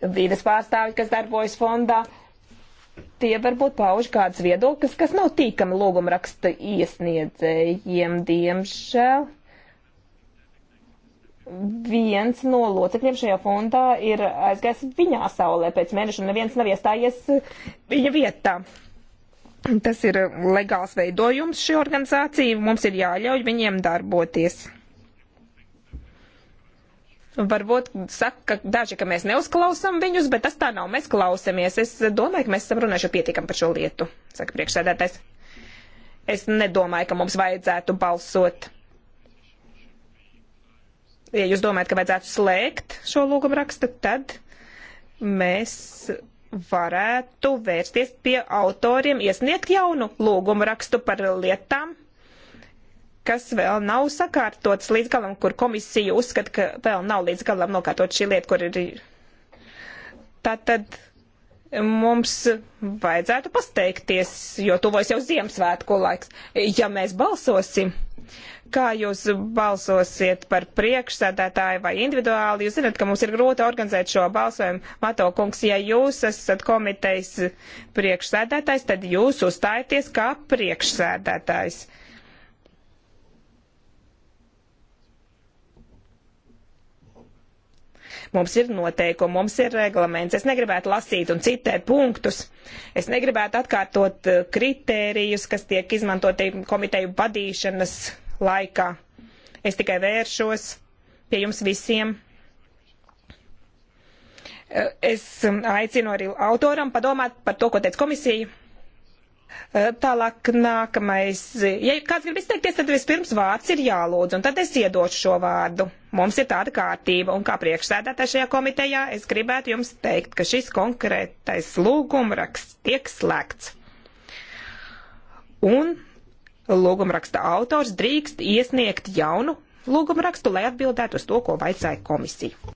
Vīdes pārstāvi, kas darbojas fondā, tie varbūt pauž kādas viedokļas, kas nav tīkami lūgumraksta iesniedzējiem, diemžēl. Viens no locekļiem šajā fondā ir aizgājis viņā saulē pēc mēneša, un neviens nav iestājies viņa vietā. Tas ir legāls veidojums šī organizācija, mums ir jāļauj viņiem darboties. Varbūt saka daži, ka mēs neuzklausām viņus, bet tas tā nav. Mēs klausamies. Es domāju, ka mēs esam runājuši pietiekam par šo lietu, saka priekšsēdētājs. Es nedomāju, ka mums vajadzētu balsot. Ja jūs domājat, ka vajadzētu slēgt šo lūgumu rakstu, tad mēs varētu vērsties pie autoriem, iesniegt jaunu lūgumu rakstu par lietām, kas vēl nav sakārtots līdz galam, kur komisija uzskata, ka vēl nav līdz galam nokārtot šī lieta, kur ir. Tātad mums vajadzētu pasteikties, jo tuvojas jau Ziemassvētku laiks. Ja mēs balsosim, kā jūs balsosiet par priekšsēdētāju vai individuāli, jūs zināt, ka mums ir grūti organizēt šo balsojumu. Mato kungs, ja jūs esat komitejas priekšsēdētājs, tad jūs uzstājieties kā priekšsēdētājs. Uh, Mums ir noteikumi, mums ir reglaments. Es negribētu lasīt un citēt punktus. Es negribētu atkārtot eh, kritērijus, kas tiek izmantoti komiteju vadīšanas laikā. Es tikai vēršos pie jums visiem. Eh, es eh, aicinu arī autoram padomāt par to, ko teica komisija Eh, tālāk nākamais. Ja kāds grib izteikties, tad vispirms vārds ir jālūdz, un tad es iedošu šo vārdu. Mums ir tāda kārtība, un kā priekšsēdētāja šajā komitejā es gribētu jums teikt, ka šis konkrētais lūgumraksts tiek slēgts. Un lūgumraksta autors drīkst iesniegt jaunu lūgumrakstu, lai atbildētu uz to, ko vaicāja komisija.